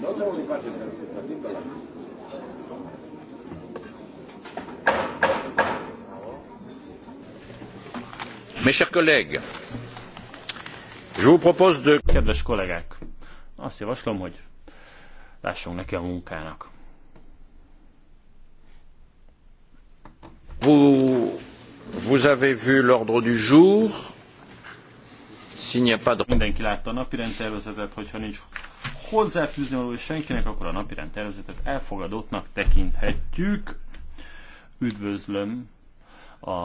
Not only budget deficit, but imbalance. Mes chers collègues, je vous propose de... Kedves kollégák, azt javaslom, hogy lássunk neki a munkának. Vous, vous avez vu l'ordre du jour. S'il n'y a pas de... Mindenki látta a napirend tervezetet, hogyha nincs hozzáfűzni való senkinek, akkor a napirend tervezetet elfogadottnak tekinthetjük. Üdvözlöm a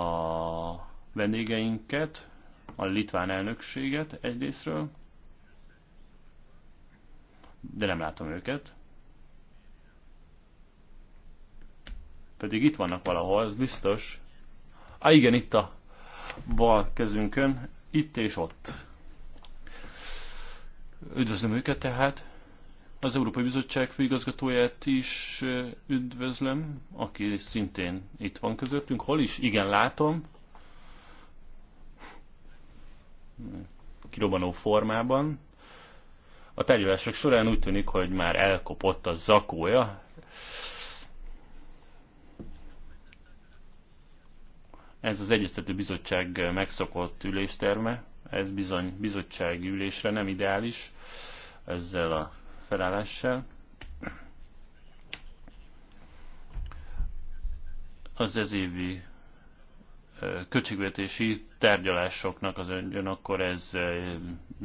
vendégeinket, a litván elnökséget egyrésztről, de nem látom őket. Pedig itt vannak valahol, az biztos. Á, igen, itt a bal kezünkön, itt és ott. Üdvözlöm őket tehát. Az Európai Bizottság főigazgatóját is üdvözlöm, aki szintén itt van közöttünk. Hol is? Igen, látom. Kirobanó formában. A tárgyalások során úgy tűnik, hogy már elkopott a zakója. Ez az Egyeztető Bizottság megszokott ülésterme. Ez bizony bizottsági ülésre nem ideális. Ezzel a felállással. Az ez évi költségvetési tárgyalásoknak az öngyön, akkor ez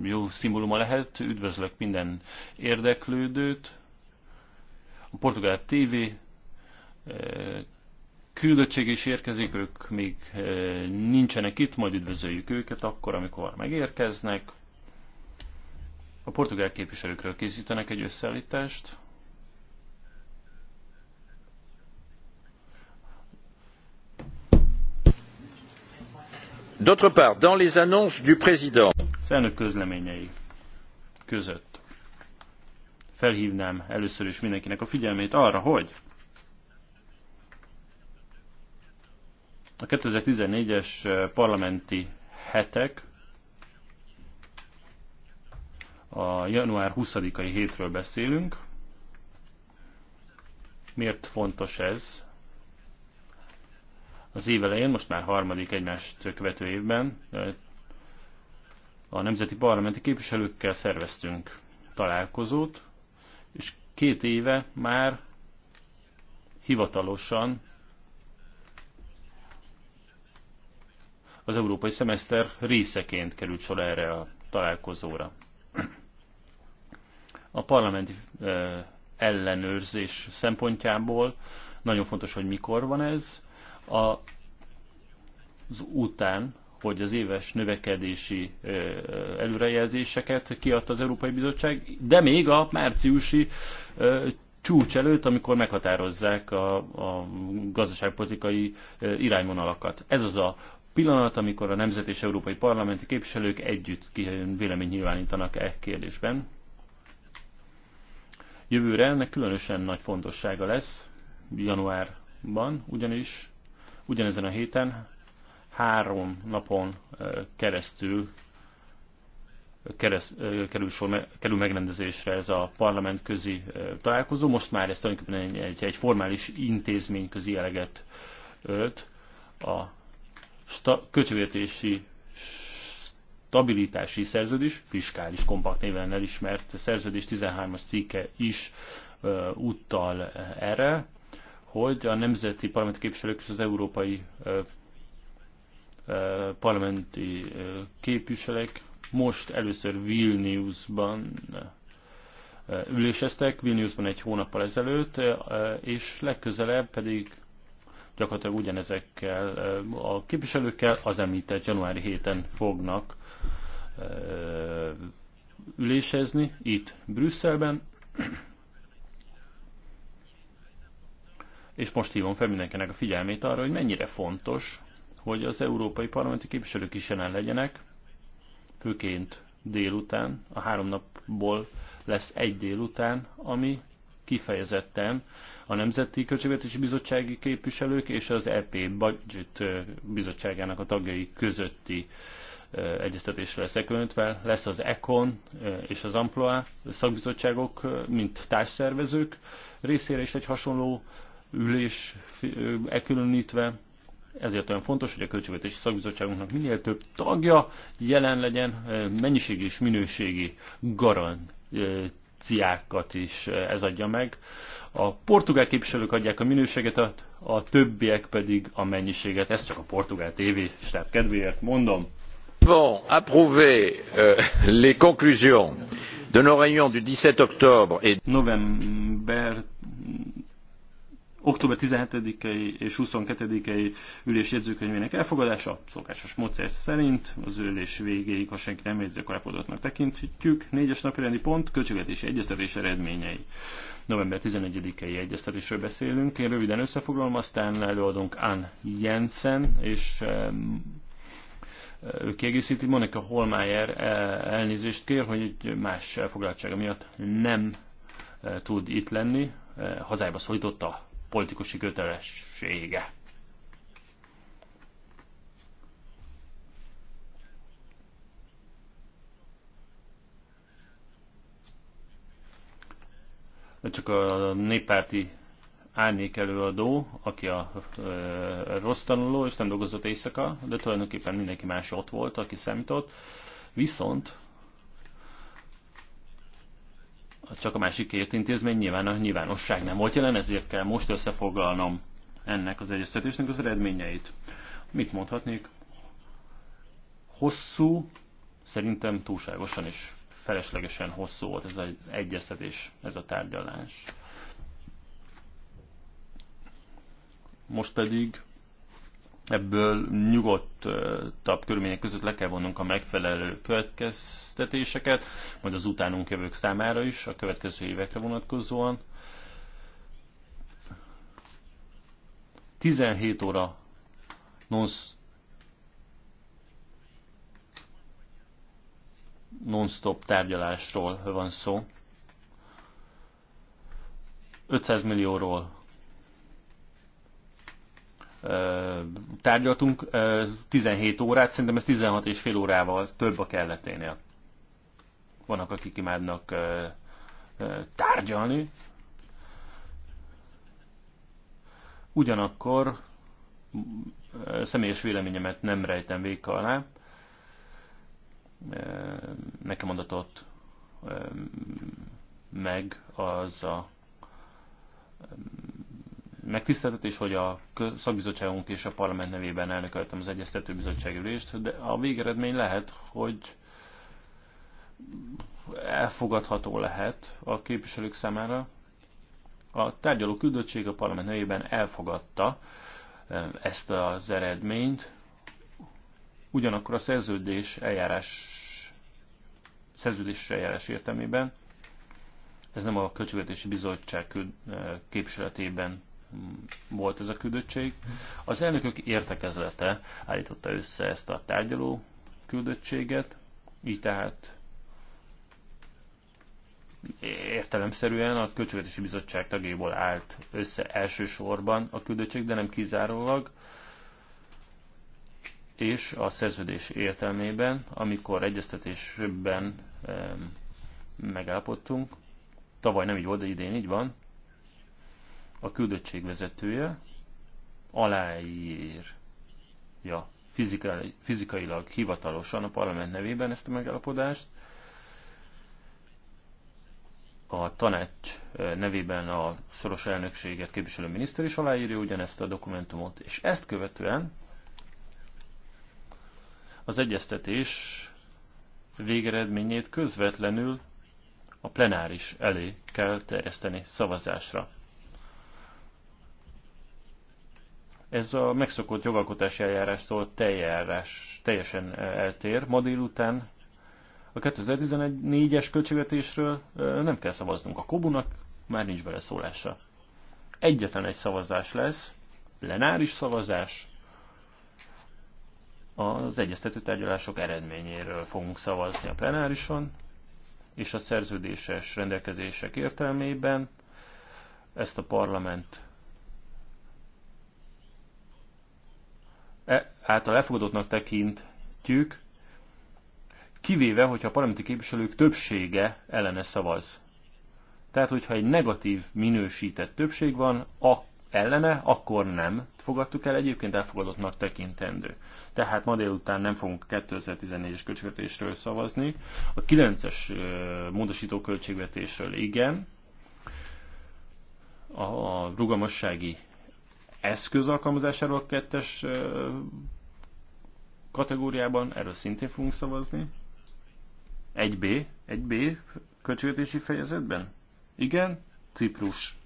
jó szimbóluma lehet. Üdvözlök minden érdeklődőt. A portugál TV küldöttség is érkezik, ők még nincsenek itt, majd üdvözöljük őket akkor, amikor megérkeznek. A portugál képviselőkről készítenek egy összeállítást. D'autre part, dans les annonces du président. Szenő közleményei között felhívnám először is mindenkinek a figyelmét arra, hogy a 2014-es parlamenti hetek a január 20-ai hétről beszélünk. Miért fontos ez? Az év elején, most már harmadik egymást követő évben a nemzeti parlamenti képviselőkkel szerveztünk találkozót, és két éve már hivatalosan az európai szemeszter részeként került sor erre a találkozóra. A parlamenti ellenőrzés szempontjából nagyon fontos, hogy mikor van ez. A, az után, hogy az éves növekedési előrejelzéseket kiadta az Európai Bizottság, de még a márciusi csúcs előtt, amikor meghatározzák a, a gazdaságpolitikai irányvonalakat. Ez az a pillanat, amikor a nemzet és európai parlamenti képviselők együtt vélemény nyilvánítanak e kérdésben. Jövőre ennek különösen nagy fontossága lesz januárban, ugyanis ugyanezen a héten három napon keresztül kereszt, kerül, sor, kerül megrendezésre ez a parlamentközi találkozó. Most már ez tulajdonképpen egy, egy, egy formális közi eleget ölt a költségvetési stabilitási szerződés, fiskális kompakt néven elismert szerződés 13-as cikke is uttal erre, hogy a nemzeti parlamenti képviselők és az európai parlamenti képviselők most először Vilniusban üléseztek, Vilniusban egy hónappal ezelőtt, és legközelebb pedig gyakorlatilag ugyanezekkel a képviselőkkel az említett januári héten fognak ülésezni itt Brüsszelben. És most hívom fel mindenkinek a figyelmét arra, hogy mennyire fontos, hogy az európai parlamenti képviselők is jelen legyenek, főként délután, a három napból lesz egy délután, ami kifejezetten a Nemzeti Költségvetési Bizottsági képviselők és az EP Budget Bizottságának a tagjai közötti egyeztetésre lesz öntve, lesz az ECON és az AMPLOA szakbizottságok, mint társszervezők részére is egy hasonló ülés elkülönítve. Ezért olyan fontos, hogy a Költségvetési Szakbizottságunknak minél több tagja jelen legyen, mennyiségi és minőségi garanciákat is ez adja meg. A portugál képviselők adják a minőséget, a, többiek pedig a mennyiséget. Ezt csak a portugál TV stáb kedvéért mondom avons approuvé euh, les conclusions de nos réunions du dix sept octobre et november október 17 és 22 ülési ülés jegyzőkönyvének elfogadása szokásos módszer szerint az ülés végéig, ha senki nem jegyzi, akkor elfogadottnak tekintjük. Négyes napirendi pont, költségvetési egyeztetés eredményei. November 11-i egyeztetésről beszélünk. Én röviden összefoglalom, aztán előadunk Ann Jensen és ő kiegészíti. Monika Holmeyer e, elnézést kér, hogy egy más elfoglaltsága miatt nem e, tud itt lenni. E, Hazájába szólította a politikusi kötelessége. Csak a néppárti árnyék előadó, aki a ö, rossz tanuló, és nem dolgozott éjszaka, de tulajdonképpen mindenki más ott volt, aki számított. Viszont csak a másik két intézmény nyilván a nyilvánosság nem volt jelen, ezért kell most összefoglalnom ennek az egyeztetésnek az eredményeit. Mit mondhatnék? Hosszú, szerintem túlságosan is feleslegesen hosszú volt ez az egyeztetés, ez a tárgyalás. Most pedig ebből nyugodtabb körülmények között le kell vonnunk a megfelelő következtetéseket, majd az utánunk jövők számára is, a következő évekre vonatkozóan. 17 óra non-stop tárgyalásról van szó. 500 millióról tárgyaltunk 17 órát, szerintem ez 16 és fél órával több a kelleténél. Vannak, akik imádnak tárgyalni. Ugyanakkor személyes véleményemet nem rejtem vék alá. Nekem adatott meg az a megtiszteltetés, hogy a szakbizottságunk és a parlament nevében elnököltem az egyeztető bizottság ülést, de a végeredmény lehet, hogy elfogadható lehet a képviselők számára. A tárgyaló küldöttség a parlament nevében elfogadta ezt az eredményt, ugyanakkor a szerződés eljárás szerződés eljárás értelmében ez nem a Költségvetési Bizottság képviseletében volt ez a küldöttség. Az elnökök értekezlete állította össze ezt a tárgyaló küldöttséget, így tehát értelemszerűen a Költségvetési Bizottság tagjából állt össze elsősorban a küldöttség, de nem kizárólag, és a szerződés értelmében, amikor egyeztetésben megállapodtunk, tavaly nem így volt, de idén így van, a küldöttség vezetője aláírja fizikai, fizikailag hivatalosan a parlament nevében ezt a megállapodást, a tanács eh, nevében a szoros elnökséget képviselő miniszter is aláírja ugyanezt a dokumentumot, és ezt követően az egyeztetés végeredményét közvetlenül a plenáris elé kell terjeszteni szavazásra. Ez a megszokott jogalkotási eljárástól teljárás, teljesen eltér. Ma délután a 2014-es költségvetésről nem kell szavaznunk. A Kobunak már nincs beleszólása. Egyetlen egy szavazás lesz, plenáris szavazás, az egyeztető tárgyalások eredményéről fogunk szavazni a plenárison, és a szerződéses rendelkezések értelmében ezt a parlament E, által elfogadottnak tekintjük, kivéve, hogyha a parlamenti képviselők többsége ellene szavaz. Tehát, hogyha egy negatív minősített többség van, a ellene, akkor nem fogadtuk el, egyébként elfogadottnak tekintendő. Tehát ma délután nem fogunk 2014-es költségvetésről szavazni. A 9-es módosító költségvetésről igen, a rugalmassági eszköz alkalmazásáról a kettes kategóriában, erről szintén fogunk szavazni. 1B, 1B költségvetési fejezetben? Igen, Ciprus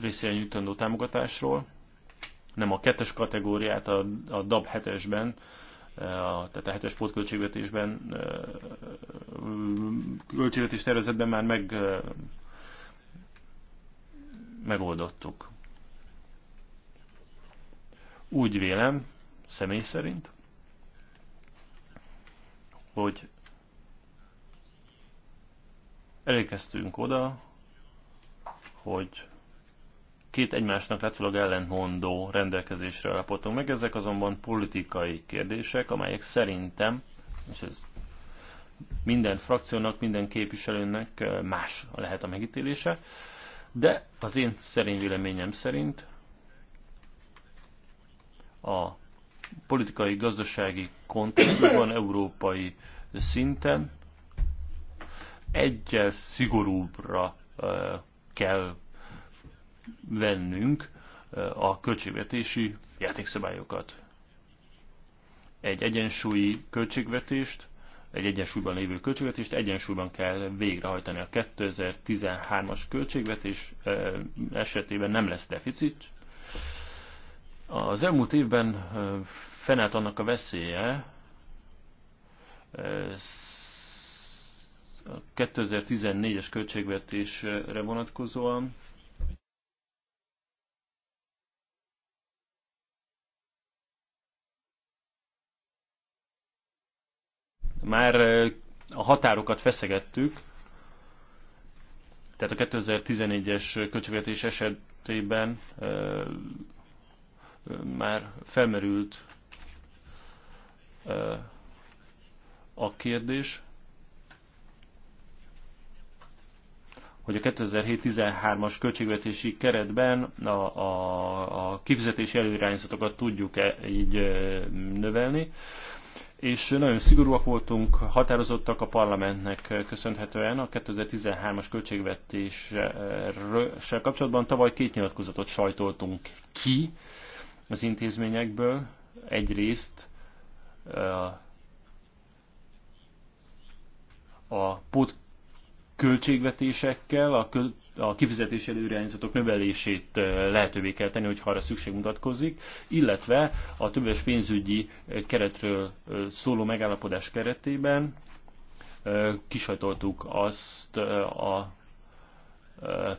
részére nyújtandó támogatásról, nem a kettes kategóriát a, a DAB 7-esben, tehát a 7-es pótköltségvetésben, költségvetés tervezetben már meg megoldottuk. Úgy vélem, személy szerint, hogy elékeztünk oda, hogy két egymásnak látszólag ellentmondó rendelkezésre állapotunk meg. Ezek azonban politikai kérdések, amelyek szerintem, és ez minden frakciónak, minden képviselőnek más lehet a megítélése, de az én szerény véleményem szerint a politikai, gazdasági kontextusban, európai szinten egyel szigorúbbra kell vennünk a költségvetési játékszabályokat. Egy egyensúlyi költségvetést egy egyensúlyban lévő költségvetést, egyensúlyban kell végrehajtani a 2013-as költségvetés esetében nem lesz deficit. Az elmúlt évben fennállt annak a veszélye, 2014-es költségvetésre vonatkozóan, már a határokat feszegettük, tehát a 2014-es költségvetés esetében már felmerült a kérdés, hogy a 2007-13-as költségvetési keretben a, a, a kifizetési előirányzatokat tudjuk-e így növelni és nagyon szigorúak voltunk, határozottak a parlamentnek köszönhetően a 2013-as költségvetéssel kapcsolatban. Tavaly két nyilatkozatot sajtoltunk ki az intézményekből. Egyrészt eh, a pót költségvetésekkel, a a kifizetési előirányzatok növelését lehetővé kell tenni, hogyha arra szükség mutatkozik, illetve a többes pénzügyi keretről szóló megállapodás keretében kisajtoltuk azt a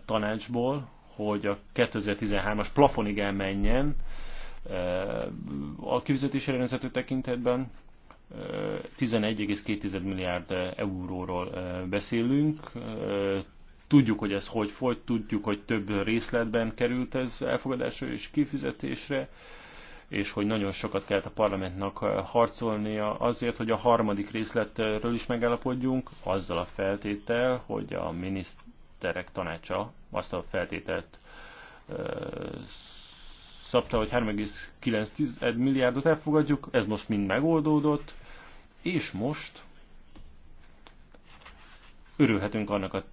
tanácsból, hogy a 2013-as plafonig elmenjen a kifizetési rendszerű tekintetben, 11,2 milliárd euróról beszélünk, Tudjuk, hogy ez hogy folyt, tudjuk, hogy több részletben került ez elfogadásra és kifizetésre, és hogy nagyon sokat kellett a parlamentnak eh, harcolnia azért, hogy a harmadik részletről is megállapodjunk, azzal a feltétel, hogy a miniszterek tanácsa azt a feltételt eh, szabta, hogy 3,9 milliárdot elfogadjuk, ez most mind megoldódott, és most örülhetünk annak a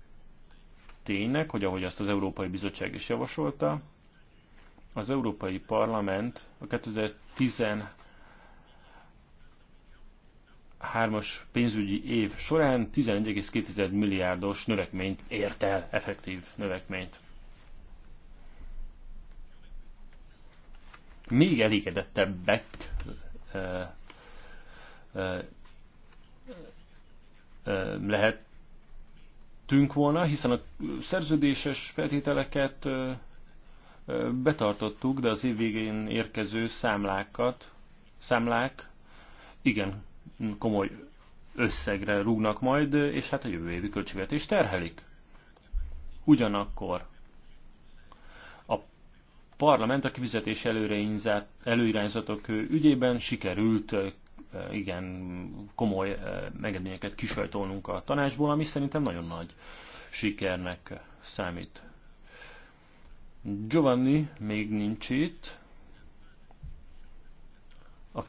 ténynek, hogy ahogy azt az Európai Bizottság is javasolta, az Európai Parlament a 2013-as pénzügyi év során 11,2 milliárdos növekményt ért el, effektív növekményt. Még elégedettebbek lehet tettünk volna, hiszen a szerződéses feltételeket betartottuk, de az év végén érkező számlákat, számlák igen komoly összegre rúgnak majd, és hát a jövő évi költségvetés terhelik. Ugyanakkor a parlament a kifizetés előirányzatok ügyében sikerült igen komoly megedményeket kisajtolnunk a tanácsból, ami szerintem nagyon nagy sikernek számít. Giovanni még nincs itt. A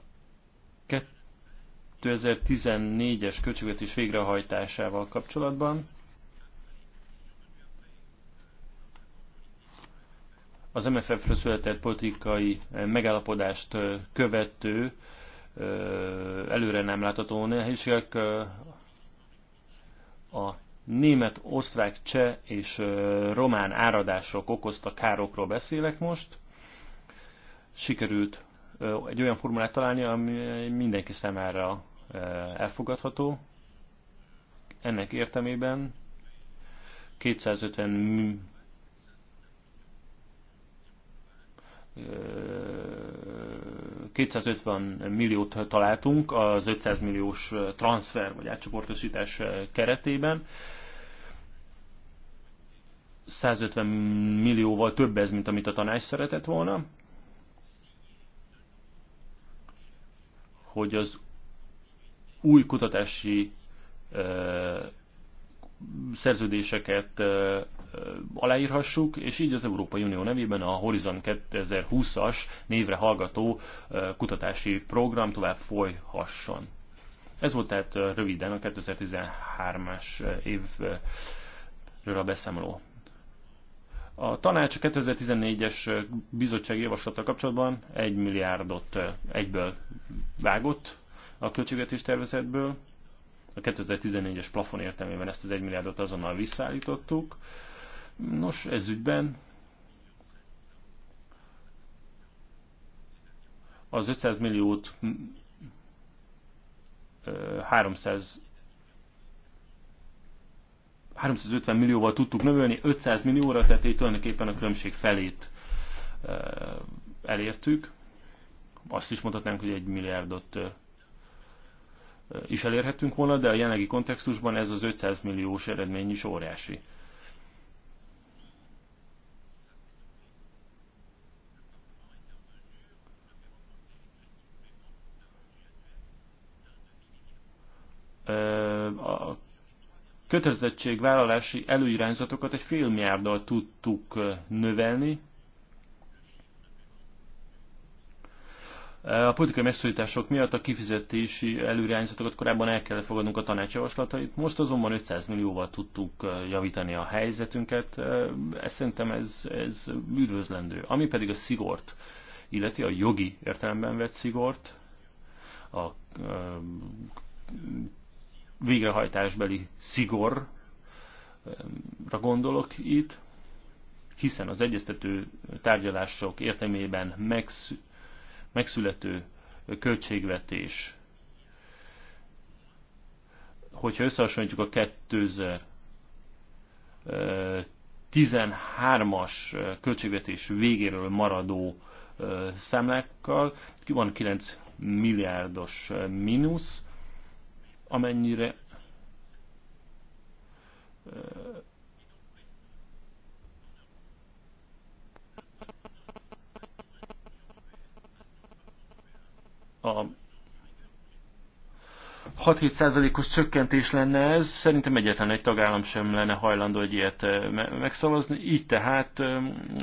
2014-es költségvetés végrehajtásával kapcsolatban az MFF-ről született politikai megállapodást követő előre nem látható nehézségek a német, osztrák, cseh és román áradások okozta károkról beszélek most. Sikerült egy olyan formulát találni, ami mindenki számára elfogadható. Ennek értemében 250 250 milliót találtunk az 500 milliós transfer vagy átcsoportosítás keretében. 150 millióval több ez, mint amit a tanács szeretett volna. Hogy az új kutatási szerződéseket aláírhassuk, és így az Európai Unió nevében a Horizon 2020-as névre hallgató kutatási program tovább folyhasson. Ez volt tehát röviden a 2013-as évről a beszámoló. A tanács a 2014-es bizottsági javaslata kapcsolatban 1 milliárdot egyből vágott a költségvetés tervezetből. A 2014-es plafon értelmében ezt az 1 milliárdot azonnal visszaállítottuk. Nos, ez ügyben az 500 milliót 300 hm, 350 millióval tudtuk növelni 500 millióra, tehát itt tulajdonképpen a különbség felét elértük. Azt is mondhatnánk, hogy egy milliárdot is elérhetünk volna, de a jelenlegi kontextusban ez az 500 milliós eredmény is óriási. kötelezettségvállalási előirányzatokat egy fél tudtuk növelni. A politikai megszólítások miatt a kifizetési előirányzatokat korábban el kellett fogadnunk a tanácsjavaslatait, most azonban 500 millióval tudtuk javítani a helyzetünket, ezt szerintem ez, ez üdvözlendő. Ami pedig a szigort illeti, a jogi értelemben vett szigort, a végrehajtásbeli szigorra gondolok itt, hiszen az egyeztető tárgyalások értelmében megszülető költségvetés, hogyha összehasonlítjuk a 2013 as költségvetés végéről maradó számlákkal, van 9 milliárdos mínusz, amennyire a 6-7 százalékos csökkentés lenne ez, szerintem egyetlen egy tagállam sem lenne hajlandó egy ilyet megszavazni, így tehát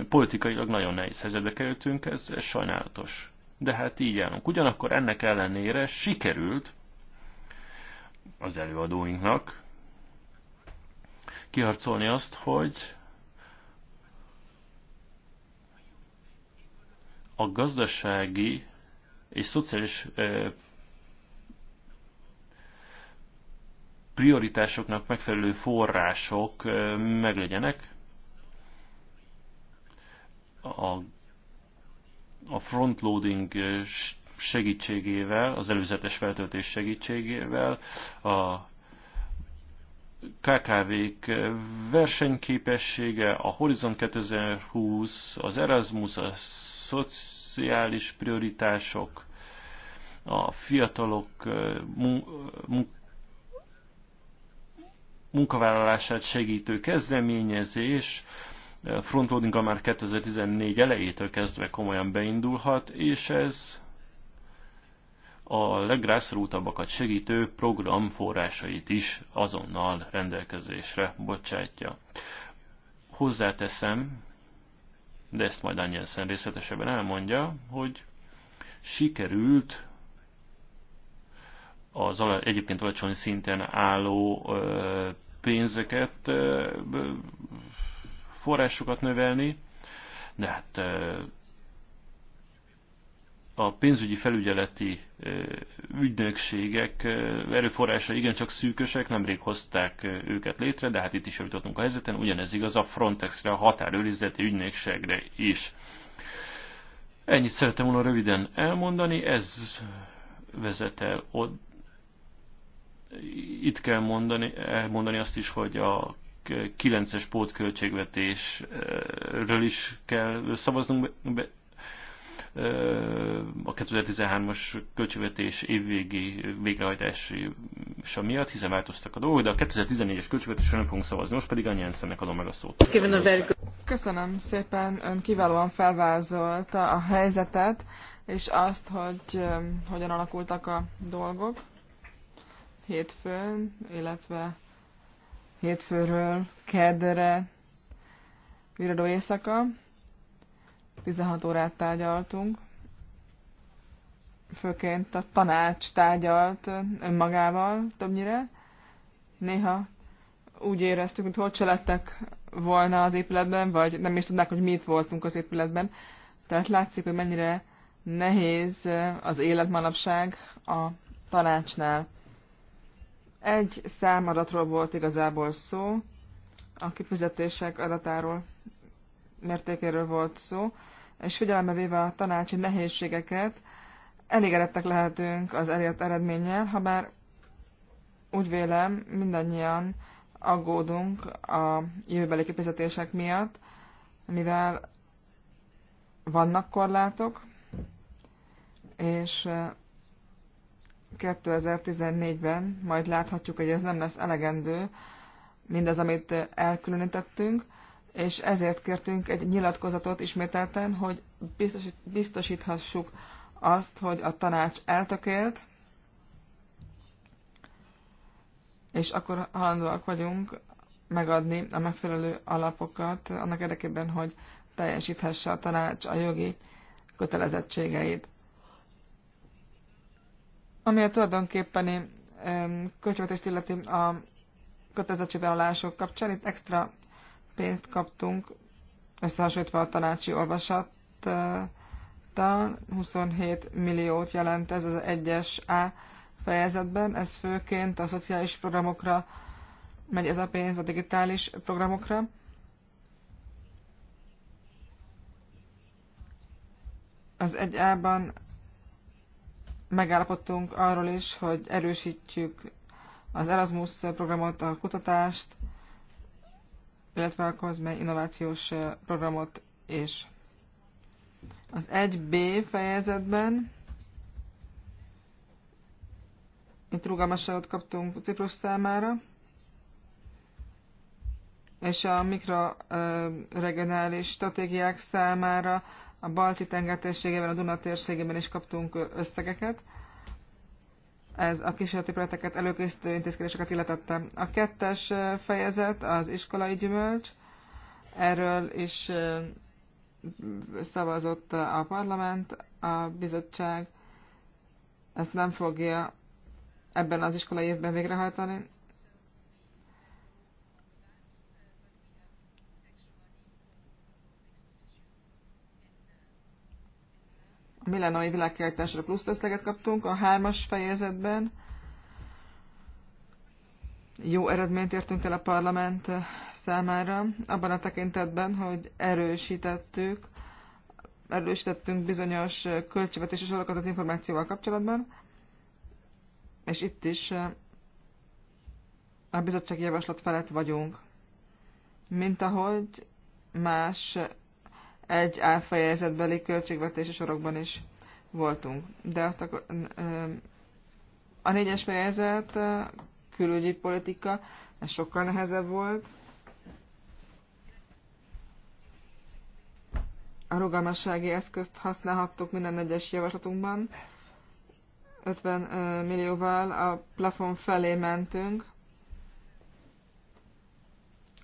politikailag nagyon nehéz helyzetbe kerültünk, ez, ez sajnálatos. De hát így állunk. Ugyanakkor ennek ellenére sikerült az előadóinknak kiharcolni azt, hogy a gazdasági és szociális prioritásoknak megfelelő források meglegyenek. A, frontloading segítségével, az előzetes feltöltés segítségével a KKV-k versenyképessége, a Horizon 2020, az Erasmus, a szociális prioritások, a fiatalok munkavállalását segítő kezdeményezés, frontloading már 2014 elejétől kezdve komolyan beindulhat, és ez a leggrászrútabbakat segítő program forrásait is azonnal rendelkezésre bocsátja. Hozzáteszem, de ezt majd Anjelsen részletesebben elmondja, hogy sikerült az egyébként alacsony szinten álló pénzeket, forrásokat növelni, de hát a pénzügyi felügyeleti ügynökségek erőforrása igencsak szűkösek, nemrég hozták őket létre, de hát itt is jutottunk a helyzeten, ugyanez igaz a Frontexre, a határőrizeti ügynökségre is. Ennyit szeretem volna röviden elmondani, ez vezet el od... Itt kell mondani, elmondani azt is, hogy a 9-es pótköltségvetésről is kell szavaznunk, a 2013-as költségvetés évvégi végrehajtása miatt, hiszen változtak a dolgok, de a 2014-es költségvetésre nem fogunk szavazni. Most pedig a ennek adom meg a szót. Köszönöm szépen, ön kiválóan felvázolta a helyzetet, és azt, hogy hogyan alakultak a dolgok hétfőn, illetve hétfőről kedre viradó éjszaka. 16 órát tárgyaltunk, főként a tanács tárgyalt önmagával többnyire. Néha úgy éreztük, hogy hogy se lettek volna az épületben, vagy nem is tudnák, hogy mit voltunk az épületben. Tehát látszik, hogy mennyire nehéz az élet manapság a tanácsnál. Egy számadatról volt igazából szó, a kifizetések adatáról, mértékéről volt szó és figyelembe véve a tanácsi nehézségeket, elégedettek lehetünk az elért eredménnyel, ha bár úgy vélem, mindannyian aggódunk a jövőbeli kifizetések miatt, mivel vannak korlátok, és 2014-ben majd láthatjuk, hogy ez nem lesz elegendő, mindaz, amit elkülönítettünk, és ezért kértünk egy nyilatkozatot ismételten, hogy biztosíthassuk azt, hogy a tanács eltökélt, és akkor halandóak vagyunk megadni a megfelelő alapokat annak érdekében, hogy teljesíthesse a tanács a jogi kötelezettségeit. Ami a tulajdonképpeni költségvetést illeti a kötelezettségvállalások kapcsán, itt extra pénzt kaptunk, összehasonlítva a tanácsi olvasattal, 27 milliót jelent ez az egyes A fejezetben, ez főként a szociális programokra megy ez a pénz, a digitális programokra. Az 1A-ban megállapodtunk arról is, hogy erősítjük az Erasmus programot, a kutatást, illetve a COSME Innovációs Programot és az 1B fejezetben itt rugalmasságot kaptunk Ciprus számára, és a mikroregionális stratégiák számára a balti tengertérségében, a Duna térségében is kaptunk összegeket ez a kísérleti projekteket előkészítő intézkedéseket illetette. A kettes fejezet az iskolai gyümölcs, erről is szavazott a parlament, a bizottság ezt nem fogja ebben az iskolai évben végrehajtani, a Milenai világkiállításra plusz összeget kaptunk a hármas fejezetben. Jó eredményt értünk el a parlament számára, abban a tekintetben, hogy erősítettük, erősítettünk bizonyos költségvetési sorokat az információval kapcsolatban, és itt is a bizottsági javaslat felett vagyunk. Mint ahogy más egy álfejezetbeli költségvetési sorokban is voltunk. De azt akkor, a négyes fejezet külügyi politika, ez sokkal nehezebb volt. A rugalmassági eszközt használhattuk minden egyes javaslatunkban. 50 millióval a plafon felé mentünk.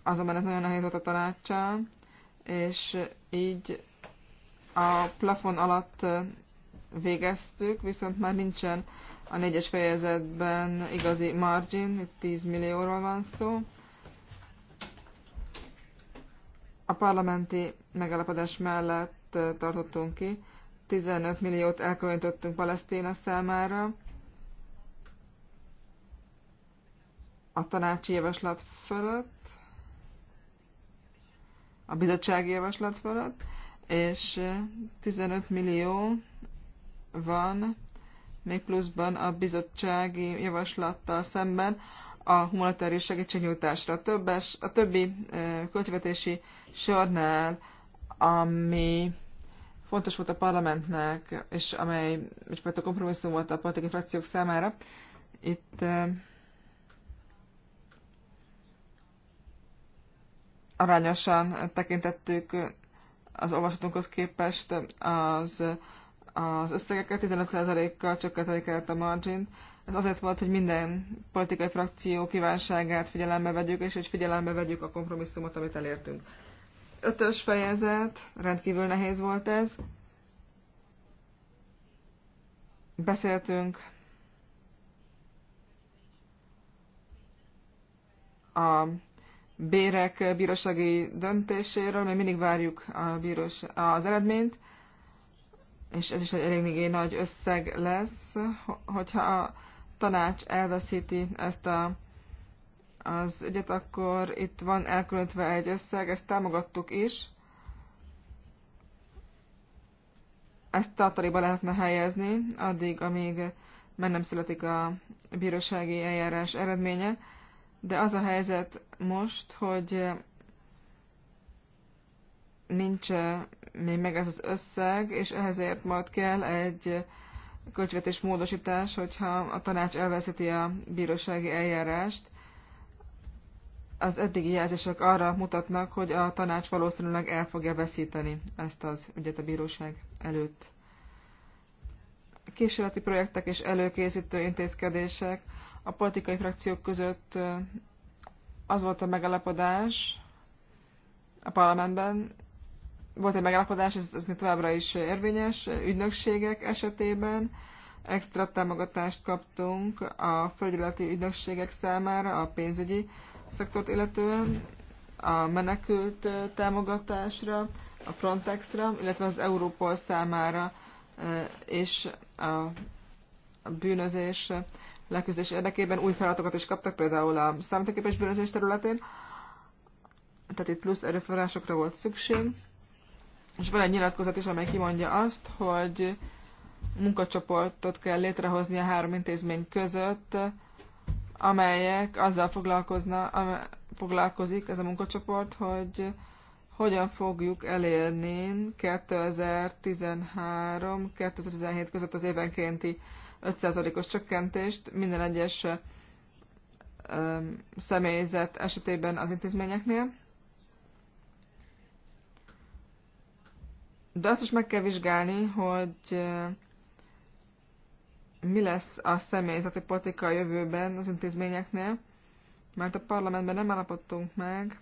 Azonban ez nagyon nehéz volt a tanácsa, és így a plafon alatt végeztük, viszont már nincsen a négyes fejezetben igazi margin, itt 10 millióról van szó. A parlamenti megállapodás mellett tartottunk ki, 15 milliót elkülönítettünk Palesztina számára. A tanácsi javaslat fölött a bizottsági javaslat fölött, és 15 eh, millió van még pluszban a bizottsági javaslattal szemben a humanitárius segítségnyújtásra. A, többes, a többi eh, költségvetési sornál, ami fontos volt a parlamentnek, és amely egyfajta kompromisszum volt a politikai frakciók számára, itt eh, arányosan tekintettük az olvasatunkhoz képest az, az összegeket, 15%-kal csökkentették el a margin. Ez azért volt, hogy minden politikai frakció kívánságát figyelembe vegyük, és hogy figyelembe vegyük a kompromisszumot, amit elértünk. Ötös fejezet, rendkívül nehéz volt ez. Beszéltünk a bérek bírósági döntéséről, mert mindig várjuk a bírós, az eredményt, és ez is egy eléggé nagy összeg lesz, hogyha a tanács elveszíti ezt a, az ügyet, akkor itt van elkülönítve egy összeg, ezt támogattuk is, ezt tartaléba lehetne helyezni, addig, amíg meg nem születik a bírósági eljárás eredménye de az a helyzet most, hogy eh, nincs eh, még meg ez az összeg, és ehhezért majd kell egy eh, költségvetés módosítás, hogyha a tanács elveszíti a bírósági eljárást. Az eddigi jelzések arra mutatnak, hogy a tanács valószínűleg el fogja veszíteni ezt az ügyet a bíróság előtt. Kísérleti projektek és előkészítő intézkedések – a politikai frakciók között az volt a megállapodás a parlamentben, volt egy megállapodás, ez, ez még továbbra is érvényes, ügynökségek esetében extra támogatást kaptunk a felügyeleti ügynökségek számára, a pénzügyi szektort illetően, a menekült támogatásra, a Frontexra, illetve az Európol számára és a bűnözés leküzdés érdekében új feladatokat is kaptak, például a számítógépes bűnözés területén. Tehát itt plusz erőforrásokra volt szükség. És van egy nyilatkozat is, amely kimondja azt, hogy munkacsoportot kell létrehozni a három intézmény között, amelyek azzal foglalkozna, foglalkozik ez a munkacsoport, hogy hogyan fogjuk elérni 2013-2017 között az évenkénti 5%-os csökkentést minden egyes személyzet esetében az intézményeknél. De azt is meg kell vizsgálni, hogy mi lesz a személyzeti politika a jövőben az intézményeknél, mert a parlamentben nem állapodtunk meg,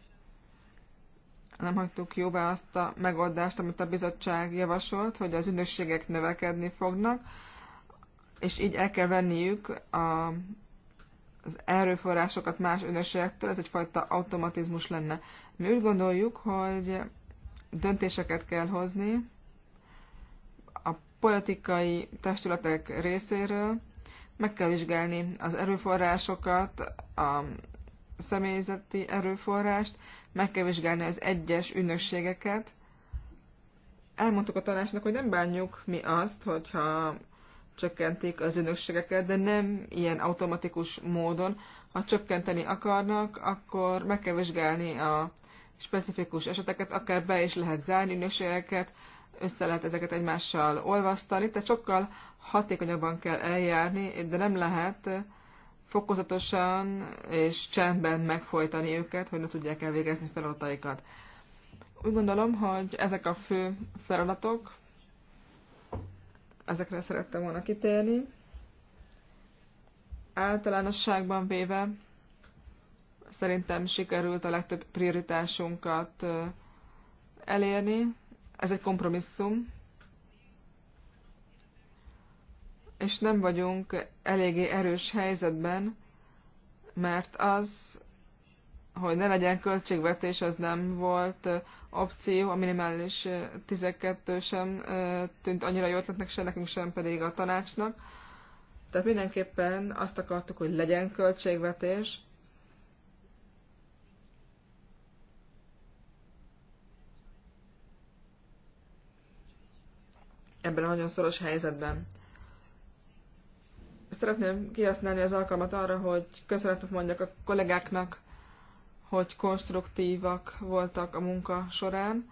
nem hagytuk jóvá azt a megoldást, amit a bizottság javasolt, hogy az ügynökségek növekedni fognak, és így el kell venniük a, az erőforrásokat más önösségektől, ez egyfajta automatizmus lenne. Mi úgy gondoljuk, hogy döntéseket kell hozni a politikai testületek részéről, meg kell vizsgálni az erőforrásokat, a személyzeti erőforrást, meg kell vizsgálni az egyes ünnökségeket. Elmondtuk a tanácsnak, hogy nem bánjuk mi azt, hogyha csökkentik az önökségeket, de nem ilyen automatikus módon. Ha csökkenteni akarnak, akkor meg kell vizsgálni a specifikus eseteket, akár be is lehet zárni önökségeket, össze lehet ezeket egymással olvasztani, tehát sokkal hatékonyabban kell eljárni, de nem lehet fokozatosan és csendben megfojtani őket, hogy ne tudják elvégezni feladataikat. Úgy gondolom, hogy ezek a fő feladatok, ezekre szerettem volna kitérni. Általánosságban véve szerintem sikerült a legtöbb prioritásunkat elérni. Ez egy kompromisszum. És nem vagyunk eléggé erős helyzetben, mert az, hogy ne legyen költségvetés, az nem volt opció, a minimális 12 sem tűnt annyira jó ötletnek, se nekünk, sem pedig a tanácsnak. Tehát mindenképpen azt akartuk, hogy legyen költségvetés, ebben a nagyon szoros helyzetben. Szeretném kihasználni az alkalmat arra, hogy köszönetet mondjak a kollégáknak, hogy konstruktívak voltak a munka során.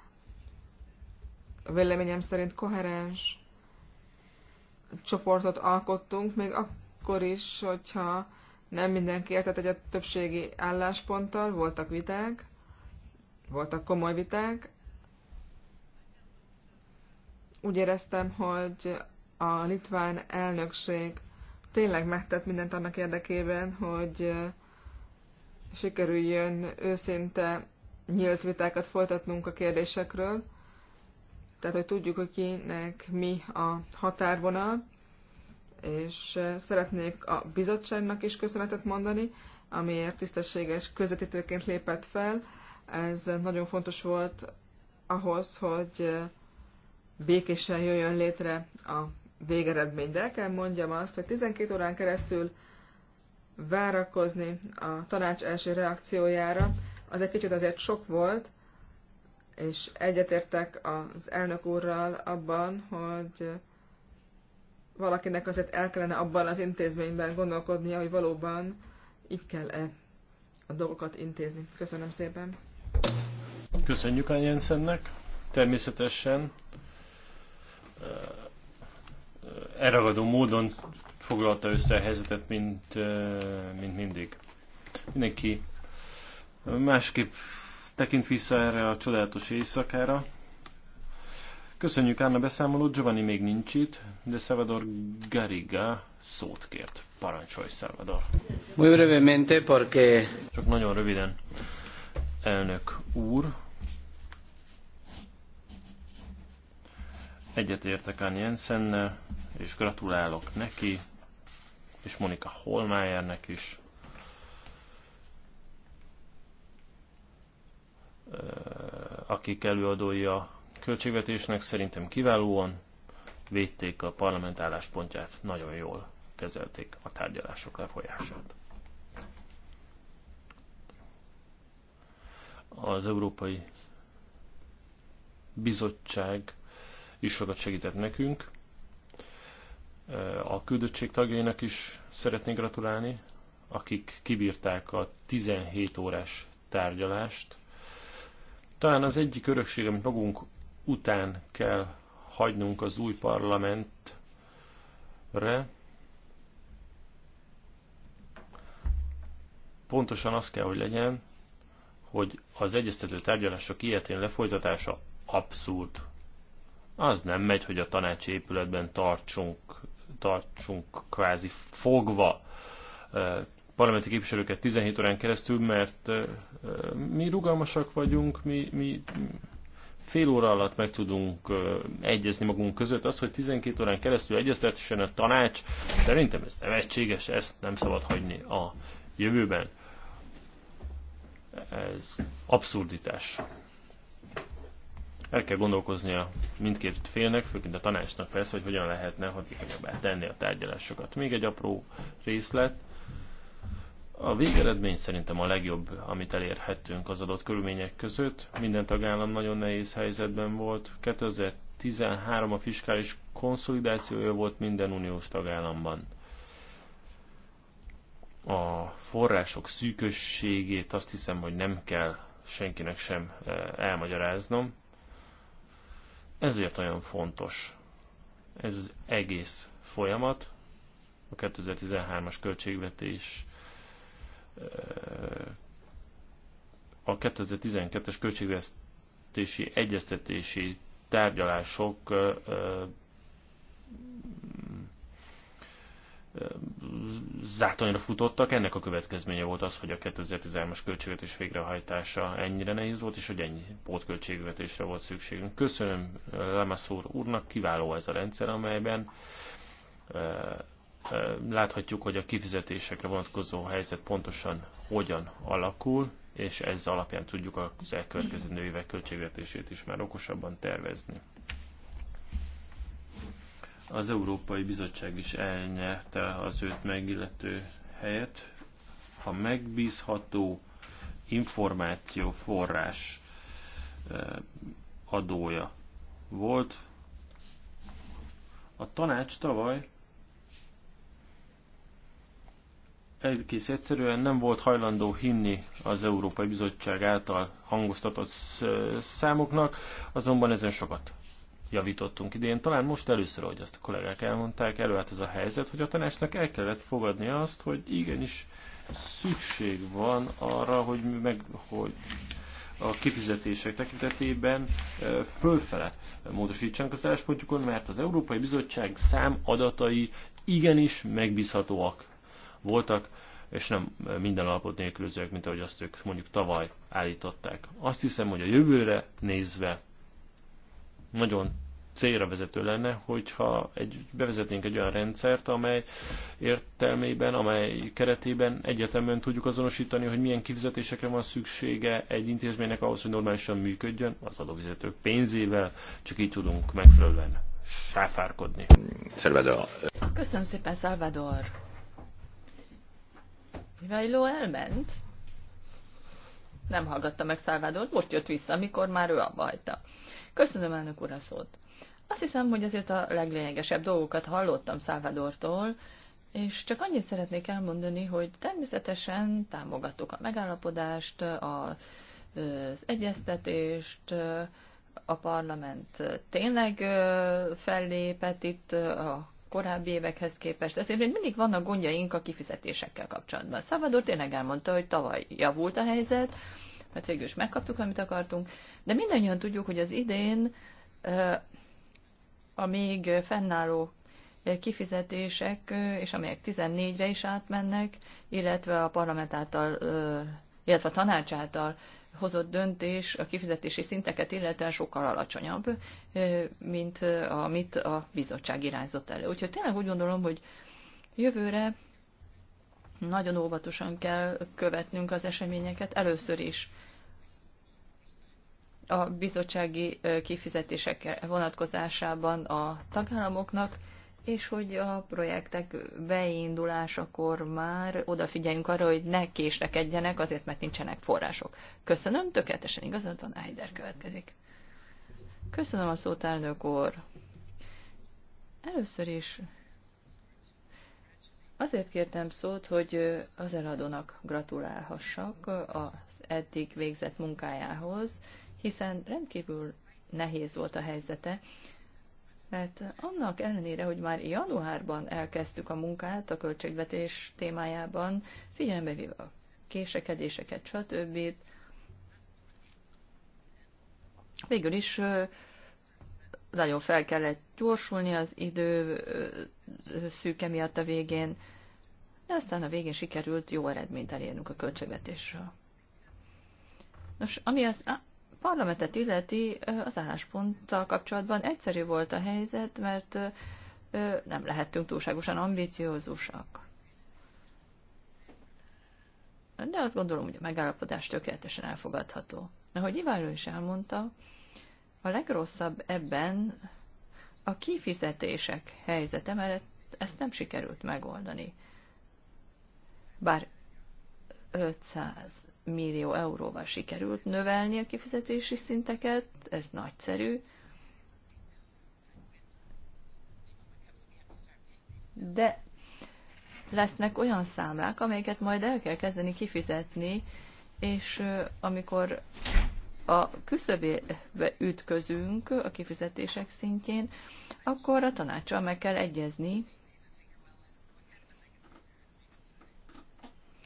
A véleményem szerint koherens csoportot alkottunk, még akkor is, hogyha nem mindenki értett egyet többségi állásponttal, voltak viták, voltak komoly viták. Úgy éreztem, hogy a litván elnökség tényleg megtett mindent annak érdekében, hogy sikerüljön őszinte nyílt vitákat folytatnunk a kérdésekről, tehát hogy tudjuk, hogy kinek mi a határvonal, és szeretnék a bizottságnak is köszönetet mondani, amiért tisztességes közvetítőként lépett fel. Ez nagyon fontos volt ahhoz, hogy békésen jöjjön létre a végeredmény. De el kell mondjam azt, hogy 12 órán keresztül várakozni a tanács első reakciójára. Az egy kicsit azért sok volt, és egyetértek az elnök úrral abban, hogy valakinek azért el kellene abban az intézményben gondolkodnia, hogy valóban így kell-e a dolgokat intézni. Köszönöm szépen. Köszönjük a Jensennek. Természetesen eh, eh, elragadó módon foglalta össze a helyzetet, mint, mint mindig. Mindenki másképp tekint vissza erre a csodálatos éjszakára. Köszönjük Anna beszámolót, Giovanni még nincs itt, de Salvador Gariga szót kért. Parancsolj, Salvador. Muy brevemente, porque... Csak nagyon röviden. Elnök úr, egyetértek Ann Jensennel, és gratulálok neki és Monika Holmeyernek is. akik előadói a költségvetésnek szerintem kiválóan védték a parlament álláspontját, nagyon jól kezelték a tárgyalások lefolyását. Az Európai Bizottság is sokat segített nekünk, a küldöttség tagjainak is szeretnék gratulálni, akik kibírták a 17 órás tárgyalást. Talán az egyik örökség, amit magunk után kell hagynunk az új parlamentre, pontosan az kell, hogy legyen, hogy az egyeztető tárgyalások ilyetén lefolytatása abszurd. Az nem megy, hogy a tanácsi épületben tartsunk tartsunk kvázi fogva parlamenti képviselőket 17 órán keresztül, mert mi rugalmasak vagyunk, mi, mi fél óra alatt meg tudunk egyezni magunk között. Az, hogy 12 órán keresztül egyeztetésen a tanács, szerintem ez nevetséges, ezt nem szabad hagyni a jövőben. Ez abszurditás. El kell a mindkét félnek, főként a tanácsnak persze, hogy hogyan lehetne hatékonyabbá tenni a tárgyalásokat. Még egy apró részlet. A végeredmény szerintem a legjobb, amit elérhettünk az adott körülmények között. Minden tagállam nagyon nehéz helyzetben volt. 2013 a fiskális konszolidációja volt minden uniós tagállamban. A források szűkösségét azt hiszem, hogy nem kell senkinek sem eh, elmagyaráznom. Ezért olyan fontos ez az egész folyamat, a 2013-as költségvetés eh, a 2012-es költségvetési egyeztetési tárgyalások eh, zátonyra futottak. Ennek a következménye volt az, hogy a 2013-as költségvetés végrehajtása ennyire nehéz volt, és hogy ennyi pótköltségvetésre volt szükségünk. Köszönöm eh, Lemaszúr úrnak, kiváló ez a rendszer, amelyben eh, eh, láthatjuk, hogy a kifizetésekre vonatkozó helyzet pontosan hogyan alakul, és ez alapján tudjuk az elkövetkező évek költségvetését is már okosabban tervezni. Az Európai Bizottság is elnyerte az őt megillető helyet. ha megbízható információforrás adója volt. A tanács tavaly egész egyszerűen nem volt hajlandó hinni az Európai Bizottság által hangoztatott számoknak, azonban ezen sokat javítottunk idén. Talán most először, ahogy azt a kollégák elmondták, előállt ez a helyzet, hogy a tanácsnak el kellett fogadni azt, hogy igenis szükség van arra, hogy, meg, hogy a kifizetések tekintetében fölfele módosítsanak az álláspontjukon, mert az Európai Bizottság szám adatai igenis megbízhatóak voltak, és nem minden alapot nélkülözőek, mint ahogy azt ők mondjuk tavaly állították. Azt hiszem, hogy a jövőre nézve nagyon célra vezető lenne, hogyha egy, bevezetnénk egy olyan rendszert, amely értelmében, amely keretében egyetemben tudjuk azonosítani, hogy milyen kifizetésekre van szüksége egy intézménynek ahhoz, hogy normálisan működjön az adóvizetők pénzével, csak így tudunk megfelelően sáfárkodni. Salvador. Köszönöm szépen, Salvador. Vajló elment? Nem hallgatta meg Salvadort. most jött vissza, amikor már ő abba hagyta. Köszönöm elnök úr a szót. Azt hiszem, hogy azért a leglényegesebb dolgokat hallottam Szálvadortól, és csak annyit szeretnék elmondani, hogy természetesen támogattuk a megállapodást, a, az egyeztetést, a parlament tényleg fellépett itt a korábbi évekhez képest, ezért még mindig vannak gondjaink a kifizetésekkel kapcsolatban. Salvador tényleg elmondta, hogy tavaly javult a helyzet, mert végül is megkaptuk, amit akartunk, de mindannyian tudjuk, hogy az idén a még fennálló kifizetések, és amelyek 14-re is átmennek, illetve a parlament által, illetve a tanács által hozott döntés a kifizetési szinteket illetően sokkal alacsonyabb, mint amit a bizottság irányzott elő. Úgyhogy tényleg úgy gondolom, hogy jövőre nagyon óvatosan kell követnünk az eseményeket először is a bizottsági kifizetések vonatkozásában a tagállamoknak, és hogy a projektek beindulásakor már odafigyeljünk arra, hogy ne késlekedjenek, azért, mert nincsenek források. Köszönöm, tökéletesen igazad van, Eider következik. Köszönöm a szót, elnök úr. Először is azért kértem szót, hogy az eladónak gratulálhassak az eddig végzett munkájához, hiszen rendkívül nehéz volt a helyzete, mert annak ellenére, hogy már januárban elkezdtük a munkát a költségvetés témájában, figyelembe véve a késekedéseket, stb. Végül is nagyon fel kellett gyorsulni az idő szűke miatt a végén, de aztán a végén sikerült jó eredményt elérnünk a költségvetésről. Nos, ami az parlamentet illeti, az állásponttal kapcsolatban egyszerű volt a helyzet, mert nem lehettünk túlságosan ambiciózusak. De azt gondolom, hogy a megállapodás tökéletesen elfogadható. Ahogy Iváró is elmondta, a legrosszabb ebben a kifizetések helyzete, mert ezt nem sikerült megoldani. Bár 500 millió euróval sikerült növelni a kifizetési szinteket, ez nagyszerű. De lesznek olyan számlák, amelyeket majd el kell kezdeni kifizetni, és amikor a küszöbébe ütközünk a kifizetések szintjén, akkor a tanácsal meg kell egyezni,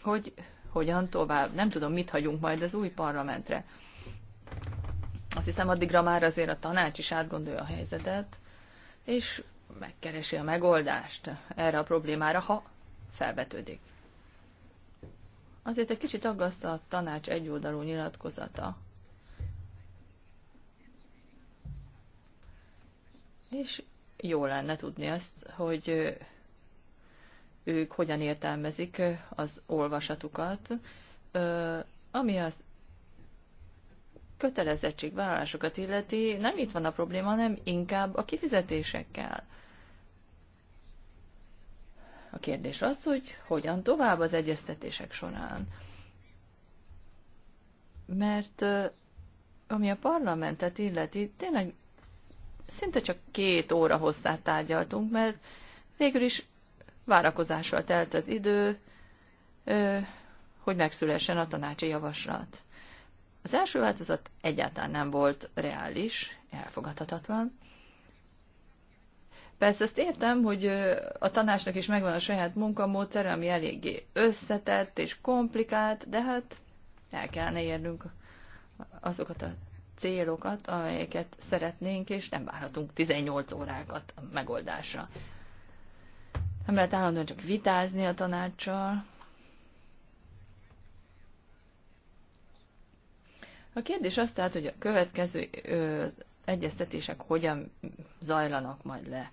hogy hogyan tovább. Nem tudom, mit hagyunk majd az új parlamentre. Azt hiszem, addigra már azért a tanács is átgondolja a helyzetet, és megkeresi a megoldást erre a problémára, ha felvetődik. Azért egy kicsit aggaszt a tanács egyoldalú nyilatkozata. És jó lenne tudni azt, hogy ők hogyan értelmezik az olvasatukat, ami az kötelezettségvállalásokat illeti, nem itt van a probléma, hanem inkább a kifizetésekkel. A kérdés az, hogy hogyan tovább az egyeztetések során. Mert ami a parlamentet illeti, tényleg szinte csak két óra hosszát tárgyaltunk, mert végül is várakozással telt az idő, hogy megszülessen a tanácsi javaslat. Az első változat egyáltalán nem volt reális, elfogadhatatlan. Persze ezt értem, hogy a tanácsnak is megvan a saját munkamódszere, ami eléggé összetett és komplikált, de hát el kellene érnünk azokat a célokat, amelyeket szeretnénk, és nem várhatunk 18 órákat a megoldásra. Nem lehet állandóan csak vitázni a tanácssal. A kérdés az tehát, hogy a következő ö, egyeztetések hogyan zajlanak majd le.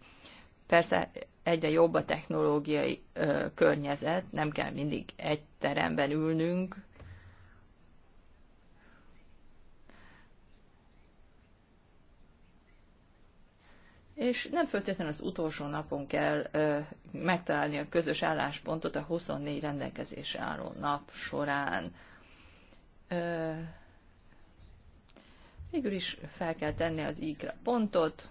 Persze egyre jobb a technológiai ö, környezet, nem kell mindig egy teremben ülnünk, és nem feltétlenül az utolsó napon kell ö, megtalálni a közös álláspontot a 24 rendelkezésre álló nap során. Ö, végül is fel kell tenni az ígra pontot,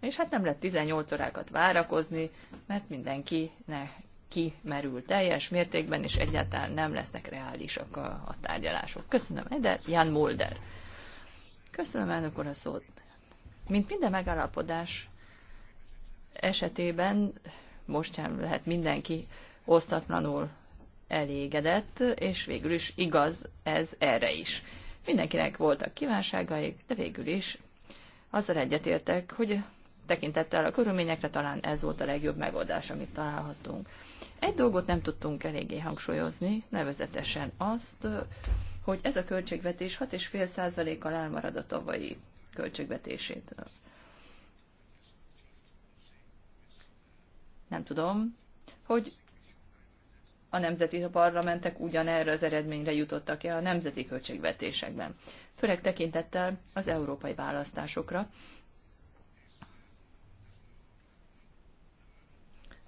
és hát nem lehet 18 órákat várakozni, mert mindenki ne kimerül teljes mértékben, és egyáltalán nem lesznek reálisak a, a tárgyalások. Köszönöm, Eder, Jan Mulder. Köszönöm, elnök úr, a szót. Mint minden megállapodás esetében most sem lehet mindenki osztatlanul elégedett, és végül is igaz ez erre is. Mindenkinek voltak kívánságai, de végül is azzal egyetértek, hogy tekintettel a körülményekre talán ez volt a legjobb megoldás, amit találhatunk. Egy dolgot nem tudtunk eléggé hangsúlyozni, nevezetesen azt, hogy ez a költségvetés 6,5%-kal elmarad a tavalyi költségvetésétől. Nem tudom, hogy a nemzeti parlamentek ugyanerre az eredményre jutottak-e a nemzeti költségvetésekben, főleg tekintettel az európai választásokra.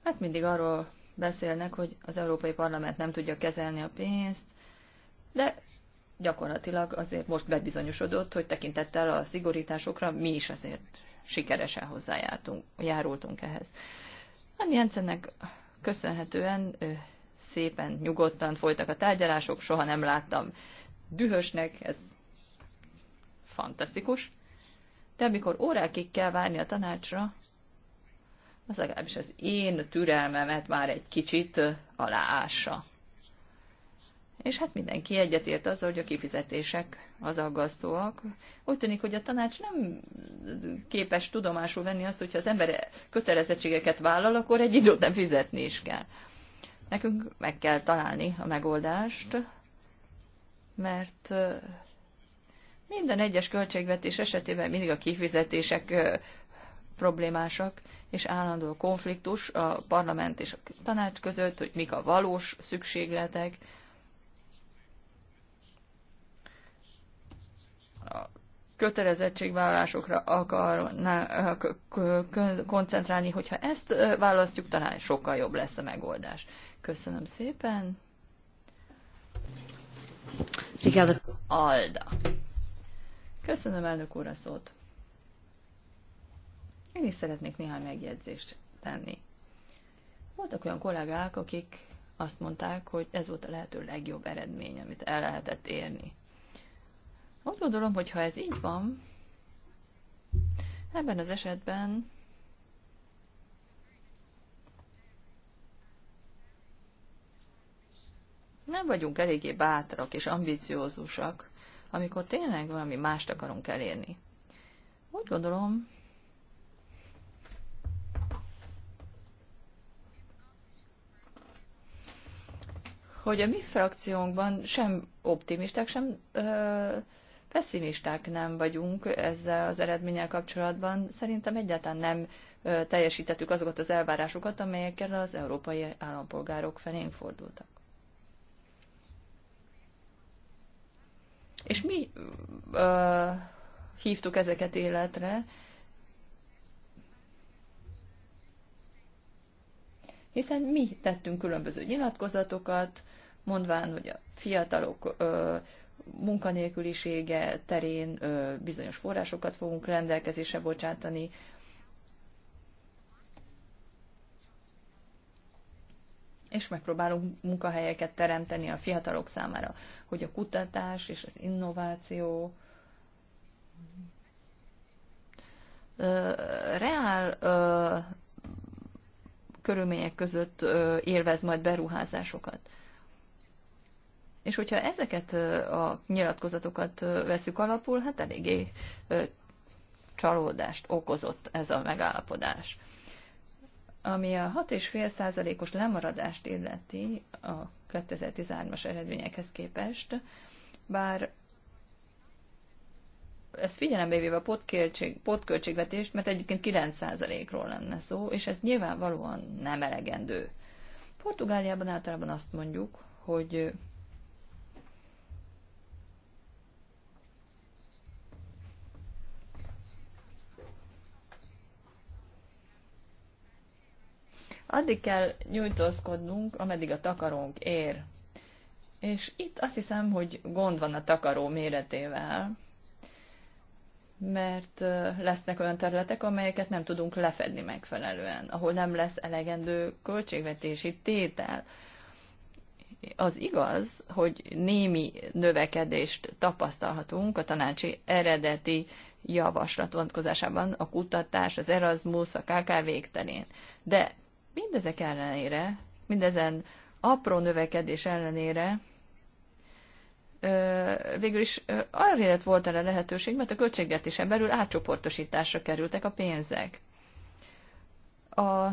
Hát mindig arról beszélnek, hogy az Európai Parlament nem tudja kezelni a pénzt, de gyakorlatilag azért most bebizonyosodott, hogy tekintettel a szigorításokra mi is azért sikeresen hozzájártunk, járultunk ehhez. A Jensennek köszönhetően szépen, nyugodtan folytak a tárgyalások, soha nem láttam dühösnek, ez fantasztikus. De amikor órákig kell várni a tanácsra, az legalábbis az én türelmemet már egy kicsit aláássa és hát mindenki egyetért azzal, hogy a kifizetések az aggasztóak. Úgy tűnik, hogy a tanács nem képes tudomásul venni azt, hogyha az ember kötelezettségeket vállal, akkor egy időt nem fizetni is kell. Nekünk meg kell találni a megoldást, mert minden egyes költségvetés esetében mindig a kifizetések problémásak, és állandó konfliktus a parlament és a tanács között, hogy mik a valós szükségletek, kötelezettségvállalásokra akarná eh, koncentrálni, hogyha ezt eh, választjuk, talán sokkal jobb lesz a megoldás. Köszönöm szépen. Alda. Köszönöm, elnök úr, a szót. Én is szeretnék néhány megjegyzést tenni. Voltak olyan kollégák, akik azt mondták, hogy ez volt a lehető legjobb eredmény, amit el lehetett érni. Úgy gondolom, hogy ha ez így van, ebben az esetben nem vagyunk eléggé bátrak és ambiciózusak, amikor tényleg valami mást akarunk elérni. Úgy gondolom, hogy a mi frakciónkban sem optimisták, sem ö, pessimisták nem vagyunk ezzel az eredménnyel kapcsolatban. Szerintem egyáltalán nem teljesítettük azokat az elvárásokat, amelyekkel az európai állampolgárok felén fordultak. És mi ö, hívtuk ezeket életre, hiszen mi tettünk különböző nyilatkozatokat, mondván, hogy a fiatalok ö, munkanélkülisége terén bizonyos forrásokat fogunk rendelkezésre bocsátani. És megpróbálunk munkahelyeket teremteni a fiatalok számára, hogy a kutatás és az innováció reál körülmények között élvez majd beruházásokat. És hogyha ezeket a nyilatkozatokat veszük alapul, hát eléggé csalódást okozott ez a megállapodás. Ami a 6,5%-os lemaradást illeti a 2013-as eredményekhez képest, bár ez figyelembe véve a pótköltség, pótköltségvetést, mert egyébként 9%-ról lenne szó, és ez nyilvánvalóan nem elegendő. Portugáliában általában azt mondjuk, hogy addig kell nyújtózkodnunk, ameddig a takarónk ér. És itt azt hiszem, hogy gond van a takaró méretével, mert lesznek olyan területek, amelyeket nem tudunk lefedni megfelelően, ahol nem lesz elegendő költségvetési tétel. Az igaz, hogy némi növekedést tapasztalhatunk a tanácsi eredeti javaslat vonatkozásában a kutatás, az Erasmus, a KKV terén. De Mindezek ellenére, mindezen apró növekedés ellenére végül is arra volt erre lehetőség, mert a költségvetésen belül átcsoportosításra kerültek a pénzek. A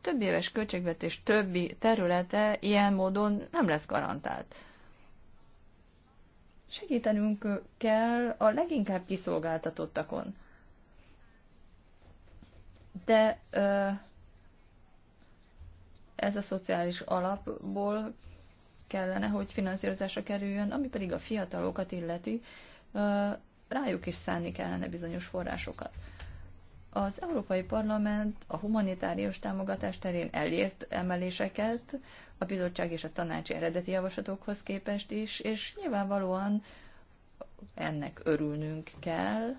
több éves költségvetés többi területe ilyen módon nem lesz garantált. Segítenünk kell a leginkább kiszolgáltatottakon. De ez a szociális alapból kellene, hogy finanszírozásra kerüljön, ami pedig a fiatalokat illeti, rájuk is szánni kellene bizonyos forrásokat. Az Európai Parlament a humanitárius támogatás terén elért emeléseket a bizottság és a tanács eredeti javaslatokhoz képest is, és nyilvánvalóan ennek örülnünk kell,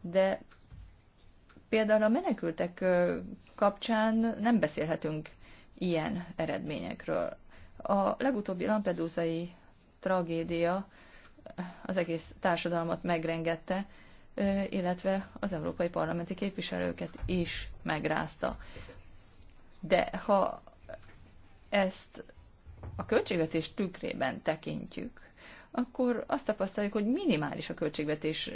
de például a menekültek kapcsán nem beszélhetünk ilyen eredményekről. A legutóbbi Lampedusai tragédia az egész társadalmat megrengette, illetve az európai parlamenti képviselőket is megrázta. De ha ezt a költségvetés tükrében tekintjük, akkor azt tapasztaljuk, hogy minimális a költségvetés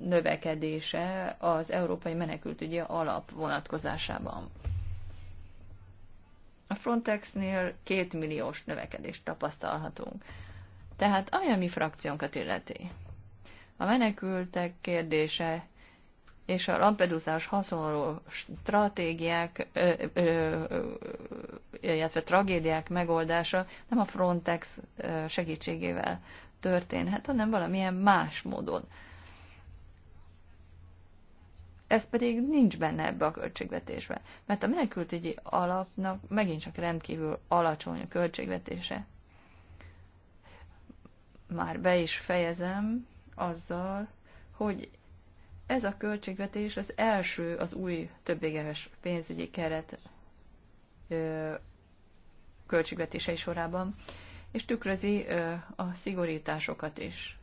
növekedése az Európai Menekültügyi Alap vonatkozásában. A Frontexnél két milliós növekedést tapasztalhatunk. Tehát ami a mi frakciónkat illeti. A menekültek kérdése és a Lampedusás hasonló stratégiák, ö, ö, ö, illetve tragédiák megoldása nem a Frontex segítségével történhet, hanem valamilyen más módon ez pedig nincs benne ebbe a költségvetésbe, mert a menekültügyi alapnak megint csak rendkívül alacsony a költségvetése. Már be is fejezem azzal, hogy ez a költségvetés az első az új többégeves pénzügyi keret ö, költségvetései sorában, és tükrözi ö, a szigorításokat is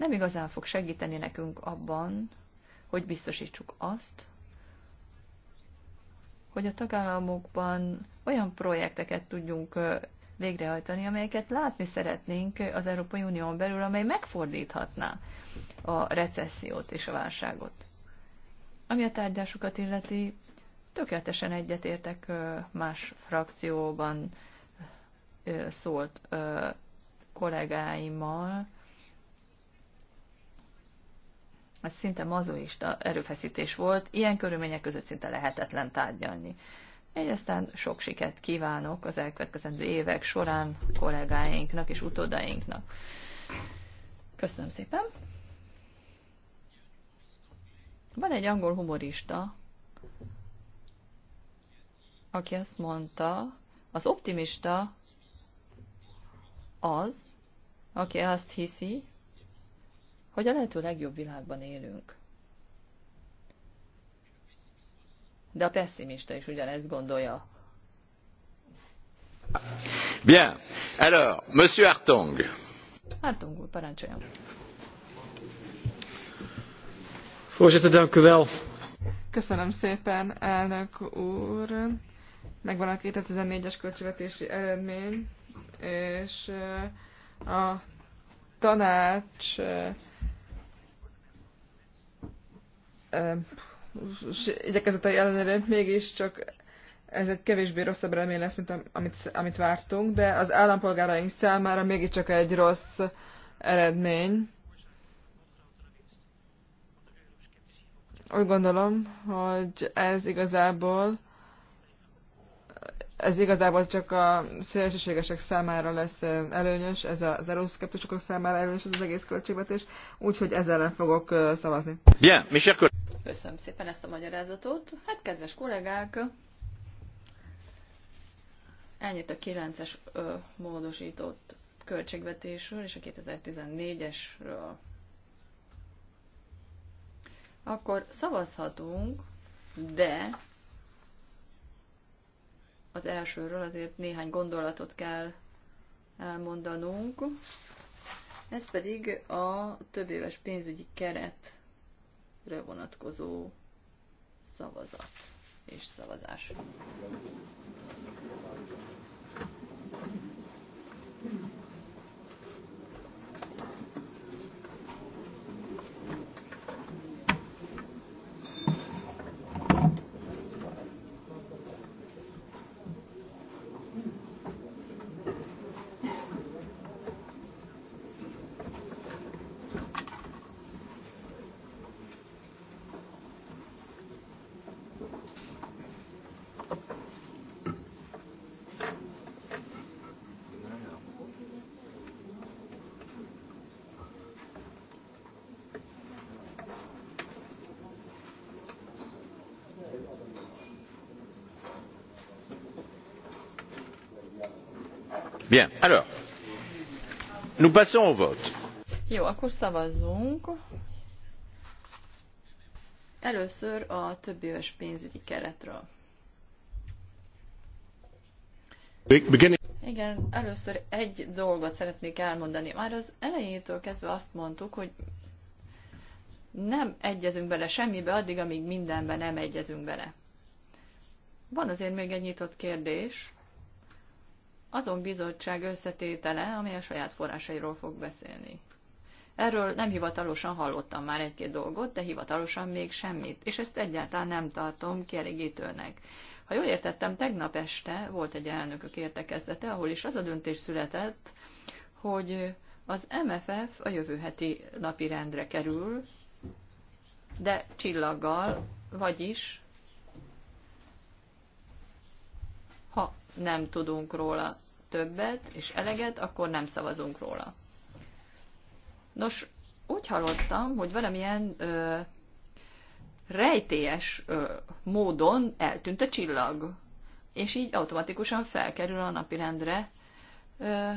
nem igazán fog segíteni nekünk abban, hogy biztosítsuk azt, hogy a tagállamokban olyan projekteket tudjunk végrehajtani, amelyeket látni szeretnénk az Európai Unión belül, amely megfordíthatná a recessziót és a válságot. Ami a tárgyásokat illeti, tökéletesen egyetértek más frakcióban szólt kollégáimmal, ez szinte mazoista erőfeszítés volt, ilyen körülmények között szinte lehetetlen tárgyalni. Így aztán sok sikert kívánok az elkövetkezendő évek során kollégáinknak és utódainknak. Köszönöm szépen! Van egy angol humorista, aki azt mondta, az optimista az, aki azt hiszi, hogy a lehető legjobb világban élünk. De a pessimista is ugyanezt gondolja. Bien. Alors, Monsieur Hartong. Hartong úr, parancsoljon. Köszönöm szépen, elnök úr. Megvan a 2014-es költségvetési eredmény, és a tanács igyekezetei ellenére mégiscsak ez egy kevésbé rosszabb remény lesz, mint amit, amit vártunk, de az állampolgáraink számára mégiscsak egy rossz eredmény. Úgy gondolom, hogy ez igazából ez igazából csak a szélsőségesek számára lesz előnyös, ez az eroszkeptusok számára előnyös ez az egész költségvetés, úgyhogy ezzel fogok szavazni. Bien, mes chers Köszönöm szépen ezt a magyarázatot. Hát, kedves kollégák, ennyit a 9-es módosított költségvetésről és a 2014-esről. Akkor szavazhatunk, de az elsőről azért néhány gondolatot kell elmondanunk. Ez pedig a többéves pénzügyi keret re vonatkozó szavazat és szavazás. nous passons au vote. akkor szavazzunk. Először a többi éves pénzügyi keretről. Igen, először egy dolgot szeretnék elmondani. Már az elejétől kezdve azt mondtuk, hogy nem egyezünk bele semmibe addig, amíg mindenben nem egyezünk bele. Van azért még egy nyitott kérdés, azon bizottság összetétele, amely a saját forrásairól fog beszélni. Erről nem hivatalosan hallottam már egy-két dolgot, de hivatalosan még semmit, és ezt egyáltalán nem tartom kielégítőnek. Ha jól értettem, tegnap este volt egy elnökök értekezlete, ahol is az a döntés született, hogy az MFF a jövő heti napi rendre kerül, de csillaggal, vagyis nem tudunk róla többet és eleget, akkor nem szavazunk róla. Nos, úgy hallottam, hogy valamilyen ö, rejtélyes ö, módon eltűnt a csillag, és így automatikusan felkerül a napirendre, ö,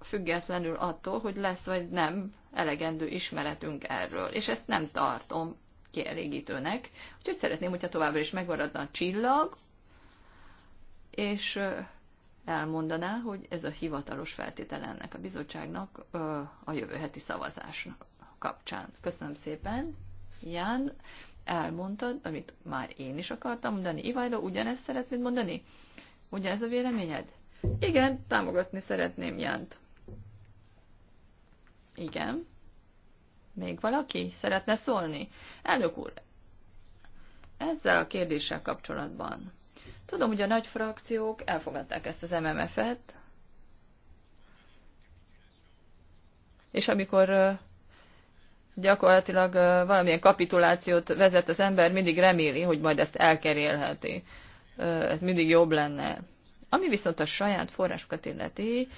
függetlenül attól, hogy lesz vagy nem elegendő ismeretünk erről. És ezt nem tartom kielégítőnek. Úgyhogy szeretném, hogyha továbbra is megmaradna a csillag, és elmondaná, hogy ez a hivatalos feltétel ennek a bizottságnak a jövő heti szavazásnak kapcsán. Köszönöm szépen, Ján, elmondtad, amit már én is akartam mondani. Ivajló, ugyanezt szeretnéd mondani? Ugye ez a véleményed? Igen, támogatni szeretném Jánt. Igen. Még valaki szeretne szólni? Elnök úr, ezzel a kérdéssel kapcsolatban Tudom, hogy a nagy frakciók elfogadták ezt az MMF-et, és amikor gyakorlatilag valamilyen kapitulációt vezet az ember, mindig reméli, hogy majd ezt elkerélheti. Ez mindig jobb lenne. Ami viszont a saját forrásokat illeti,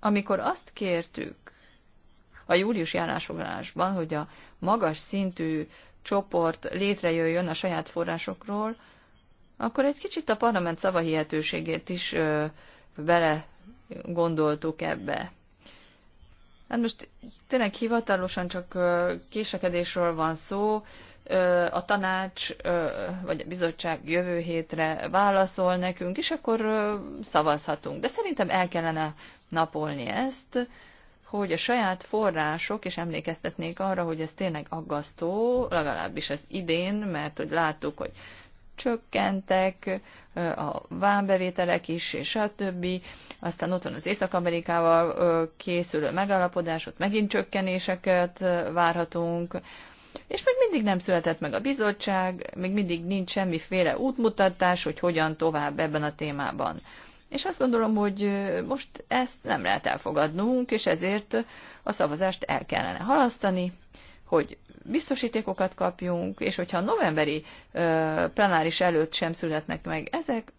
amikor azt kértük a július járásfoglalásban, hogy a magas szintű csoport létrejöjjön a saját forrásokról, akkor egy kicsit a parlament szavahihetőségét is bele gondoltuk ebbe. Hát most tényleg hivatalosan csak késekedésről van szó, a tanács vagy a bizottság jövő hétre válaszol nekünk, és akkor szavazhatunk. De szerintem el kellene napolni ezt, hogy a saját források, és emlékeztetnék arra, hogy ez tényleg aggasztó, legalábbis ez idén, mert hogy láttuk, hogy csökkentek, a vámbevételek is, és a többi. Aztán ott van az Észak-Amerikával készülő megállapodás, ott megint csökkenéseket várhatunk. És még mindig nem született meg a bizottság, még mindig nincs semmiféle útmutatás, hogy hogyan tovább ebben a témában. És azt gondolom, hogy most ezt nem lehet elfogadnunk, és ezért a szavazást el kellene halasztani, hogy biztosítékokat kapjunk, és hogyha a novemberi plenáris előtt sem születnek meg ezek,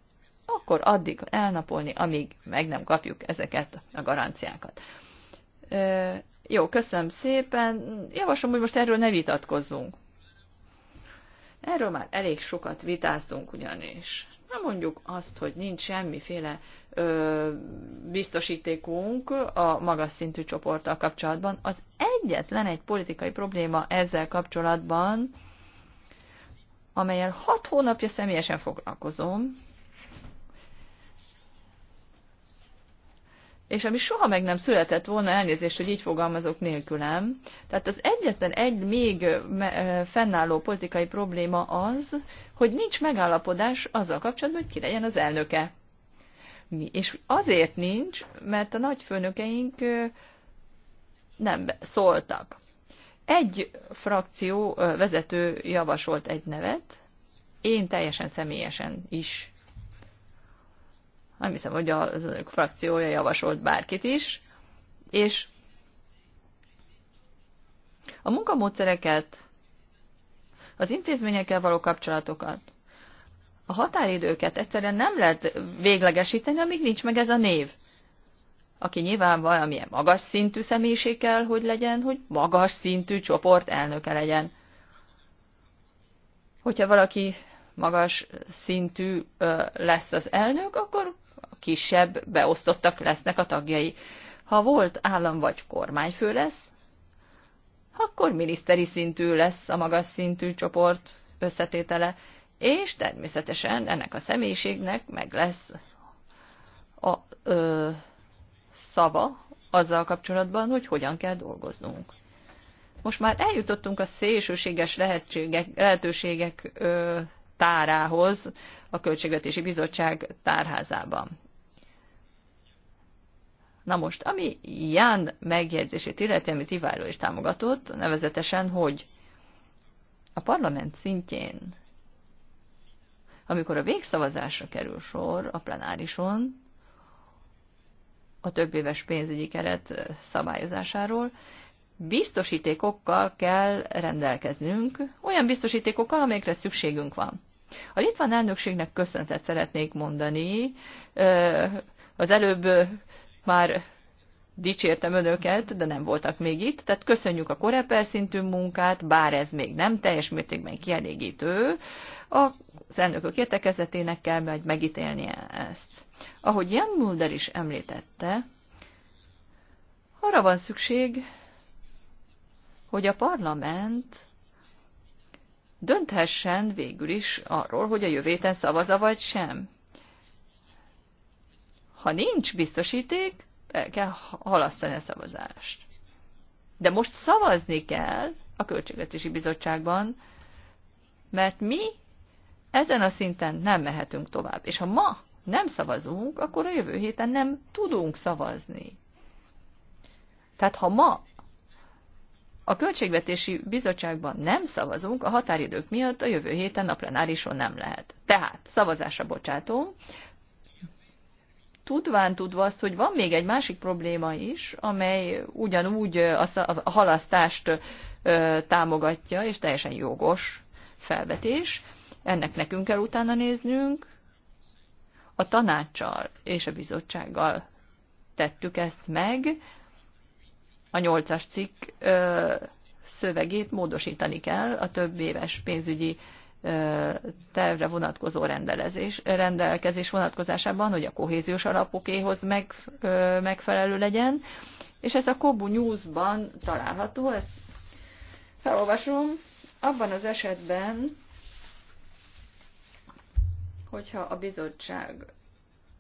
akkor addig elnapolni, amíg meg nem kapjuk ezeket a garanciákat. Jó, köszönöm szépen. Javaslom, hogy most erről ne vitatkozzunk. Erről már elég sokat vitáztunk ugyanis nem mondjuk azt, hogy nincs semmiféle ö, biztosítékunk a magas szintű csoporttal kapcsolatban. Az egyetlen egy politikai probléma ezzel kapcsolatban, amelyel hat hónapja személyesen foglalkozom, és ami soha meg nem született volna, elnézést, hogy így fogalmazok nélkülem. Tehát az egyetlen egy még fennálló politikai probléma az, hogy nincs megállapodás azzal kapcsolatban, hogy ki legyen az elnöke. Mi? És azért nincs, mert a nagyfőnökeink nem szóltak. Egy frakció vezető javasolt egy nevet, én teljesen személyesen is nem hiszem, hogy az önök frakciója javasolt bárkit is, és a munkamódszereket, az intézményekkel való kapcsolatokat, a határidőket egyszerűen nem lehet véglegesíteni, amíg nincs meg ez a név. Aki nyilván valamilyen magas szintű személyiség kell, hogy legyen, hogy magas szintű csoport elnöke legyen. Hogyha valaki magas szintű lesz az elnök, akkor kisebb beosztottak lesznek a tagjai. Ha volt állam vagy kormányfő lesz, akkor miniszteri szintű lesz a magas szintű csoport összetétele, és természetesen ennek a személyiségnek meg lesz a ö, szava azzal kapcsolatban, hogy hogyan kell dolgoznunk. Most már eljutottunk a szélsőséges lehetőségek ö, tárához, a Költségvetési Bizottság tárházában. Na most, ami Ján megjegyzését illeti, amit Iváró is támogatott, nevezetesen, hogy a parlament szintjén, amikor a végszavazásra kerül sor a plenárison, a több éves pénzügyi keret szabályozásáról, biztosítékokkal kell rendelkeznünk, olyan biztosítékokkal, amelyekre szükségünk van. A litván elnökségnek köszöntet szeretnék mondani. Az előbb már dicsértem önöket, de nem voltak még itt, tehát köszönjük a koreper szintű munkát, bár ez még nem teljes mértékben kielégítő, az elnökök értekezetének kell majd megítélnie ezt. Ahogy Jan Mulder is említette, arra van szükség, hogy a parlament dönthessen végül is arról, hogy a jövéten szavaza vagy sem. Ha nincs biztosíték, el kell halasztani a szavazást. De most szavazni kell a Költségvetési Bizottságban, mert mi ezen a szinten nem mehetünk tovább. És ha ma nem szavazunk, akkor a jövő héten nem tudunk szavazni. Tehát ha ma a Költségvetési Bizottságban nem szavazunk, a határidők miatt a jövő héten a plenárison nem lehet. Tehát szavazásra bocsátom, tudván tudva azt, hogy van még egy másik probléma is, amely ugyanúgy a halasztást támogatja, és teljesen jogos felvetés. Ennek nekünk kell utána néznünk. A tanácssal és a bizottsággal tettük ezt meg, a nyolcas cikk szövegét módosítani kell a több éves pénzügyi tervre vonatkozó rendelezés, rendelkezés vonatkozásában, hogy a kohéziós alapokéhoz meg, megfelelő legyen. És ez a Kobu News-ban található, ezt felolvasom. Abban az esetben, hogyha a bizottság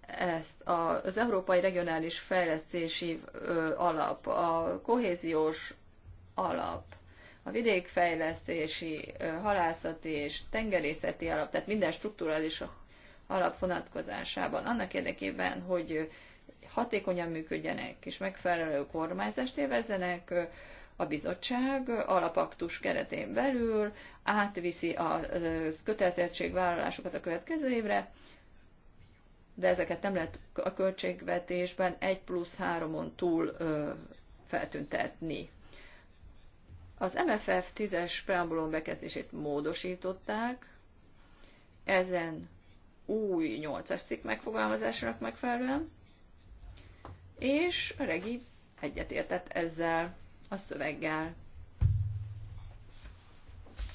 ezt az Európai Regionális Fejlesztési Alap, a kohéziós alap, a vidékfejlesztési, halászati és tengerészeti alap, tehát minden strukturális alap vonatkozásában, annak érdekében, hogy hatékonyan működjenek és megfelelő kormányzást élvezzenek, a bizottság alapaktus keretén belül átviszi a kötelezettségvállalásokat a következő évre, de ezeket nem lehet a költségvetésben 1 plusz 3-on túl ö, feltüntetni. Az MFF 10-es preambulum bekezdését módosították, ezen új 8-as cikk megfogalmazásának megfelelően, és a regi egyetértett ezzel a szöveggel.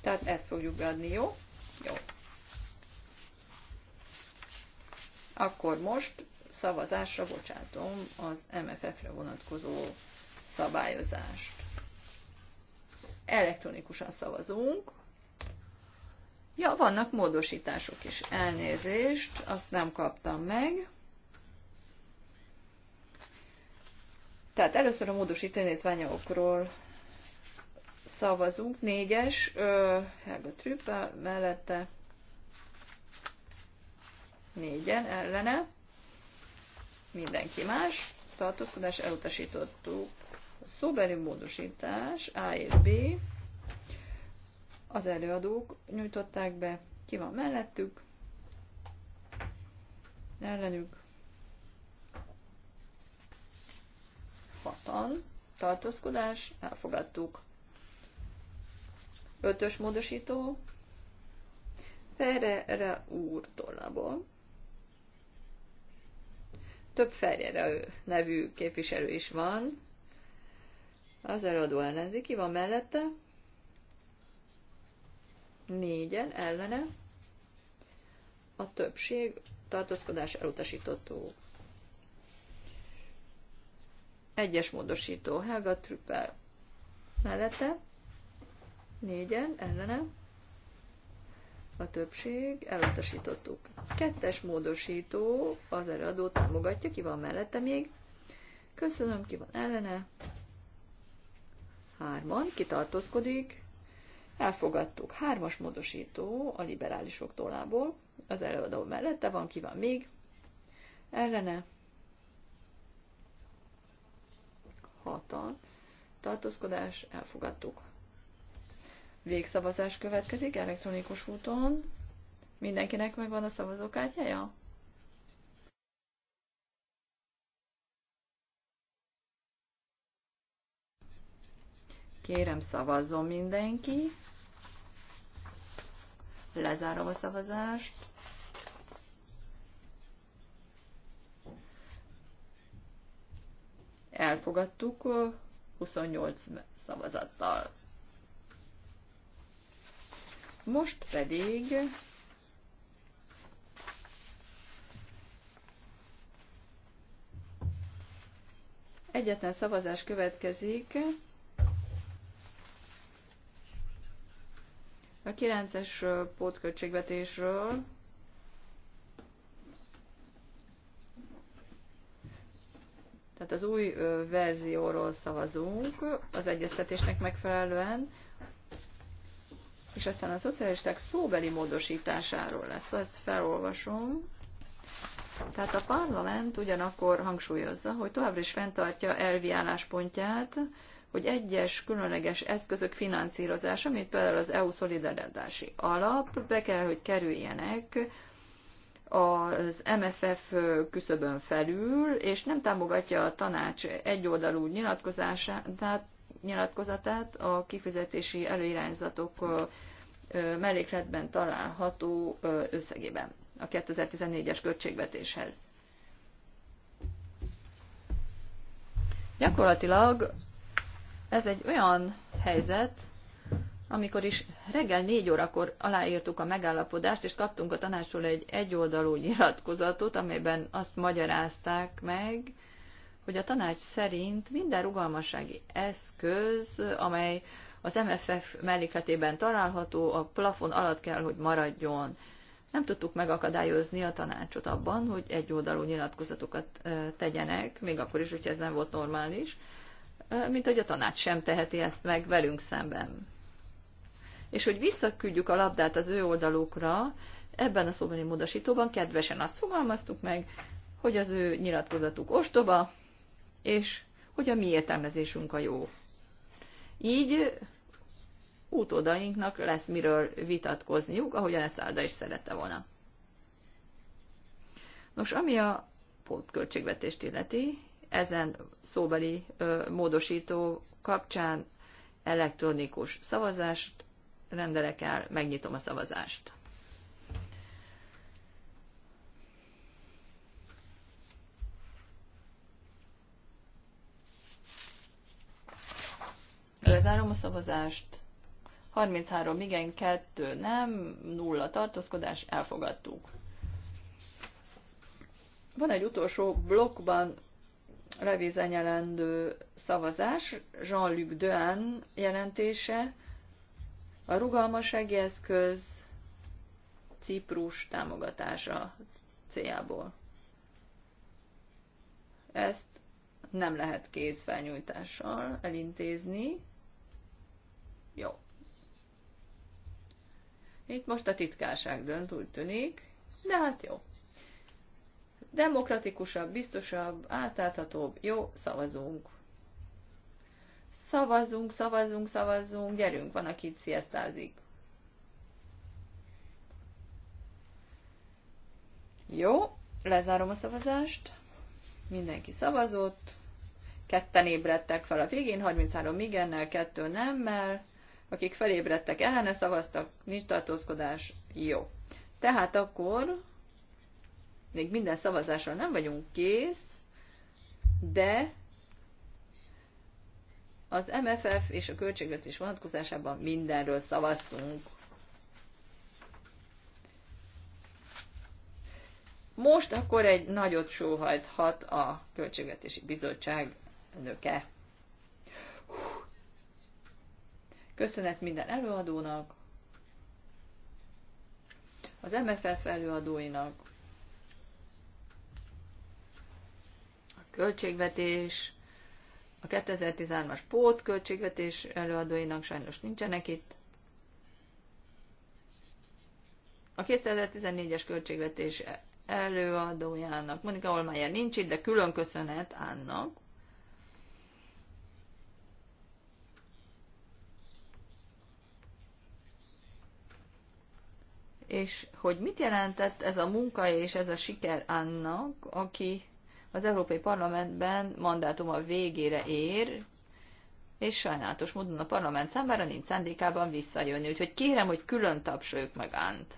Tehát ezt fogjuk beadni, jó? Jó. Akkor most szavazásra bocsátom az MFF-re vonatkozó szabályozást. Elektronikusan szavazunk. Ja, vannak módosítások is. Elnézést, azt nem kaptam meg. Tehát először a módosítanítványokról szavazunk. Négyes, Helga Trüppel mellette négyen ellene, mindenki más, tartózkodás elutasítottuk. szóbeli módosítás A és B, az előadók nyújtották be, ki van mellettük, ellenük, hatan, tartózkodás, elfogadtuk. Ötös módosító, Ferre úr tollából több Ferreira nevű képviselő is van. Az eladó ellenzik, Ki van mellette? Négyen ellene. A többség tartózkodás elutasítottó. Egyes módosító Helga Trüppel mellette. Négyen ellene a többség, elutasítottuk. Kettes módosító, az előadó támogatja, ki van mellette még. Köszönöm, ki van ellene. Hárman, tartózkodik. Elfogadtuk. Hármas módosító a liberálisok tollából. Az előadó mellette van, ki van még. Ellene. Hatan. Tartózkodás, elfogadtuk. Végszavazás következik elektronikus úton. Mindenkinek megvan a szavazókártyája? Kérem szavazzon mindenki. Lezárom a szavazást. Elfogadtuk 28 szavazattal. Most pedig egyetlen szavazás következik. A 9-es pótköltségvetésről Tehát az új verzióról szavazunk az egyeztetésnek megfelelően és aztán a szocialisták szóbeli módosításáról lesz. Szóval ezt felolvasom. Tehát a parlament ugyanakkor hangsúlyozza, hogy továbbra is fenntartja elvi álláspontját, hogy egyes különleges eszközök finanszírozása, mint például az EU szolidaritási alap, be kell, hogy kerüljenek az MFF küszöbön felül, és nem támogatja a tanács egyoldalú nyilatkozását, nyilatkozatát a kifizetési előirányzatok mellékletben található összegében a 2014-es költségvetéshez. Gyakorlatilag ez egy olyan helyzet, amikor is reggel négy órakor aláírtuk a megállapodást, és kaptunk a tanácsról egy egyoldalú nyilatkozatot, amelyben azt magyarázták meg, hogy a tanács szerint minden rugalmassági eszköz, amely az MFF mellékletében található, a plafon alatt kell, hogy maradjon. Nem tudtuk megakadályozni a tanácsot abban, hogy egyoldalú nyilatkozatokat tegyenek, még akkor is, hogy ez nem volt normális, mint hogy a tanács sem teheti ezt meg velünk szemben. És hogy visszaküldjük a labdát az ő oldalukra, ebben a szóbeli módosítóban kedvesen azt fogalmaztuk meg, hogy az ő nyilatkozatuk ostoba, és hogy a mi értelmezésünk a jó. Így utódainknak lesz miről vitatkozniuk, ahogyan ezt Álda is szerette volna. Nos, ami a pótköltségvetést illeti, ezen szóbeli ö, módosító kapcsán elektronikus szavazást rendelek el, megnyitom a szavazást. Lezárom a szavazást. 33 igen, 2 nem, 0 tartózkodás, elfogadtuk. Van egy utolsó blokkban revízenyelendő szavazás, Jean-Luc Dehan jelentése, a rugalmas eszköz Ciprus támogatása céljából. Ezt nem lehet kézfelnyújtással elintézni, jó. Itt most a titkárság dönt, úgy tűnik, de hát jó. Demokratikusabb, biztosabb, átláthatóbb, jó, szavazunk. Szavazunk, szavazunk, szavazunk, gyerünk, van, aki itt sziasztázik. Jó, lezárom a szavazást. Mindenki szavazott. Ketten ébredtek fel a végén, 33 igennel, kettő nemmel akik felébredtek, ellene szavaztak, nincs tartózkodás, jó. Tehát akkor még minden szavazással nem vagyunk kész, de az MFF és a költségvetés vonatkozásában mindenről szavaztunk. Most akkor egy nagyot sóhajthat a Költségvetési Bizottság nöke. Köszönet minden előadónak, az MFF előadóinak, a költségvetés, a 2013-as költségvetés előadóinak sajnos nincsenek itt. A 2014-es költségvetés előadójának, Monika Olmájer nincs itt, de külön köszönet Annak, és hogy mit jelentett ez a munka és ez a siker annak, aki az Európai Parlamentben mandátuma végére ér, és sajnálatos módon a parlament számára nincs szándékában visszajönni. Úgyhogy kérem, hogy külön tapsoljuk meg Ant.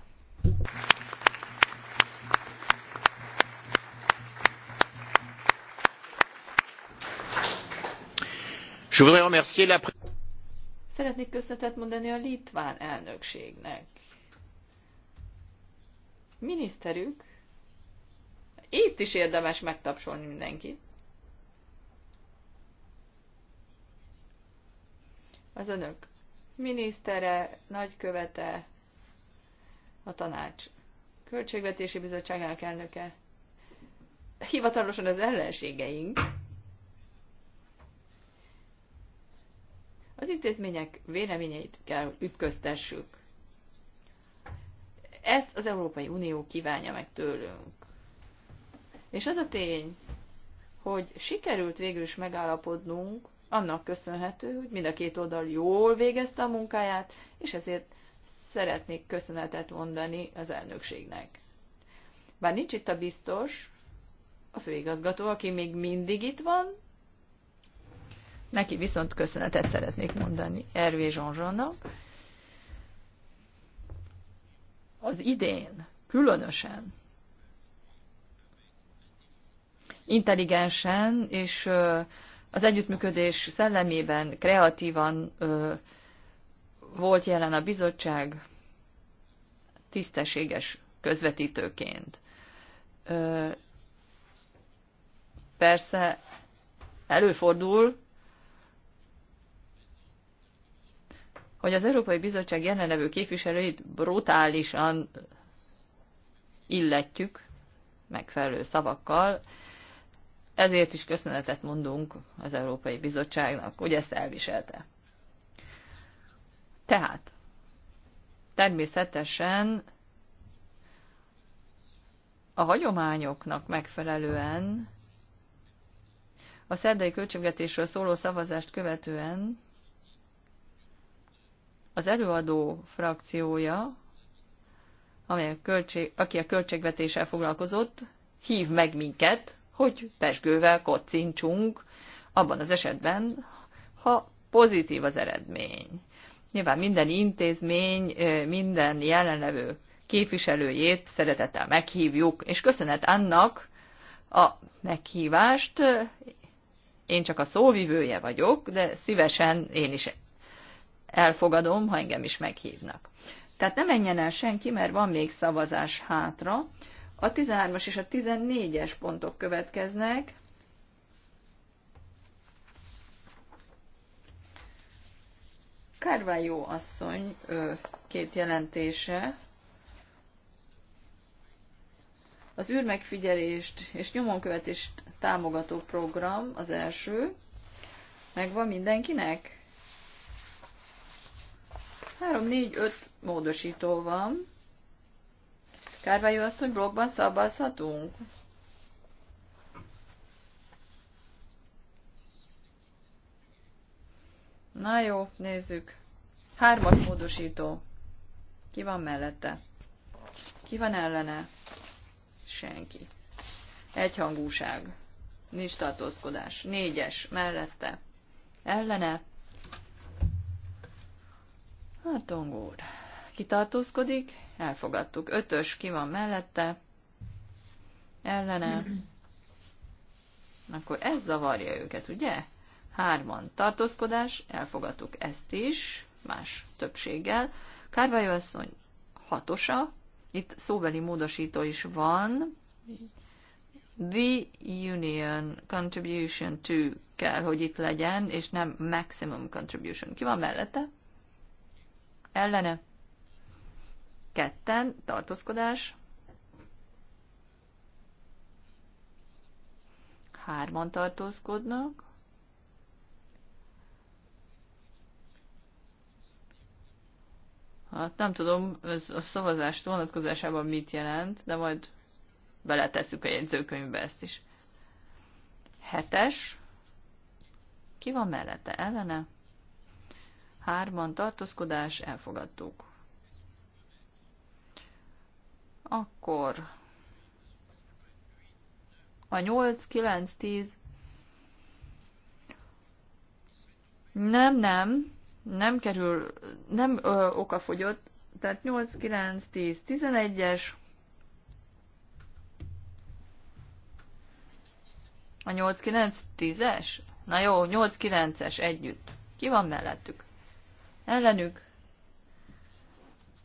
Szeretnék köszönetet mondani a litván elnökségnek miniszterük, itt is érdemes megtapsolni mindenkit, az önök minisztere, nagykövete, a tanács költségvetési bizottságának elnöke, hivatalosan az ellenségeink, az intézmények véleményeit kell ütköztessük. Ezt az Európai Unió kívánja meg tőlünk. És az a tény, hogy sikerült végül is megállapodnunk, annak köszönhető, hogy mind a két oldal jól végezte a munkáját, és ezért szeretnék köszönetet mondani az elnökségnek. Bár nincs itt a biztos, a főigazgató, aki még mindig itt van, neki viszont köszönetet szeretnék mondani Ervé Zsonzsonnak, az idén különösen intelligensen és az együttműködés szellemében, kreatívan volt jelen a bizottság tisztességes közvetítőként. Persze előfordul, hogy az Európai Bizottság jelenlevő képviselőit brutálisan illetjük megfelelő szavakkal, ezért is köszönetet mondunk az Európai Bizottságnak, hogy ezt elviselte. Tehát, természetesen a hagyományoknak megfelelően a szerdai költségvetésről szóló szavazást követően az előadó frakciója, amely a költség, aki a költségvetéssel foglalkozott, hív meg minket, hogy pesgővel kocincsunk, abban az esetben, ha pozitív az eredmény. Nyilván minden intézmény, minden jelenlevő képviselőjét szeretettel meghívjuk, és köszönet annak a meghívást. Én csak a szóvivője vagyok, de szívesen én is elfogadom, ha engem is meghívnak. Tehát ne menjen el senki, mert van még szavazás hátra. A 13-as és a 14-es pontok következnek. jó asszony két jelentése, az űrmegfigyelést és nyomonkövetést támogató program az első. Megvan mindenkinek? 3-4-5 módosító van. Kárvályó azt, hogy blogban szabazhatunk? Na jó, nézzük. Hármas módosító. Ki van mellette? Ki van ellene? Senki. Egyhangúság. Nincs tartózkodás. Négyes. Mellette. Ellene. Hát, úr, kitartózkodik, elfogadtuk. Ötös ki van mellette, ellene. Akkor ez zavarja őket, ugye? Hárman tartózkodás, elfogadtuk ezt is, más többséggel. Kárvályó asszony hatosa, itt szóbeli módosító is van. The Union Contribution to kell, hogy itt legyen, és nem Maximum Contribution. Ki van mellette? ellene, ketten, tartózkodás, hárman tartózkodnak, Hát nem tudom, ez a szavazás vonatkozásában mit jelent, de majd beletesszük a jegyzőkönyvbe ezt is. Hetes. Ki van mellette? Ellene? hárman tartózkodás, elfogadtuk. Akkor a 8, 9, 10. Nem, nem, nem kerül, nem ö, okafogyott, tehát 8, 9, 10, 11-es. A 8, 9, 10-es? Na jó, 8, 9-es együtt. Ki van mellettük? Ellenük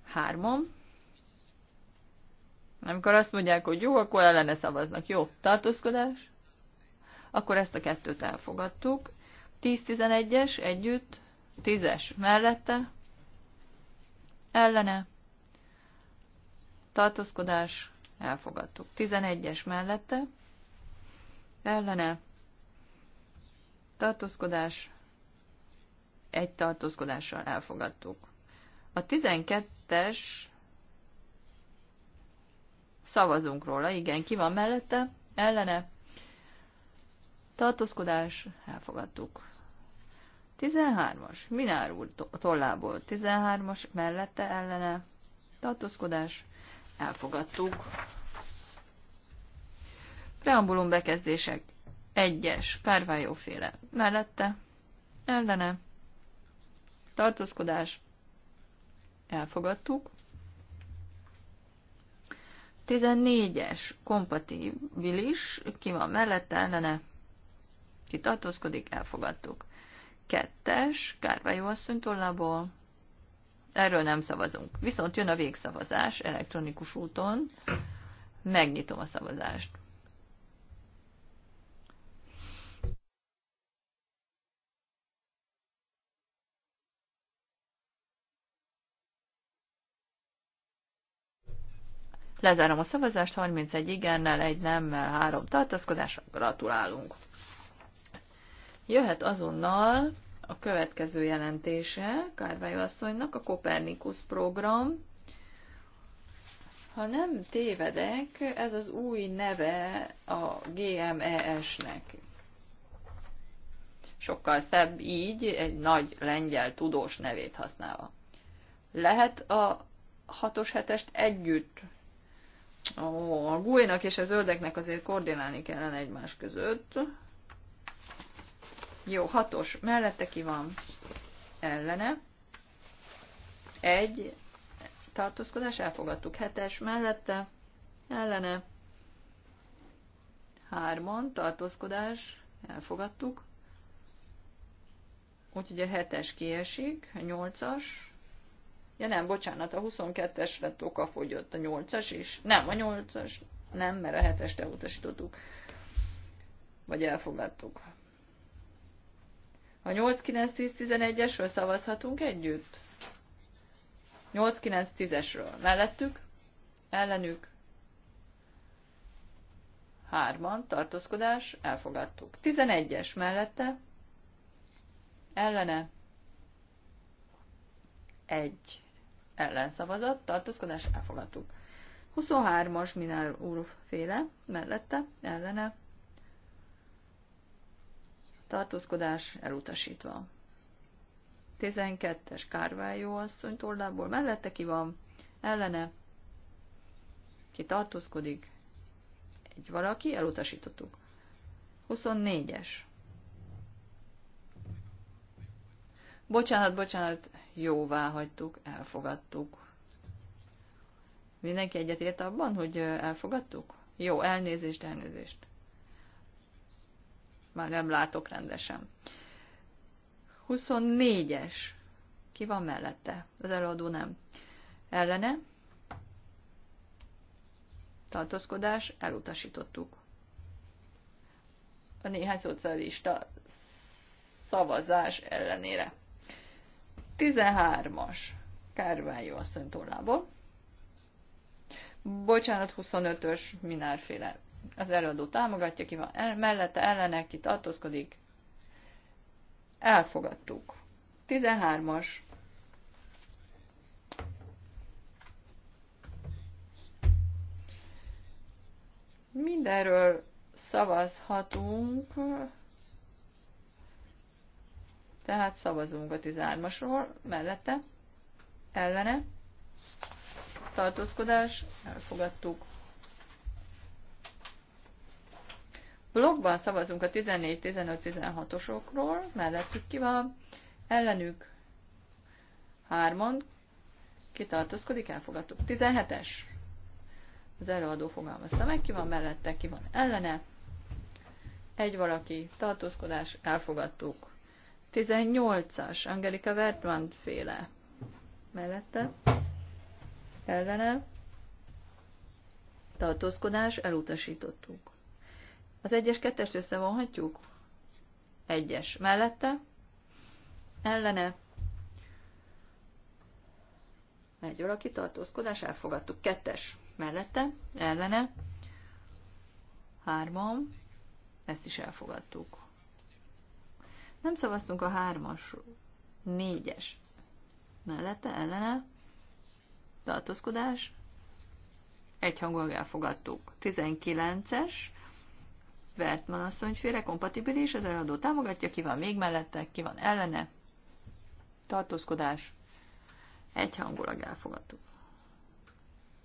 hármom. Amikor azt mondják, hogy jó, akkor ellene szavaznak. Jó, tartózkodás. Akkor ezt a kettőt elfogadtuk. 10-11-es együtt, 10-es mellette, ellene, tartózkodás, elfogadtuk. 11-es mellette, ellene, tartózkodás, egy tartózkodással elfogadtuk. A 12-es szavazunk róla, igen, ki van mellette, ellene, tartózkodás, elfogadtuk. 13-as, Minár úr tollából, 13-as, mellette, ellene, tartózkodás, elfogadtuk. Preambulum bekezdések, 1-es, Kárvájóféle. mellette, ellene, tartózkodás, elfogadtuk. 14-es kompatibilis, ki van mellette, ellene, ki tartózkodik, elfogadtuk. Kettes, Kárvályó asszony tollából, erről nem szavazunk. Viszont jön a végszavazás elektronikus úton, megnyitom a szavazást. Lezárom a szavazást, 31 igennel, egy nemmel, három tartózkodásra. Gratulálunk! Jöhet azonnal a következő jelentése Kárvály asszonynak, a Kopernikus program. Ha nem tévedek, ez az új neve a GMES-nek. Sokkal szebb így, egy nagy lengyel tudós nevét használva. Lehet a 6-os 7-est együtt a gújnak és a zöldeknek azért koordinálni kellene egymás között. Jó, hatos. Mellette ki van? Ellene. Egy. Tartózkodás. Elfogadtuk. Hetes. Mellette. Ellene. Hárman. Tartózkodás. Elfogadtuk. Úgyhogy a hetes kiesik. A nyolcas. Ja nem, bocsánat, a 22-es lett oka fogyott, a 8-as is. Nem, a 8-as nem, mert a 7-est elutasítottuk. Vagy elfogadtuk. A 8, 9, 10, 11-esről szavazhatunk együtt? 8, 9, 10-esről. Mellettük? Ellenük? Hárman, tartózkodás, elfogadtuk. 11-es mellette? Ellene? Egy ellenszavazat, tartózkodás elfogadtuk. 23-as Minár úrféle, mellette, ellene, tartózkodás elutasítva. 12-es Kárvályó asszony tollából, mellette ki van, ellene, ki tartózkodik, egy valaki, elutasítottuk. 24-es Bocsánat, bocsánat, jóvá hagytuk, elfogadtuk. Mindenki egyetért abban, hogy elfogadtuk? Jó, elnézést, elnézést. Már nem látok rendesen. 24-es. Ki van mellette? Az előadó nem. Ellene? Tartózkodás, elutasítottuk. A néhány szocialista szavazás ellenére. 13-as Kárványó asszony tollából. Bocsánat, 25-ös minárféle. Az előadó támogatja, ki van el, mellette, ellene, ki tartózkodik. Elfogadtuk. 13-as. Mindenről szavazhatunk tehát szavazunk a 13-asról, mellette, ellene, tartózkodás, elfogadtuk. Blogban szavazunk a 14, 15, 16-osokról, mellettük ki van, ellenük hárman, kitartózkodik, elfogadtuk. 17-es, az előadó fogalmazta meg, ki van mellette, ki van ellene, egy valaki, tartózkodás, elfogadtuk. 18-as, Angelika Wertmann féle. Mellette. Ellene. Tartózkodás, elutasítottuk. Az egyes kettest összevonhatjuk? Egyes. Mellette. Ellene. Egy óra tartózkodás, elfogadtuk. Kettes. Mellette. Ellene. Hárman. Ezt is elfogadtuk. Nem szavaztunk a hármas, négyes. Mellette, ellene, tartózkodás, egyhangon elfogadtuk. 19-es, Vertman asszonyféle, kompatibilis, az előadó támogatja, ki van még mellette, ki van ellene, tartózkodás, egyhangulag elfogadtuk.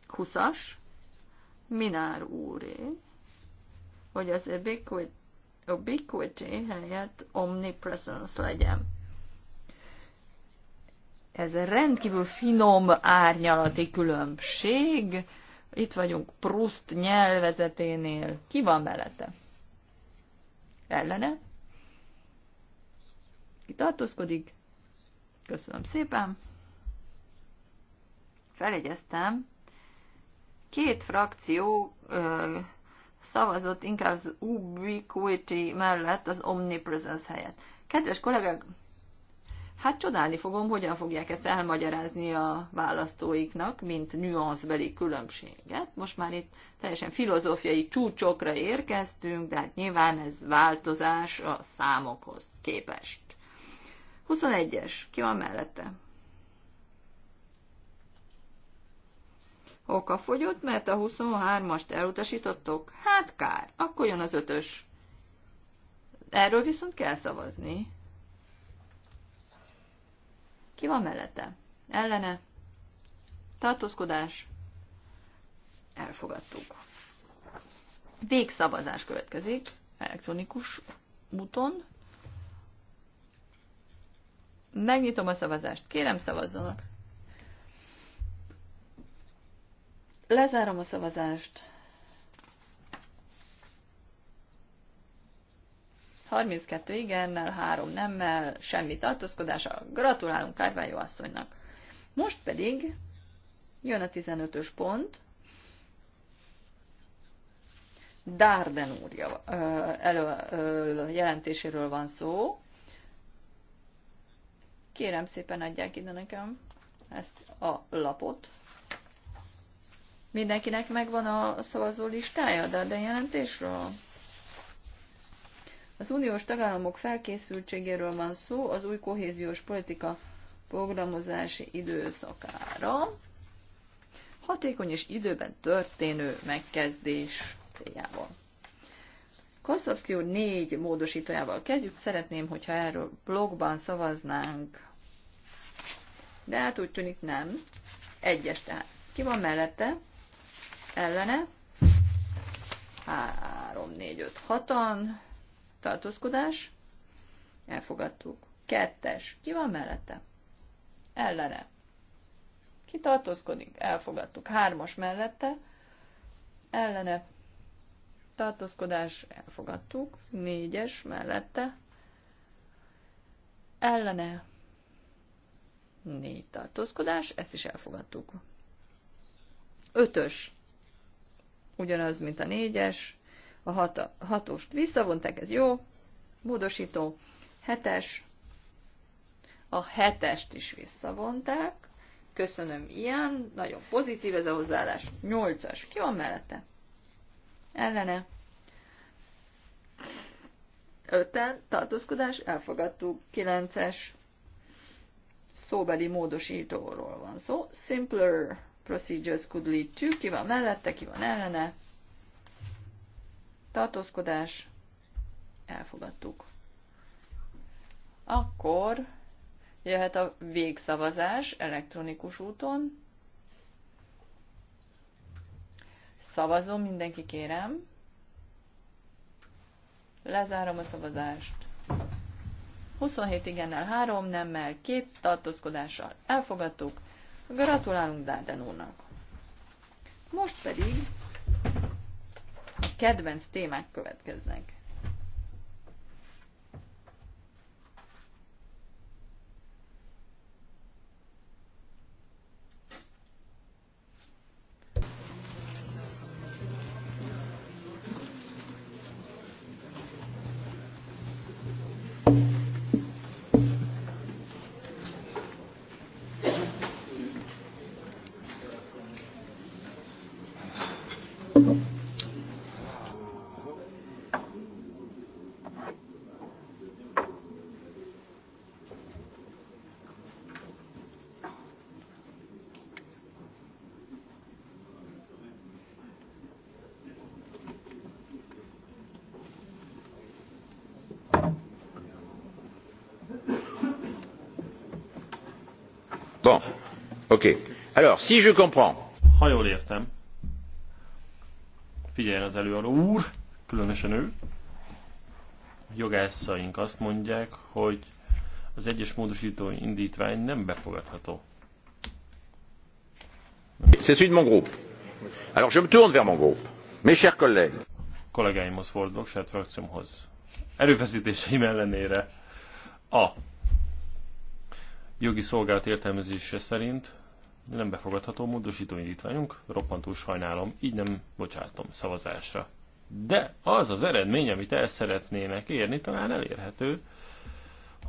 20-as, Minár úré, hogy az Ebiquit ubiquity helyett omnipresence legyen. Ez rendkívül finom árnyalati különbség. Itt vagyunk Proust nyelvezeténél. Ki van mellette? Ellene? Ki tartózkodik? Köszönöm szépen. Felegyeztem. Két frakció ö, szavazott inkább az ubiquity mellett az omnipresence helyett. Kedves kollégák, hát csodálni fogom, hogyan fogják ezt elmagyarázni a választóiknak, mint nüanszbeli különbséget. Most már itt teljesen filozófiai csúcsokra érkeztünk, de hát nyilván ez változás a számokhoz képest. 21-es, ki van mellette? Oka fogyott, mert a 23-ast elutasítottok? Hát kár, akkor jön az ötös. Erről viszont kell szavazni. Ki van mellette? Ellene? Tartózkodás? Elfogadtuk. Végszavazás következik elektronikus úton. Megnyitom a szavazást. Kérem szavazzanak! Lezárom a szavazást. 32 igennel, 3 nemmel, semmi tartózkodása. Gratulálunk Kárványó asszonynak. Most pedig jön a 15-ös pont. Dárden úr jelentéséről van szó. Kérem szépen adják ide nekem ezt a lapot. Mindenkinek megvan a szavazó listája, de a jelentésről? Az uniós tagállamok felkészültségéről van szó az új kohéziós politika programozási időszakára. Hatékony és időben történő megkezdés céljából. Kosszowski úr négy módosítójával kezdjük. Szeretném, hogyha erről blogban szavaznánk. De hát úgy tűnik nem. Egyes tehát. Ki van mellette? ellene, 3, 4, 5, 6-an, tartózkodás, elfogadtuk. Kettes, ki van mellette? Ellene. Ki tartózkodik? Elfogadtuk. Hármas mellette, ellene, tartózkodás, elfogadtuk. Négyes mellette, ellene, négy tartózkodás, ezt is elfogadtuk. Ötös, ugyanaz, mint a négyes, a hat, hatost visszavonták, ez jó, módosító, hetes, a hetest is visszavonták, köszönöm ilyen, nagyon pozitív ez a hozzáállás, nyolcas, ki van mellette? Ellene. Öten, tartózkodás, elfogadtuk, kilences, szóbeli módosítóról van szó, simpler, procedures could lead to, ki van mellette, ki van ellene, tartózkodás, elfogadtuk. Akkor jöhet a végszavazás elektronikus úton. Szavazom, mindenki kérem. Lezárom a szavazást. 27 igennel, 3 nemmel, 2 tartózkodással elfogadtuk. Gratulálunk Dárden úrnak. Most pedig kedvenc témák következnek. Oké. Okay. Alors, si je comprends. Ha jól értem. Figyeljen az előadó úr, különösen ő. Jogászaink azt mondják, hogy az egyes módosító indítvány nem befogadható. C'est celui de mon groupe. Alors je me tourne vers mon groupe. Mes chers collègues. Kollégáimhoz fordulok, saját frakciómhoz. Erőfeszítéseim ellenére a jogi szolgált értelmezése szerint nem befogadható módosító indítványunk, roppantó sajnálom, így nem bocsátom szavazásra. De az az eredmény, amit el szeretnének érni, talán elérhető,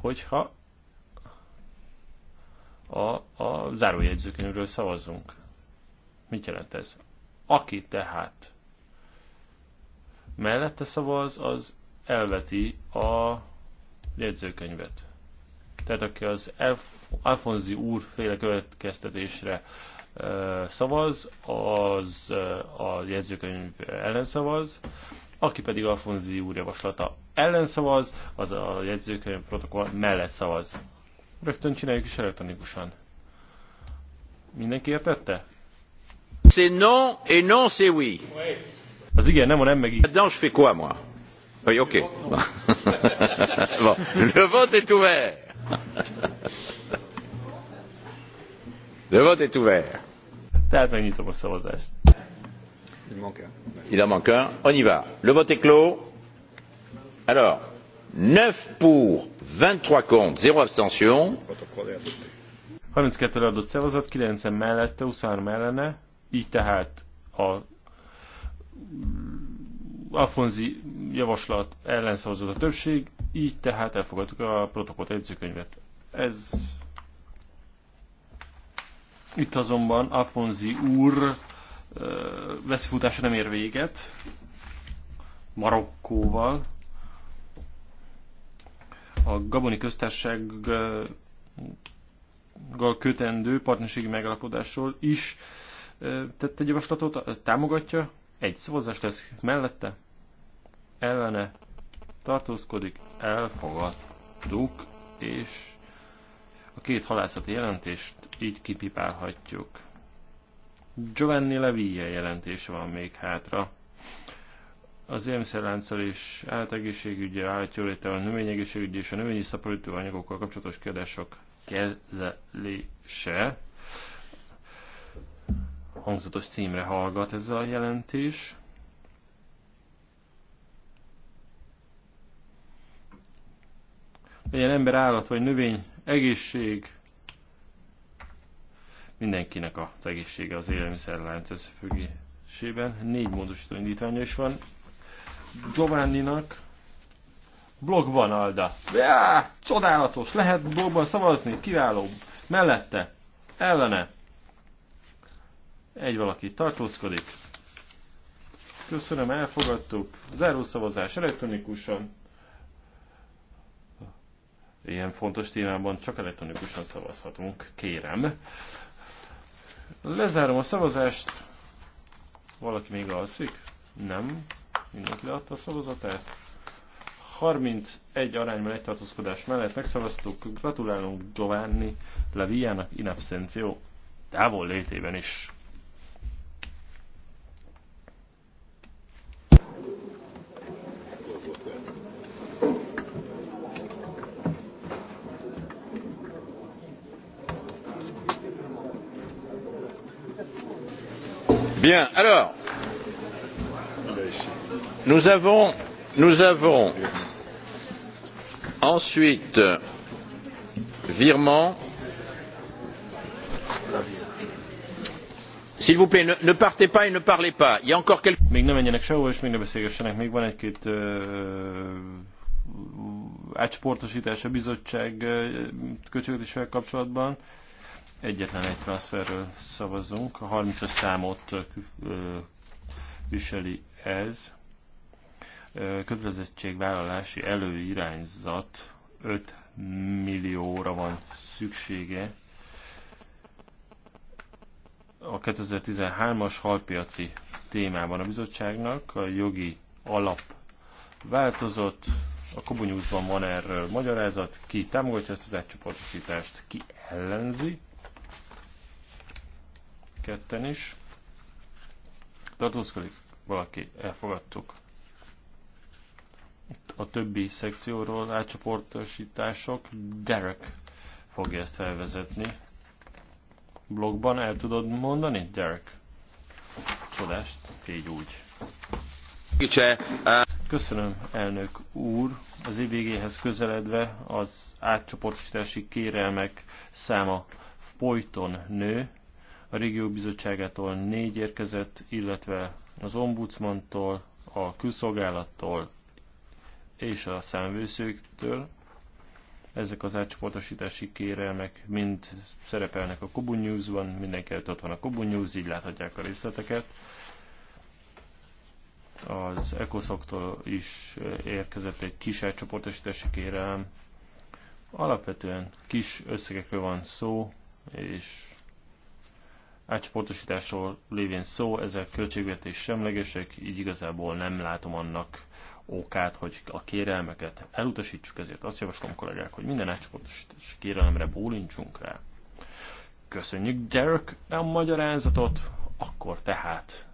hogyha a, a zárójegyzőkönyvről szavazunk. Mit jelent ez? Aki tehát mellette szavaz, az elveti a jegyzőkönyvet. Tehát aki az F Alfonzi úr féle következtetésre szavaz, az a jegyzőkönyv ellen szavaz, aki pedig Alfonzi úr javaslata ellen szavaz, az a jegyzőkönyv protokoll mellett szavaz. Rögtön csináljuk is elektronikusan. Mindenki értette? C'est non, et non c'est oui. Az igen, nem a nem megint. Maintenant je fais quoi moi? Oui, ok. bon. Le vote est ouvert. Le vote est ouvert. Tehát megnyitom a szavazást. Il en manque un. On y va. Le vote est clos. Alors, 9 pour, 23 contre, 0 abstention. 32 adott szavazat, 9 mellette, 23 ellene. Így tehát a Afonzi javaslat ellen szavazott a többség, így tehát elfogadtuk a protokollt jegyzőkönyvet. Ez itt azonban Afonzi úr veszélyfutása nem ér véget Marokkóval. A Gaboni Köztársággal kötendő partnerségi megalapodásról is tett egy javaslatot, támogatja, egy szavazás lesz mellette, ellene tartózkodik, elfogadtuk, és a két halászati jelentést így kipipálhatjuk. Giovanni Levia jelentése van még hátra. Az élmiszerlánccal és átegészségügyi, állatjólételen növényegészségügyi és a növényi szaporító anyagokkal kapcsolatos kérdések kezelése hangzatos címre hallgat ez a jelentés. Legyen ember, állat vagy növény egészség, mindenkinek az egészsége az élelmiszerlánc összefüggésében. Négy módosító indítványa is van. Giovanninak blog van, Alda. Já, csodálatos, lehet blogban szavazni, kiváló. Mellette, ellene. Egy valaki tartózkodik. Köszönöm, elfogadtuk. Zárószavazás elektronikusan ilyen fontos témában csak elektronikusan szavazhatunk, kérem. Lezárom a szavazást. Valaki még alszik? Nem. Mindenki leadta a szavazatát. 31 arányban egy tartózkodás mellett megszavaztuk. Gratulálunk Giovanni Leviának in absenció távol létében is. nous avons, nous avons ensuite virement. S'il vous plaît, ne, ne partez pas et ne parlez pas. Il y a encore quelques. Még nem menjenek sehova, és még ne beszélgessenek. Még van egy-két uh, a bizottság uh, kapcsolatban. Egyetlen egy transferről szavazunk. A 30-as számot viseli ez. Kötelezettségvállalási előirányzat 5 millióra van szüksége a 2013-as halpiaci témában a bizottságnak. A jogi alap változott, a Kobonyúzban van erről magyarázat, ki támogatja ezt az átcsoportosítást, ki ellenzi ketten is. Tartózkodik valaki, elfogadtuk. Itt a többi szekcióról átcsoportosítások. Derek fogja ezt felvezetni. Blogban el tudod mondani, Derek? Csodást, így úgy. Köszönöm, elnök úr. Az év végéhez közeledve az átcsoportosítási kérelmek száma folyton nő, a régió bizottságától négy érkezett, illetve az ombudsmantól, a külszolgálattól és a számvőszőktől. Ezek az átcsoportosítási kérelmek mind szerepelnek a Kubu News-ban, mindenki előtt ott van a Kubu News, így láthatják a részleteket. Az Ecosoktól is érkezett egy kis átcsoportosítási kérelem. Alapvetően kis összegekről van szó, és átcsoportosításról lévén szó, ezek költségvetés semlegesek, így igazából nem látom annak okát, hogy a kérelmeket elutasítsuk, ezért azt javaslom kollégák, hogy minden átcsoportosítás kérelemre bólintsunk rá. Köszönjük Derek a magyarázatot, akkor tehát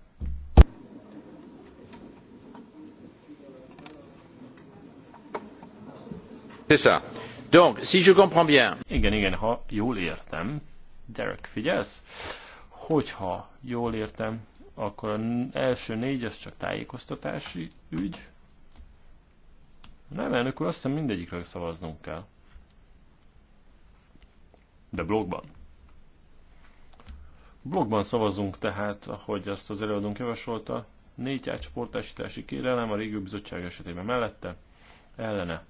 C'est ça. Donc, si je comprends bien. Igen, igen, ha jól értem, Derek, figyelsz? Hogyha jól értem, akkor az első négy az csak tájékoztatási ügy. Nem, elnök úr, azt hiszem mindegyikre szavaznunk kell. De blogban. Blogban szavazunk tehát, ahogy azt az előadónk javasolta, négy átcsoportásítási kérelem a régió bizottság esetében mellette, ellene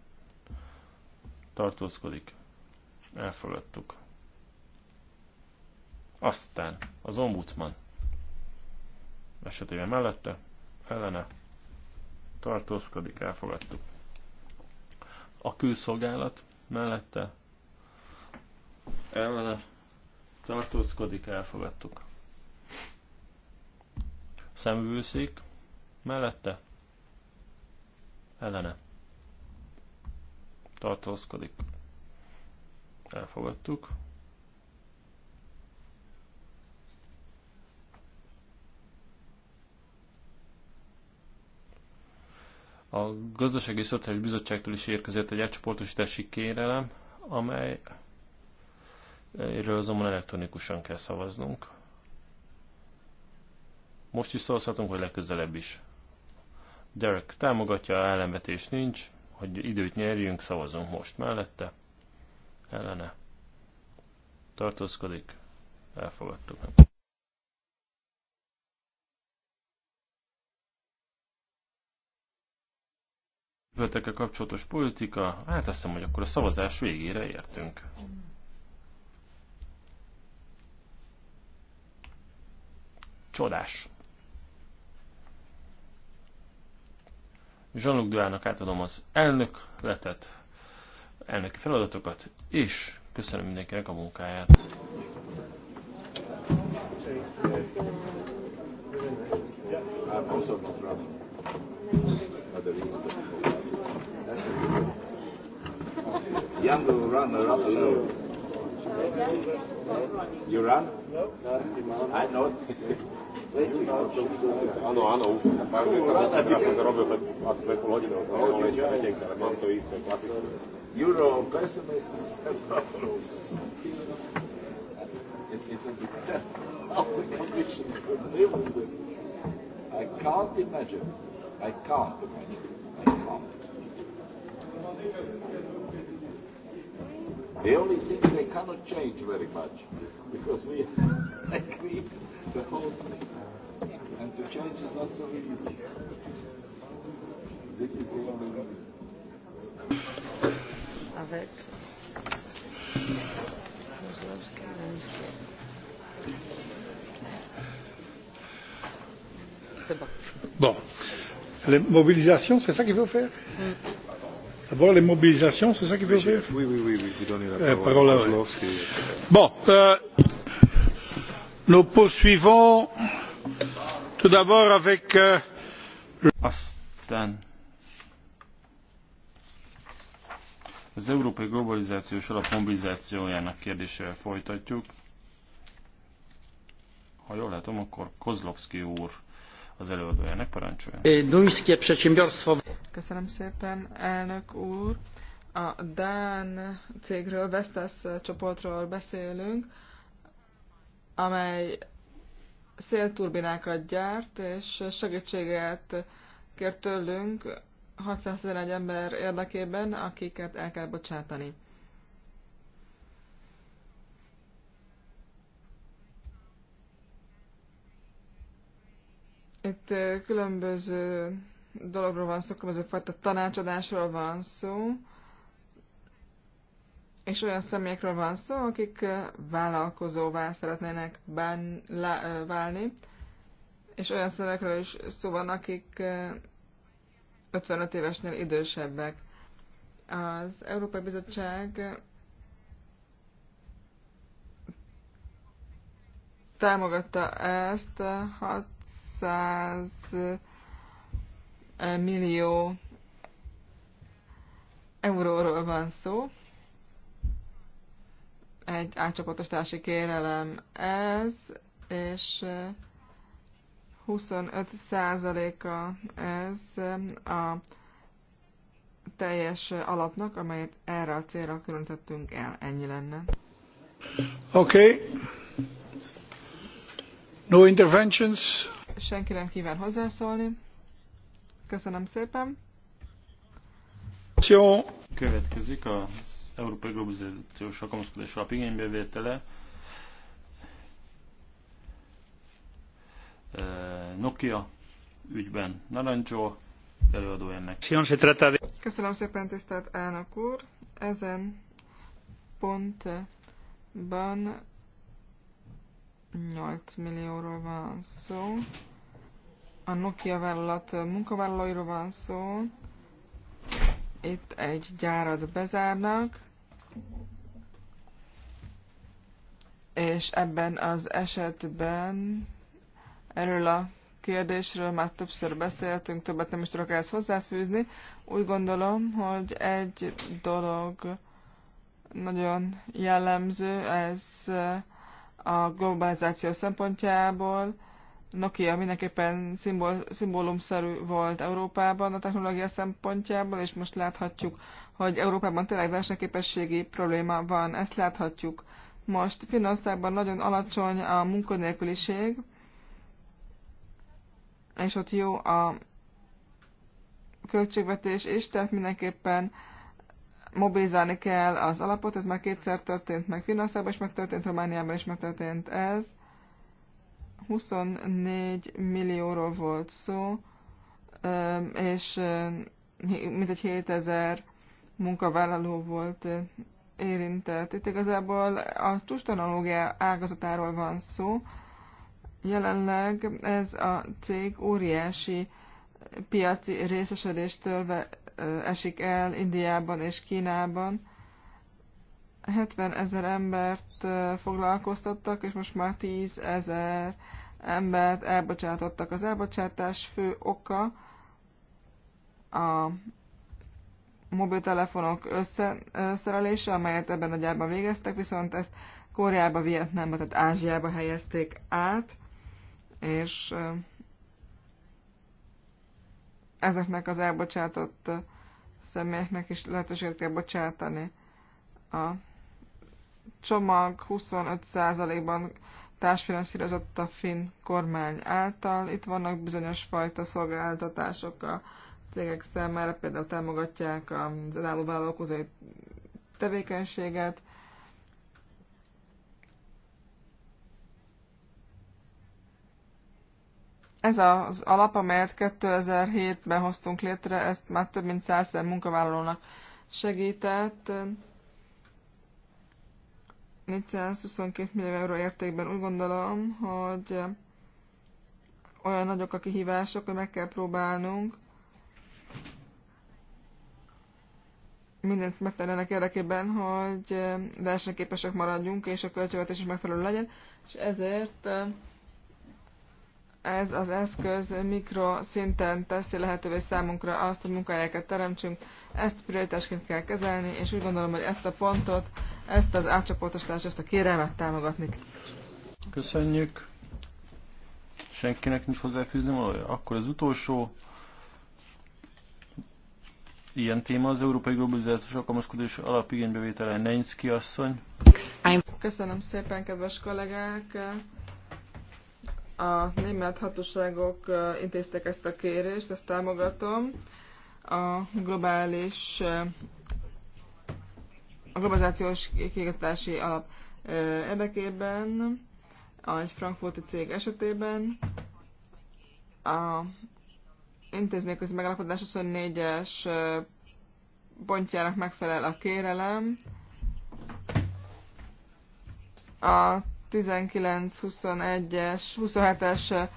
tartózkodik. Elfogadtuk. Aztán az ombudsman esetében mellette, ellene tartózkodik, elfogadtuk. A külszolgálat mellette, ellene tartózkodik, elfogadtuk. Szemvőszék mellette, ellene tartózkodik, elfogadtuk. A Gazdasági Szociális Bizottságtól is érkezett egy átcsoportosítási kérelem, amely erről azonban elektronikusan kell szavaznunk. Most is szavazhatunk, hogy legközelebb is. Derek támogatja, ellenvetés nincs, hogy időt nyerjünk, szavazunk most mellette. Ellene. Tartózkodik. Elfogadtuk. épületekkel kapcsolatos politika, hát azt hiszem, hogy akkor a szavazás végére értünk. Csodás! Zsanuk Duának átadom az elnök letet, elnöki feladatokat, és köszönöm mindenkinek a munkáját. Hát, köszönöm. Köszönöm. Köszönöm. Köszönöm. Köszönöm. Köszönöm. Köszönöm younger runner up alone. You run? No. I know. Ano, áno, páči sa, teraz som to robil pred, asi pred pol hodinou, som to len četenkár, mám to isté, klasické. Euro pessimists and optimists. It is a death of the condition to live with it. I can't imagine. I can't imagine. I can't. The only thing they cannot change very much, because we agree the whole thing. And to change is not so easy. This is the only reason. Avec. bon. Bon. Les mobilisations, c'est ça qu'il faut faire mm. D'abord les mobilisations, c'est ça qu'il veut dire Oui, oui, oui, oui, vous donnez la parole, euh, parole à Bon, euh, nous poursuivons tout d'abord avec... Euh, Aztán az európai globalizációs alap mobilizációjának kérdésével folytatjuk. Ha jól látom, akkor Kozlovszki úr az előadójának parancsolja. Köszönöm szépen, elnök úr. A Dán cégről, Vestas csoportról beszélünk, amely szélturbinákat gyárt, és segítséget kért tőlünk 611 ember érdekében, akiket el kell bocsátani. Itt különböző dologról van szó, különböző fajta tanácsadásról van szó, és olyan személyekről van szó, akik vállalkozóvá szeretnének bán, lá, válni, és olyan személyekről is szó van, akik 55 évesnél idősebbek. Az Európai Bizottság támogatta ezt, hat 200 millió euróról van szó. Egy átcsoportosítási kérelem ez, és 25%-a ez a teljes alapnak, amelyet erre a célra különítettünk el. Ennyi lenne. Oké. Okay. No interventions senki nem kíván hozzászólni. Köszönöm szépen. Jó. Következik az Európai Globalizációs Alkalmazkodás Alap igénybevétele. E, Nokia ügyben Narancsó előadó ennek. Köszönöm szépen, tisztelt elnök úr! Ezen pontban 8 millióról van szó. A Nokia vállalat munkavállalóiról van szó. Itt egy gyárat bezárnak, és ebben az esetben erről a kérdésről már többször beszéltünk, többet nem is tudok ehhez hozzáfűzni. Úgy gondolom, hogy egy dolog nagyon jellemző, ez a globalizáció szempontjából. Nokia mindenképpen szimbol, szimbólumszerű volt Európában a technológia szempontjából, és most láthatjuk, hogy Európában tényleg versenyképességi probléma van. Ezt láthatjuk. Most Finnországban nagyon alacsony a munkanélküliség, és ott jó a költségvetés is, tehát mindenképpen mobilizálni kell az alapot, ez már kétszer történt meg Finnországban, és megtörtént Romániában, is megtörtént ez. 24 millióról volt szó, és mintegy 7000 munkavállaló volt érintett. Itt igazából a csústanológia ágazatáról van szó. Jelenleg ez a cég óriási piaci részesedéstől esik el Indiában és Kínában. 70 ezer embert foglalkoztattak, és most már 10 ezer embert elbocsátottak. Az elbocsátás fő oka a mobiltelefonok összeszerelése, amelyet ebben a gyárban végeztek, viszont ezt Koreába, Vietnámba, tehát Ázsiába helyezték át, és ezeknek az elbocsátott személyeknek is lehetőséget kell bocsátani. A csomag 25%-ban társfinanszírozott a finn kormány által. Itt vannak bizonyos fajta szolgáltatások a cégek számára, például támogatják az önálló vállalkozói tevékenységet, ez az alap, amelyet 2007-ben hoztunk létre, ezt már több mint 100 munkavállalónak segített. 422 millió euró értékben úgy gondolom, hogy olyan nagyok a kihívások, hogy meg kell próbálnunk mindent megtenni ennek érdekében, hogy versenyképesek maradjunk, és a költségvetés is megfelelő legyen, és ezért ez az eszköz mikroszinten teszi lehetővé számunkra azt, hogy munkahelyeket teremtsünk, ezt prioritásként kell kezelni, és úgy gondolom, hogy ezt a pontot, ezt az átcsoportosítást, ezt a kérelmet támogatni. Köszönjük. Senkinek nincs hozzáfűzni valója? Akkor az utolsó ilyen téma az Európai Globalizációs Alkalmazkodás Alapigénybevétele Nenszki asszony. Köszönöm szépen, kedves kollégák! a német hatóságok intéztek ezt a kérést, ezt támogatom. A globális a globalizációs kiegészítési alap érdekében, egy frankfurti cég esetében a intézményközi megállapodás 24-es pontjának megfelel a kérelem. A 19-21-es, 27-es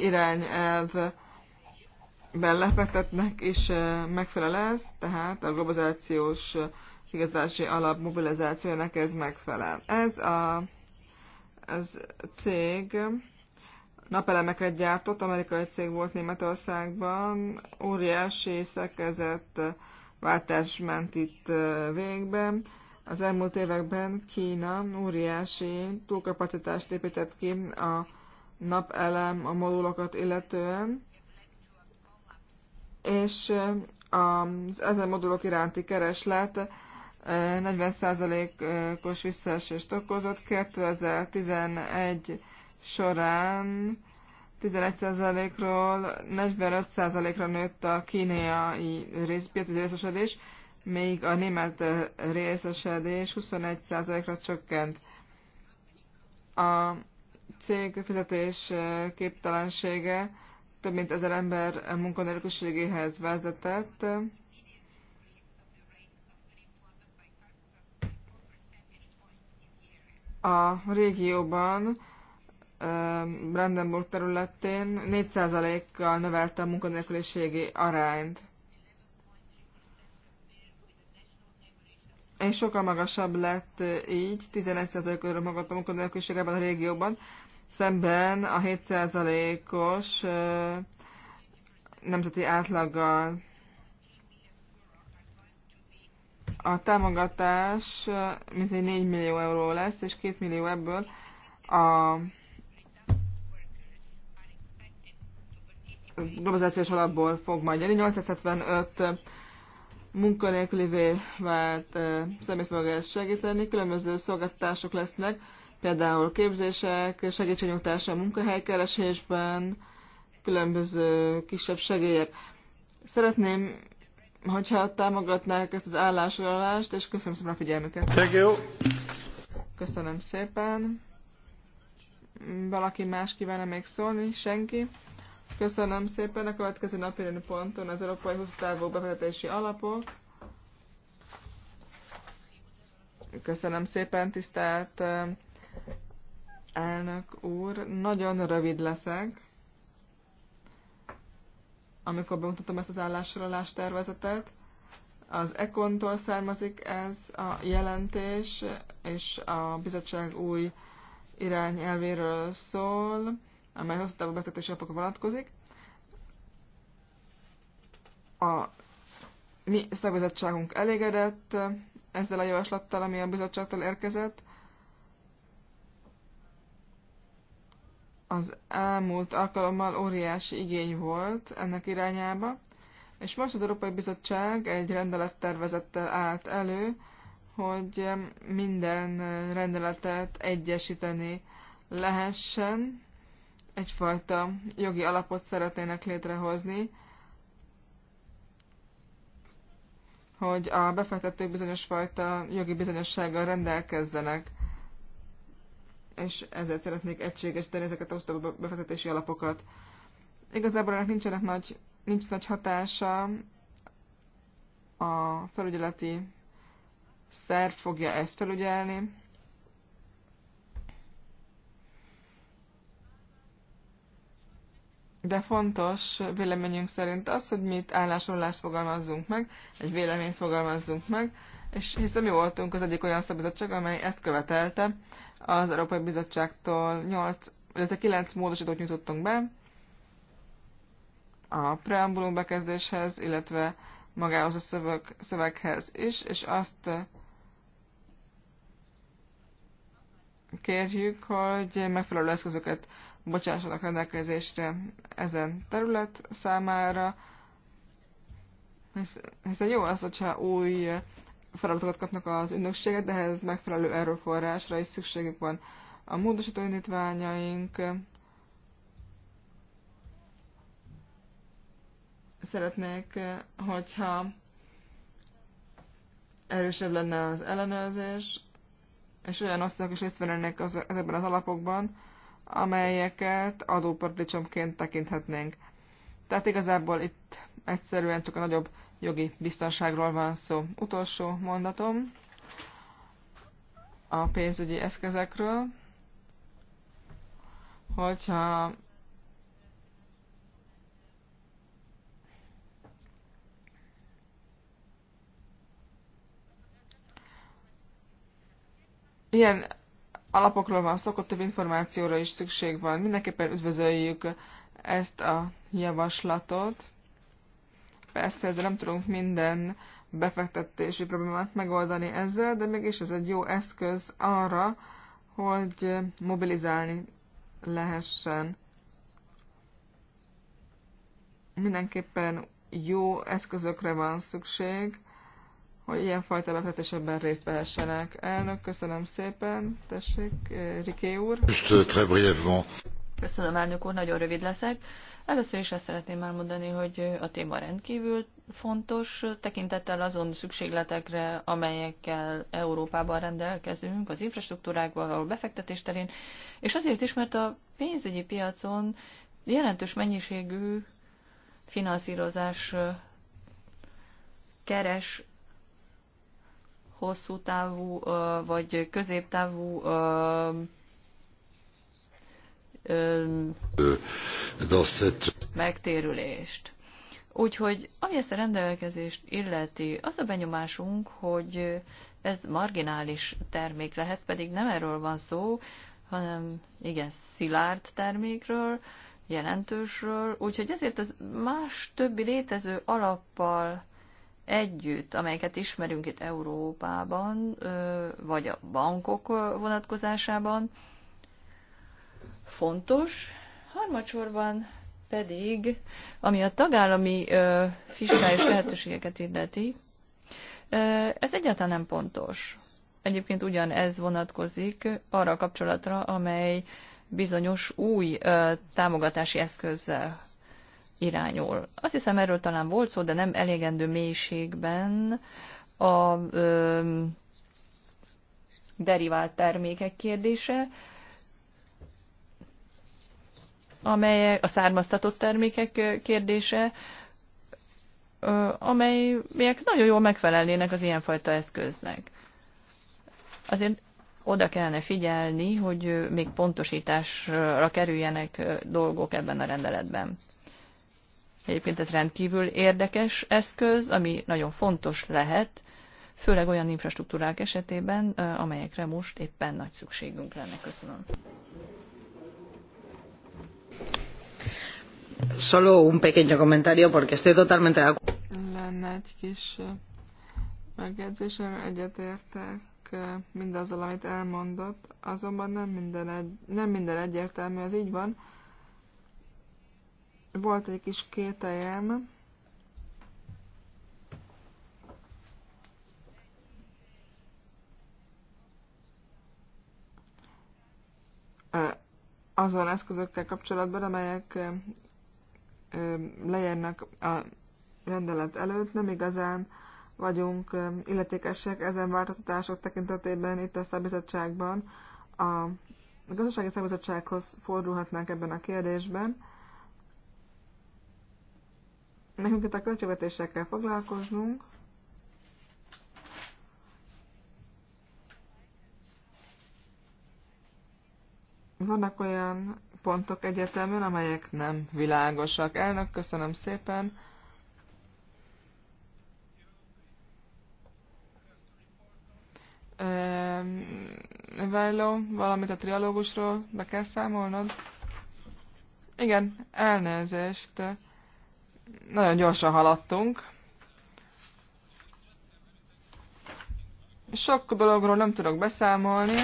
irányelv belefektetnek, és megfelel ez, tehát a globalizációs igazdási alap mobilizációnak ez megfelel. Ez a ez cég napelemeket gyártott, amerikai cég volt Németországban, óriási szerkezett váltás ment itt végben. Az elmúlt években Kína óriási túlkapacitást épített ki a napelem, a modulokat illetően, és az ezen modulok iránti kereslet 40%-os visszaesést okozott. 2011 során 11%-ról 45%-ra nőtt a kínai részpiaci részesedés, még a német eh, részesedés 21%-ra csökkent. A cég fizetés eh, képtelensége több mint ezer ember munkanélküliségéhez vezetett. a régióban, eh, Brandenburg területén 4%-kal növelte a munkanélküliségi arányt. én sokkal magasabb lett így, 11%-ra magadt a munkanélküliségében a régióban, szemben a 7%-os nemzeti átlaggal. A támogatás mintegy 4 millió euró lesz, és 2 millió ebből a globalizációs alapból fog majd jönni. 875 munkanélkülivé vált személy fogja ezt segíteni. Különböző szolgáltatások lesznek, például képzések, segítségnyújtása a munkahelykeresésben, különböző kisebb segélyek. Szeretném, hogyha támogatnák ezt az állásolást, és köszönöm szépen a figyelmüket. Thank you. Köszönöm szépen. Valaki más kívánna még szólni? Senki? Köszönöm szépen. A következő napi ponton az Európai Hosszú Bevezetési Befektetési Alapok. Köszönöm szépen, tisztelt elnök úr. Nagyon rövid leszek, amikor bemutatom ezt az állásorolás tervezetet. Az Econtól származik ez a jelentés, és a bizottság új irányelvéről szól amely hosszú távú befektetési alapokra vonatkozik. A mi szabadságunk elégedett ezzel a javaslattal, ami a bizottságtól érkezett. Az elmúlt alkalommal óriási igény volt ennek irányába, és most az Európai Bizottság egy rendelettervezettel állt elő, hogy minden rendeletet egyesíteni lehessen, egyfajta jogi alapot szeretnének létrehozni, hogy a befektetők bizonyos fajta jogi bizonyossággal rendelkezzenek, és ezért szeretnék egységesíteni ezeket a osztaba befektetési alapokat. Igazából ennek nincsenek nagy, nincs nagy hatása, a felügyeleti szerv fogja ezt felügyelni, de fontos véleményünk szerint az, hogy mit állásolást fogalmazzunk meg, egy véleményt fogalmazzunk meg, és hiszen mi voltunk az egyik olyan szabizottság, amely ezt követelte az Európai Bizottságtól 8, illetve 9 módosítót nyújtottunk be a preambulum bekezdéshez, illetve magához a szöveg, szöveghez is, és azt kérjük, hogy megfelelő eszközöket bocsássanak rendelkezésre ezen terület számára, hiszen jó az, hogyha új feladatokat kapnak az ünnökséget, de ehhez megfelelő erőforrásra is szükségük van. A módosító indítványaink szeretnék, hogyha erősebb lenne az ellenőrzés, és olyan osztályok is részt vennének az, ezekben az alapokban, amelyeket adóparadicsomként tekinthetnénk. Tehát igazából itt egyszerűen csak a nagyobb jogi biztonságról van szó. Utolsó mondatom a pénzügyi eszközekről, hogyha ilyen alapokról van szó, több információra is szükség van. Mindenképpen üdvözöljük ezt a javaslatot. Persze ezzel nem tudunk minden befektetési problémát megoldani ezzel, de mégis ez egy jó eszköz arra, hogy mobilizálni lehessen. Mindenképpen jó eszközökre van szükség, hogy ilyenfajta befektetésekben részt vehessenek. Elnök, köszönöm szépen, tessék, eh, Riké úr. Just eh, très brièvement. Köszönöm, elnök úr, nagyon rövid leszek. Először is azt szeretném elmondani, hogy eh, a téma rendkívül fontos, tekintettel azon szükségletekre, amelyekkel Európában rendelkezünk, az infrastruktúrákban, a befektetés terén, és azért is, mert a pénzügyi piacon jelentős mennyiségű finanszírozás keres hosszú távú vagy középtávú megtérülést. Úgyhogy, ami ezt a rendelkezést illeti, az a benyomásunk, hogy ez marginális termék lehet, pedig nem erről van szó, hanem igen, szilárd termékről, jelentősről, úgyhogy ezért az más többi létező alappal együtt, amelyeket ismerünk itt Európában, vagy a bankok vonatkozásában, fontos. Harmadsorban pedig, ami a tagállami fiskális lehetőségeket illeti, ez egyáltalán nem pontos. Egyébként ugyan ez vonatkozik arra a kapcsolatra, amely bizonyos új támogatási eszközzel irányul. Azt hiszem erről talán volt szó, de nem elégendő mélységben a ö, derivált termékek kérdése, amely a származtatott termékek kérdése, amelyek nagyon jól megfelelnének az ilyenfajta eszköznek. Azért oda kellene figyelni, hogy még pontosításra kerüljenek dolgok ebben a rendeletben. Egyébként ez rendkívül érdekes eszköz, ami nagyon fontos lehet, főleg olyan infrastruktúrák esetében, amelyekre most éppen nagy szükségünk lenne. Köszönöm. Solo un pequeño comentario porque estoy totalmente de acuerdo. Lenne egy kis megjegyzésem, egyetértek mindazzal, amit elmondott, azonban nem minden, egy, nem minden egyértelmű, az így van volt egy kis kételjem. azon eszközökkel kapcsolatban, amelyek lejárnak a rendelet előtt, nem igazán vagyunk illetékesek ezen változtatások tekintetében itt a szabizottságban. A gazdasági szabizottsághoz fordulhatnánk ebben a kérdésben. Nekünk itt a költségvetésekkel kell foglalkoznunk. Vannak olyan pontok egyetemen, amelyek nem világosak. Elnök, köszönöm szépen. Vajló, valamit a trialógusról be kell számolnod? Igen, elnézést nagyon gyorsan haladtunk. Sok dologról nem tudok beszámolni.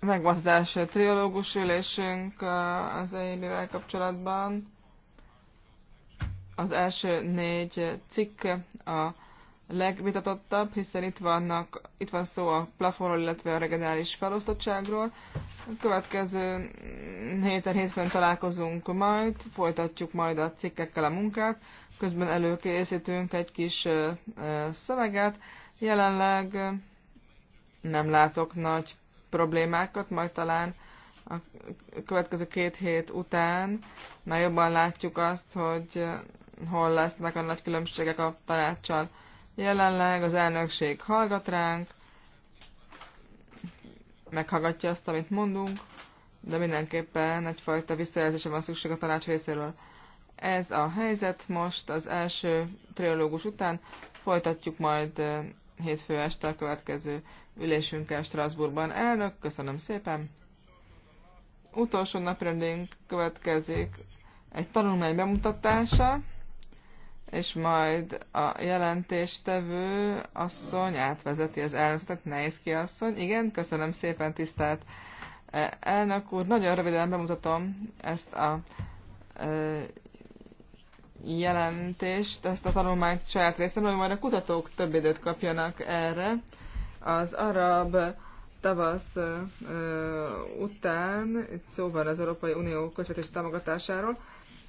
Megvolt az első triológus ülésünk az EIB-vel kapcsolatban. Az első négy cikk a legvitatottabb, hiszen itt, vannak, itt van szó a plafonról, illetve a regionális felosztottságról. A következő héten hétfőn találkozunk majd, folytatjuk majd a cikkekkel a munkát, közben előkészítünk egy kis szöveget. Jelenleg nem látok nagy problémákat, majd talán a következő két hét után már jobban látjuk azt, hogy hol lesznek a nagy különbségek a tanácssal Jelenleg az elnökség hallgat ránk, meghallgatja azt, amit mondunk, de mindenképpen egyfajta visszajelzése van szükség a tanács részéről. Ez a helyzet most az első triológus után, folytatjuk majd eh, hétfő este a következő ülésünkkel Strasbourgban. Elnök, köszönöm szépen! Utolsó napirendénk következik egy tanulmány bemutatása és majd a jelentéstevő asszony átvezeti az elnökzetet. Nehéz ki asszony. Igen, köszönöm szépen, tisztelt eh, elnök úr. Nagyon röviden bemutatom ezt a eh, jelentést, ezt a tanulmányt saját részemről, hogy majd a kutatók több időt kapjanak erre. Az arab tavasz eh, után, itt szó van az Európai Unió közvetés támogatásáról,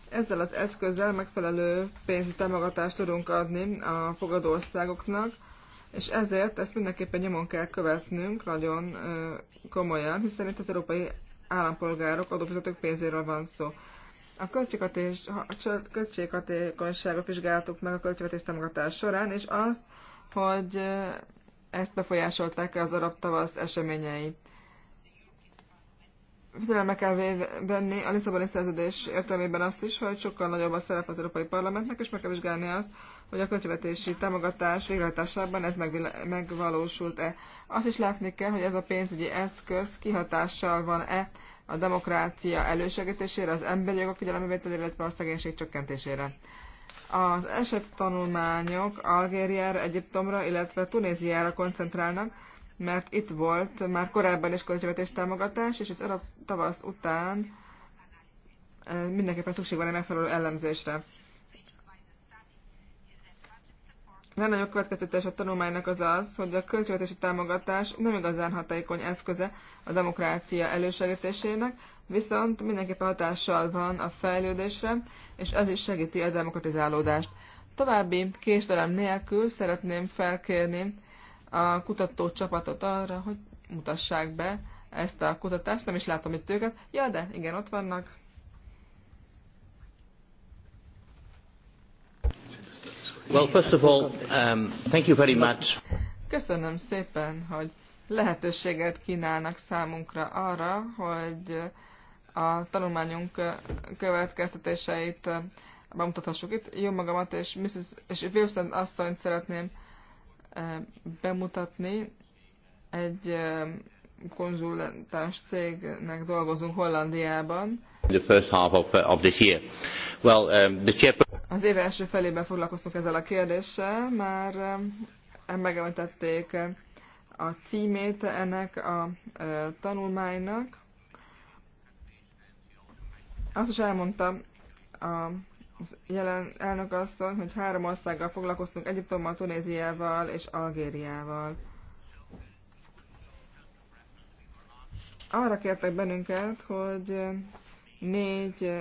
ezzel az eszközzel megfelelő pénzi támogatást tudunk adni a fogadó országoknak, és ezért ezt mindenképpen nyomon kell követnünk nagyon komolyan, hiszen itt az európai állampolgárok, adófizetők pénzéről van szó. A költséghatékonyságot vizsgáltuk meg a költségvetés támogatás során, és azt, hogy ezt befolyásolták -e az arab tavasz eseményei figyelembe kell venni a Lisszaboni szerződés értelmében azt is, hogy sokkal nagyobb a szerep az Európai Parlamentnek, és meg kell vizsgálni azt, hogy a költségvetési támogatás végrehajtásában ez megvalósult-e. Azt is látni kell, hogy ez a pénzügyi eszköz kihatással van-e a demokrácia elősegítésére, az emberi jogok figyelembevételére, illetve a szegénység csökkentésére. Az esettanulmányok Algériára, Egyiptomra, illetve Tunéziára koncentrálnak, mert itt volt már korábban is költségvetés támogatás, és az arab tavasz után mindenképpen szükség van egy megfelelő ellenzésre. Legnagyobb következtetés a tanulmánynak az az, hogy a költségvetési támogatás nem igazán hatékony eszköze a demokrácia elősegítésének, viszont mindenképpen hatással van a fejlődésre, és ez is segíti a demokratizálódást. További késdelem nélkül szeretném felkérni a kutatócsapatot arra, hogy mutassák be ezt a kutatást. Nem is látom itt őket. Ja, de igen, ott vannak. Well, first of all, um, thank you very much. Köszönöm szépen, hogy lehetőséget kínálnak számunkra arra, hogy a tanulmányunk következtetéseit bemutathassuk itt. Jó magamat és Mrs. és Wilson asszonyt szeretném bemutatni. Egy konzultáns cégnek dolgozunk Hollandiában. The first half of, uh, of this year. Well, um, the chair... Az év első felében foglalkoztunk ezzel a kérdéssel, már megemlítették a címét ennek a tanulmánynak. Azt is elmondta a jelen elnök asszony, hogy három országgal foglalkoztunk, Egyiptommal, Tunéziával és Algériával. Arra kértek bennünket, hogy négy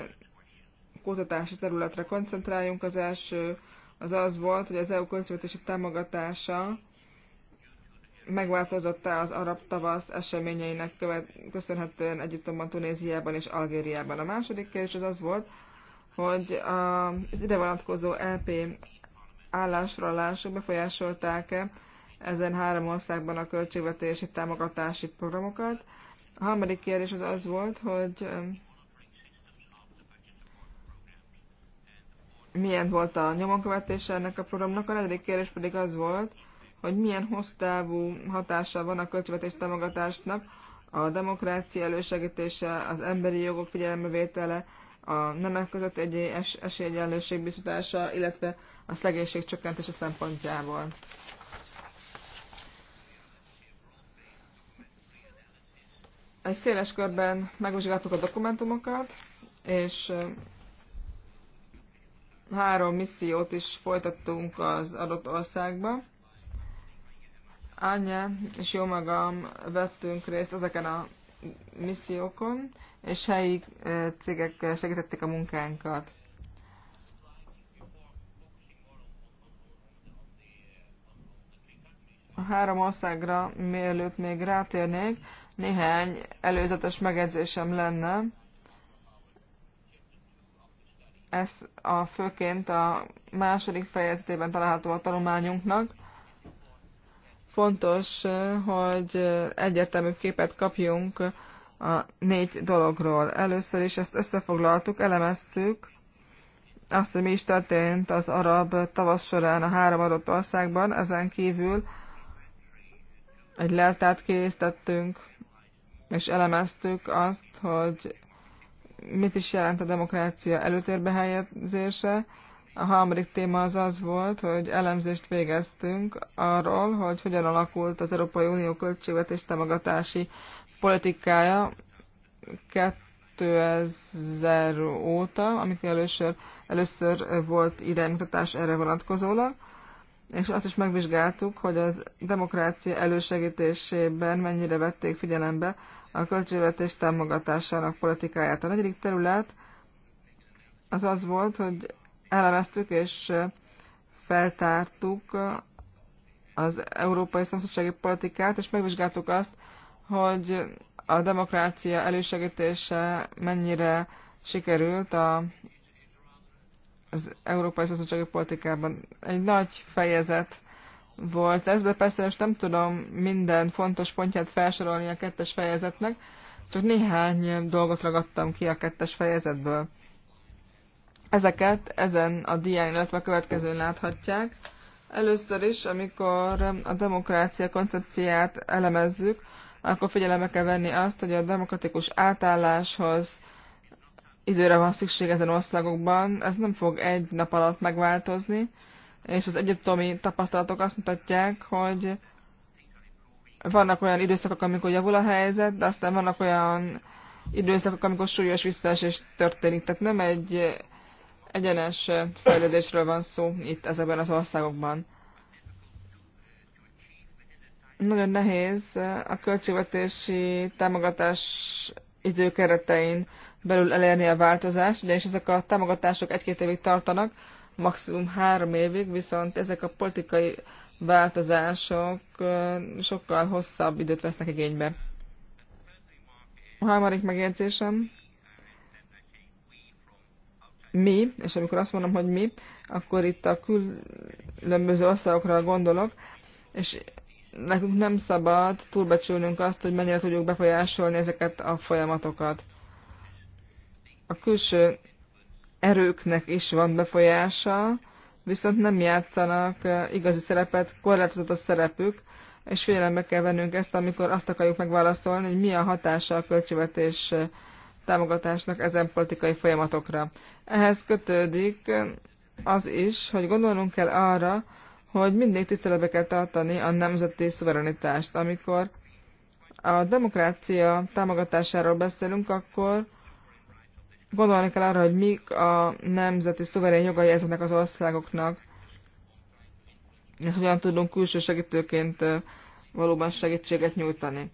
kutatási területre koncentráljunk. Az első az az volt, hogy az EU költségvetési támogatása megváltozott-e az arab tavasz eseményeinek követ, köszönhetően Egyiptomban, Tunéziában és Algériában. A második kérdés az az volt, hogy az ide vonatkozó LP e állásrallások befolyásolták-e ezen három országban a költségvetési támogatási programokat. A harmadik kérdés az az volt, hogy um, milyen volt a nyomonkövetése ennek a programnak. A negyedik kérdés pedig az volt, hogy milyen hosszú távú hatása van a költségvetési támogatásnak, a demokrácia elősegítése, az emberi jogok figyelembevétele, a nemek között egy es esélyegyenlőség biztosítása, illetve a szegénység csökkentése szempontjából. Egy széles körben megvizsgáltuk a dokumentumokat, és három missziót is folytattunk az adott országba. Anya és jó magam vettünk részt ezeken a missziókon, és helyi cégek segítették a munkánkat. A három országra, mielőtt még rátérnék, néhány előzetes megedzésem lenne. Ez a főként a második fejezetében található a tanulmányunknak. Fontos, hogy egyértelmű képet kapjunk a négy dologról. Először is ezt összefoglaltuk, elemeztük, azt, hogy mi is történt az arab tavasz során a három adott országban, ezen kívül egy leltát készítettünk, és elemeztük azt, hogy mit is jelent a demokrácia előtérbe helyezése, a harmadik téma az az volt, hogy elemzést végeztünk arról, hogy hogyan alakult az Európai Unió költségvetés támogatási politikája 2000 óta, amikor először, először volt iránymutatás erre vonatkozólag, és azt is megvizsgáltuk, hogy az demokrácia elősegítésében mennyire vették figyelembe a költségvetés támogatásának politikáját. A negyedik terület az az volt, hogy elemeztük és feltártuk az európai szomszédsági politikát, és megvizsgáltuk azt, hogy a demokrácia elősegítése mennyire sikerült a, az európai szomszédsági politikában. Egy nagy fejezet volt ez, de persze most nem tudom minden fontos pontját felsorolni a kettes fejezetnek, csak néhány dolgot ragadtam ki a kettes fejezetből. Ezeket ezen a dián, illetve a következőn láthatják. Először is, amikor a demokrácia koncepciát elemezzük, akkor figyelembe kell venni azt, hogy a demokratikus átálláshoz időre van szükség ezen országokban, ez nem fog egy nap alatt megváltozni, és az egyiptomi tapasztalatok azt mutatják, hogy vannak olyan időszakok, amikor javul a helyzet, de aztán vannak olyan időszakok, amikor súlyos visszaesés történik. Tehát nem egy egyenes fejlődésről van szó itt ezekben az országokban. Nagyon nehéz a költségvetési támogatás időkeretein belül elérni a változást, ugyanis ezek a támogatások egy-két évig tartanak, maximum három évig, viszont ezek a politikai változások sokkal hosszabb időt vesznek igénybe. A harmadik megjegyzésem mi, és amikor azt mondom, hogy mi, akkor itt a különböző országokra gondolok, és nekünk nem szabad túlbecsülnünk azt, hogy mennyire tudjuk befolyásolni ezeket a folyamatokat. A külső erőknek is van befolyása, viszont nem játszanak eh, igazi szerepet, korlátozott a szerepük, és figyelembe kell vennünk ezt, amikor azt akarjuk megválaszolni, hogy mi a hatása a költségvetés eh, támogatásnak ezen politikai folyamatokra. Ehhez kötődik az is, hogy gondolnunk kell arra, hogy mindig tiszteletbe kell tartani a nemzeti szuverenitást. Amikor a demokrácia támogatásáról beszélünk, akkor gondolni kell arra, hogy mik a nemzeti szuverén jogai ezeknek az országoknak, és hogyan tudunk külső segítőként valóban segítséget nyújtani.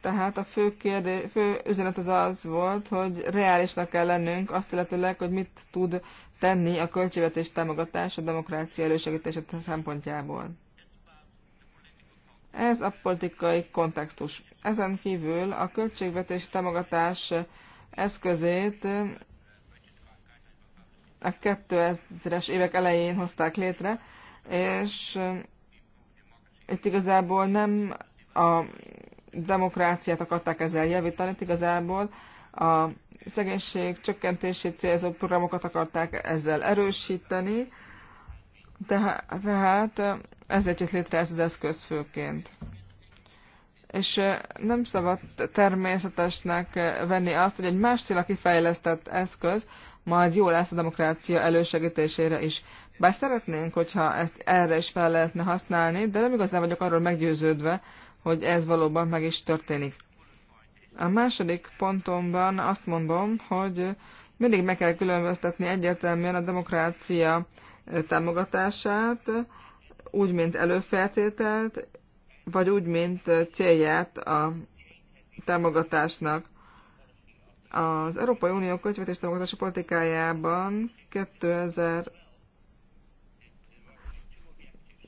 Tehát a fő, kérdés, fő üzenet az az volt, hogy reálisnak kell lennünk azt illetőleg, hogy mit tud tenni a költségvetés támogatás a demokrácia elősegítése szempontjából. Ez a politikai kontextus. Ezen kívül a költségvetés támogatás eszközét a 2000-es évek elején hozták létre, és itt igazából nem a demokráciát akarták ezzel javítani, igazából a szegénység csökkentését célzó programokat akarták ezzel erősíteni, tehát ezért jött létre ez az eszköz főként. És nem szabad természetesnek venni azt, hogy egy más cél kifejlesztett eszköz majd jó lesz a demokrácia elősegítésére is. Bár szeretnénk, hogyha ezt erre is fel lehetne használni, de nem igazán vagyok arról meggyőződve, hogy ez valóban meg is történik. A második pontomban azt mondom, hogy mindig meg kell különböztetni egyértelműen a demokrácia eh, támogatását, úgy, mint előfeltételt, vagy úgy, mint eh, célját a támogatásnak. Az Európai Unió költségvetés támogatási politikájában 2000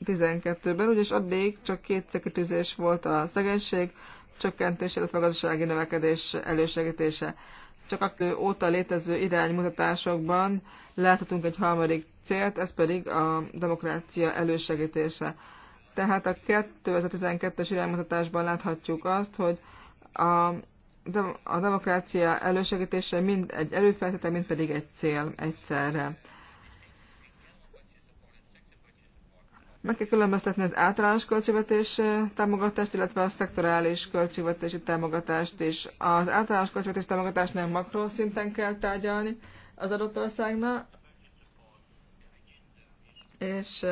2012-ben, ugyanis addig csak két célkitűzés volt a szegénység csökkentés, illetve a gazdasági növekedés elősegítése. Csak a óta létező iránymutatásokban láthatunk egy harmadik célt, ez pedig a demokrácia elősegítése. Tehát a 2012-es iránymutatásban láthatjuk azt, hogy a, de, a demokrácia elősegítése mind egy előfeltétel, mind pedig egy cél egyszerre. Meg kell különböztetni az általános költségvetés támogatást, illetve a szektorális költségvetési támogatást is. Az általános költségvetés nem makro szinten kell tárgyalni az adott országnak, és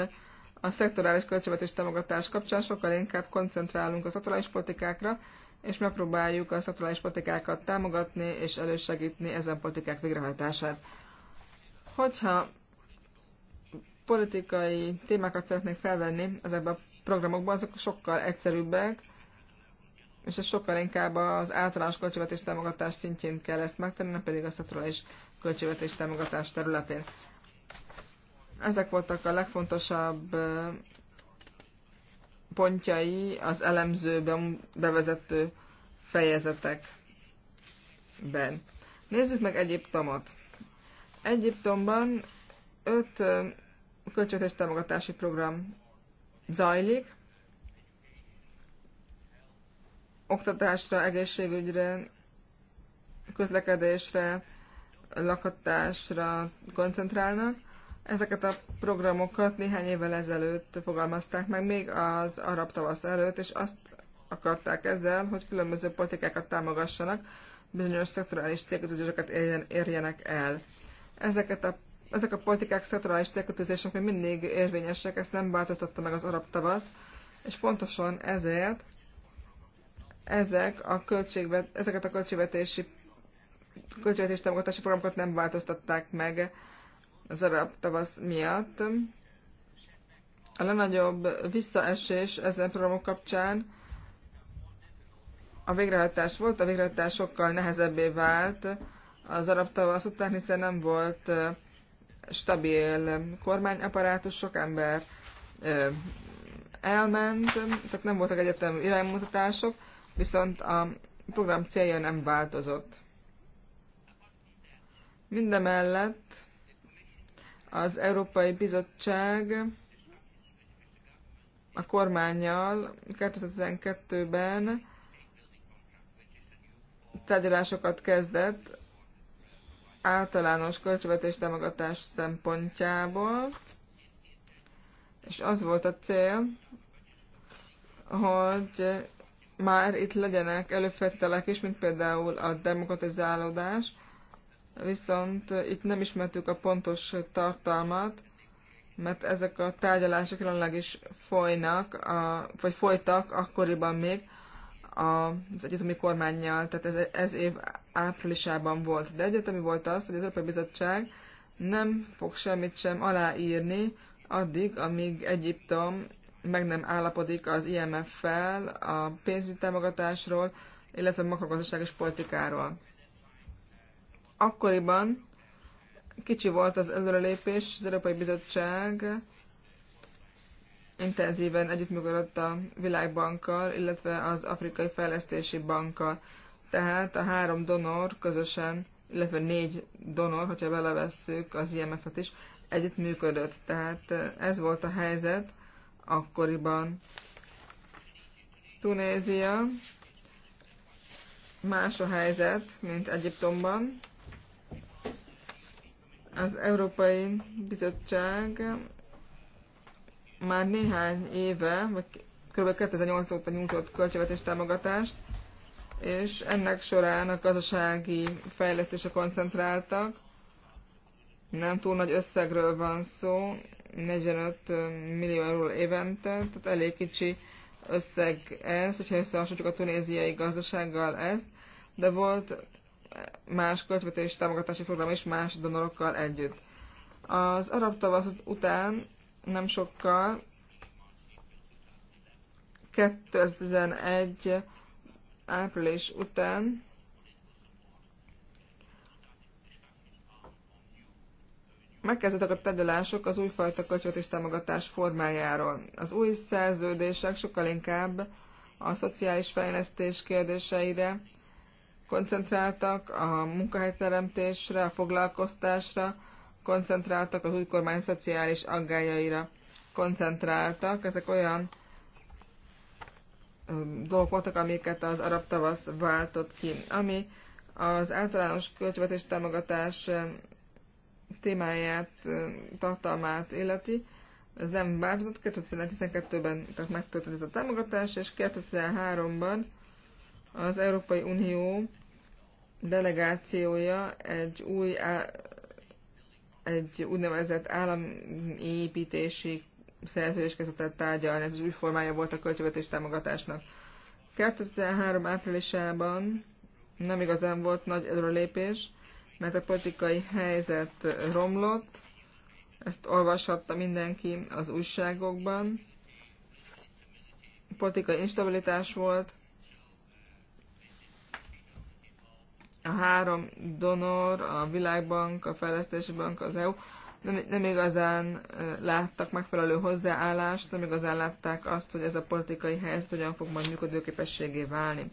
a szektorális költségvetés támogatás kapcsán sokkal inkább koncentrálunk a szektorális politikákra, és megpróbáljuk a szektorális politikákat támogatni és elősegíteni ezen politikák végrehajtását. Hogyha politikai témákat szeretnék felvenni ezekben a programokban, azok sokkal egyszerűbbek, és ez sokkal inkább az általános költségvetés támogatás szintjén kell ezt megtenni, nem pedig a szaturális költségvetés támogatás területén. Ezek voltak a legfontosabb pontjai az elemző bevezető fejezetekben. Nézzük meg Egyiptomot. Egyiptomban öt költségvetés támogatási program zajlik. Oktatásra, egészségügyre, közlekedésre, lakatásra koncentrálnak. Ezeket a programokat néhány évvel ezelőtt fogalmazták meg, még az arab tavasz előtt, és azt akarták ezzel, hogy különböző politikákat támogassanak, bizonyos szektorális célkötözéseket érjenek el. Ezeket a ezek a politikák szektorális térkötőzések még mindig érvényesek, ezt nem változtatta meg az arab tavasz, és pontosan ezért ezek a költségvet, ezeket a költségvetési költségvetési támogatási programokat nem változtatták meg az arab tavasz miatt. A legnagyobb visszaesés ezen programok kapcsán a végrehajtás volt, a végrehajtás sokkal nehezebbé vált az arab tavasz után, hiszen nem volt stabil kormányaparátus, sok ember elment, tehát nem voltak egyetem iránymutatások, viszont a program célja nem változott. Mindemellett az Európai Bizottság a kormányjal 2012-ben tárgyalásokat kezdett általános költségvetés támogatás szempontjából, és az volt a cél, hogy már itt legyenek előfeltételek is, mint például a demokratizálódás, viszont itt nem ismertük a pontos tartalmat, mert ezek a tárgyalások jelenleg is folynak, a, vagy folytak akkoriban még, az egyetemi kormányjal, tehát ez, ez év áprilisában volt. De egyetemi volt az, hogy az Európai Bizottság nem fog semmit sem aláírni addig, amíg Egyiptom meg nem állapodik az IMF-fel a pénzügyi támogatásról, illetve a makrogazdaságos politikáról. Akkoriban kicsi volt az előrelépés, az Európai Bizottság intenzíven együttműködött a Világbankkal, illetve az Afrikai Fejlesztési Bankkal. Tehát a három donor közösen, illetve négy donor, hogyha belevesszük az IMF-et is, együttműködött. Tehát ez volt a helyzet akkoriban. Tunézia más a helyzet, mint Egyiptomban. Az Európai Bizottság már néhány éve, vagy kb. 2008 óta nyújtott költségvetés támogatást, és ennek során a gazdasági fejlesztése koncentráltak. Nem túl nagy összegről van szó, 45 millió euró évente, tehát elég kicsi összeg ez, hogyha összehasonlítjuk a tunéziai gazdasággal ezt, de volt más költségvetés támogatási program is más donorokkal együtt. Az arab tavasz után nem sokkal. 2011 április után megkezdődtek a tegyelások az újfajta költségvetés támogatás formájáról. Az új szerződések sokkal inkább a szociális fejlesztés kérdéseire koncentráltak, a munkahelyteremtésre, a foglalkoztásra, koncentráltak, az új kormány szociális aggájaira koncentráltak. Ezek olyan dolgok voltak, amiket az arab tavasz váltott ki. Ami az általános költségvetés támogatás témáját, tartalmát illeti, ez nem változott, 2012-ben tehát megtörtént ez a támogatás, és 2003-ban az Európai Unió delegációja egy új egy úgynevezett államépítési szerződéskezetet tárgyalni. Ez az új formája volt a költségvetés támogatásnak. 2003 áprilisában nem igazán volt nagy előrelépés, mert a politikai helyzet romlott, ezt olvashatta mindenki az újságokban. Politikai instabilitás volt, a három donor, a Világbank, a Fejlesztési Bank, az EU nem, nem igazán láttak megfelelő hozzáállást, nem igazán látták azt, hogy ez a politikai helyzet hogyan fog majd működőképességé válni.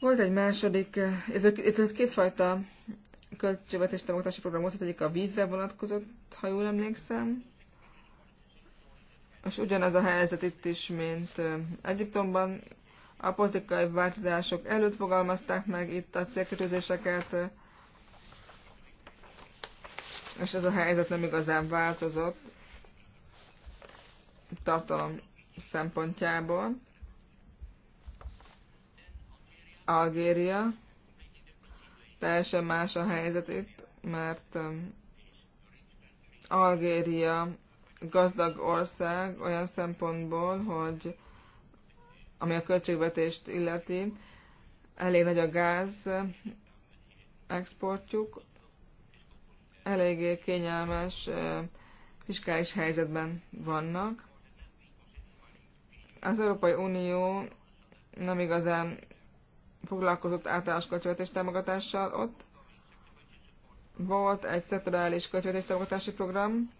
Volt egy második, ez, ez kétfajta költségvetés támogatási program volt, egyik a vízre vonatkozott, ha jól emlékszem. És ugyanaz a helyzet itt is, mint Egyiptomban, a politikai változások előtt fogalmazták meg itt a célkötőzéseket, és ez a helyzet nem igazán változott tartalom szempontjából. Algéria, teljesen más a helyzet itt, mert um, Algéria gazdag ország olyan szempontból, hogy ami a költségvetést illeti. Elég nagy a gáz exportjuk, eléggé kényelmes fiskális helyzetben vannak. Az Európai Unió nem igazán foglalkozott általános költségvetés támogatással ott. Volt egy szektorális költségvetés támogatási program,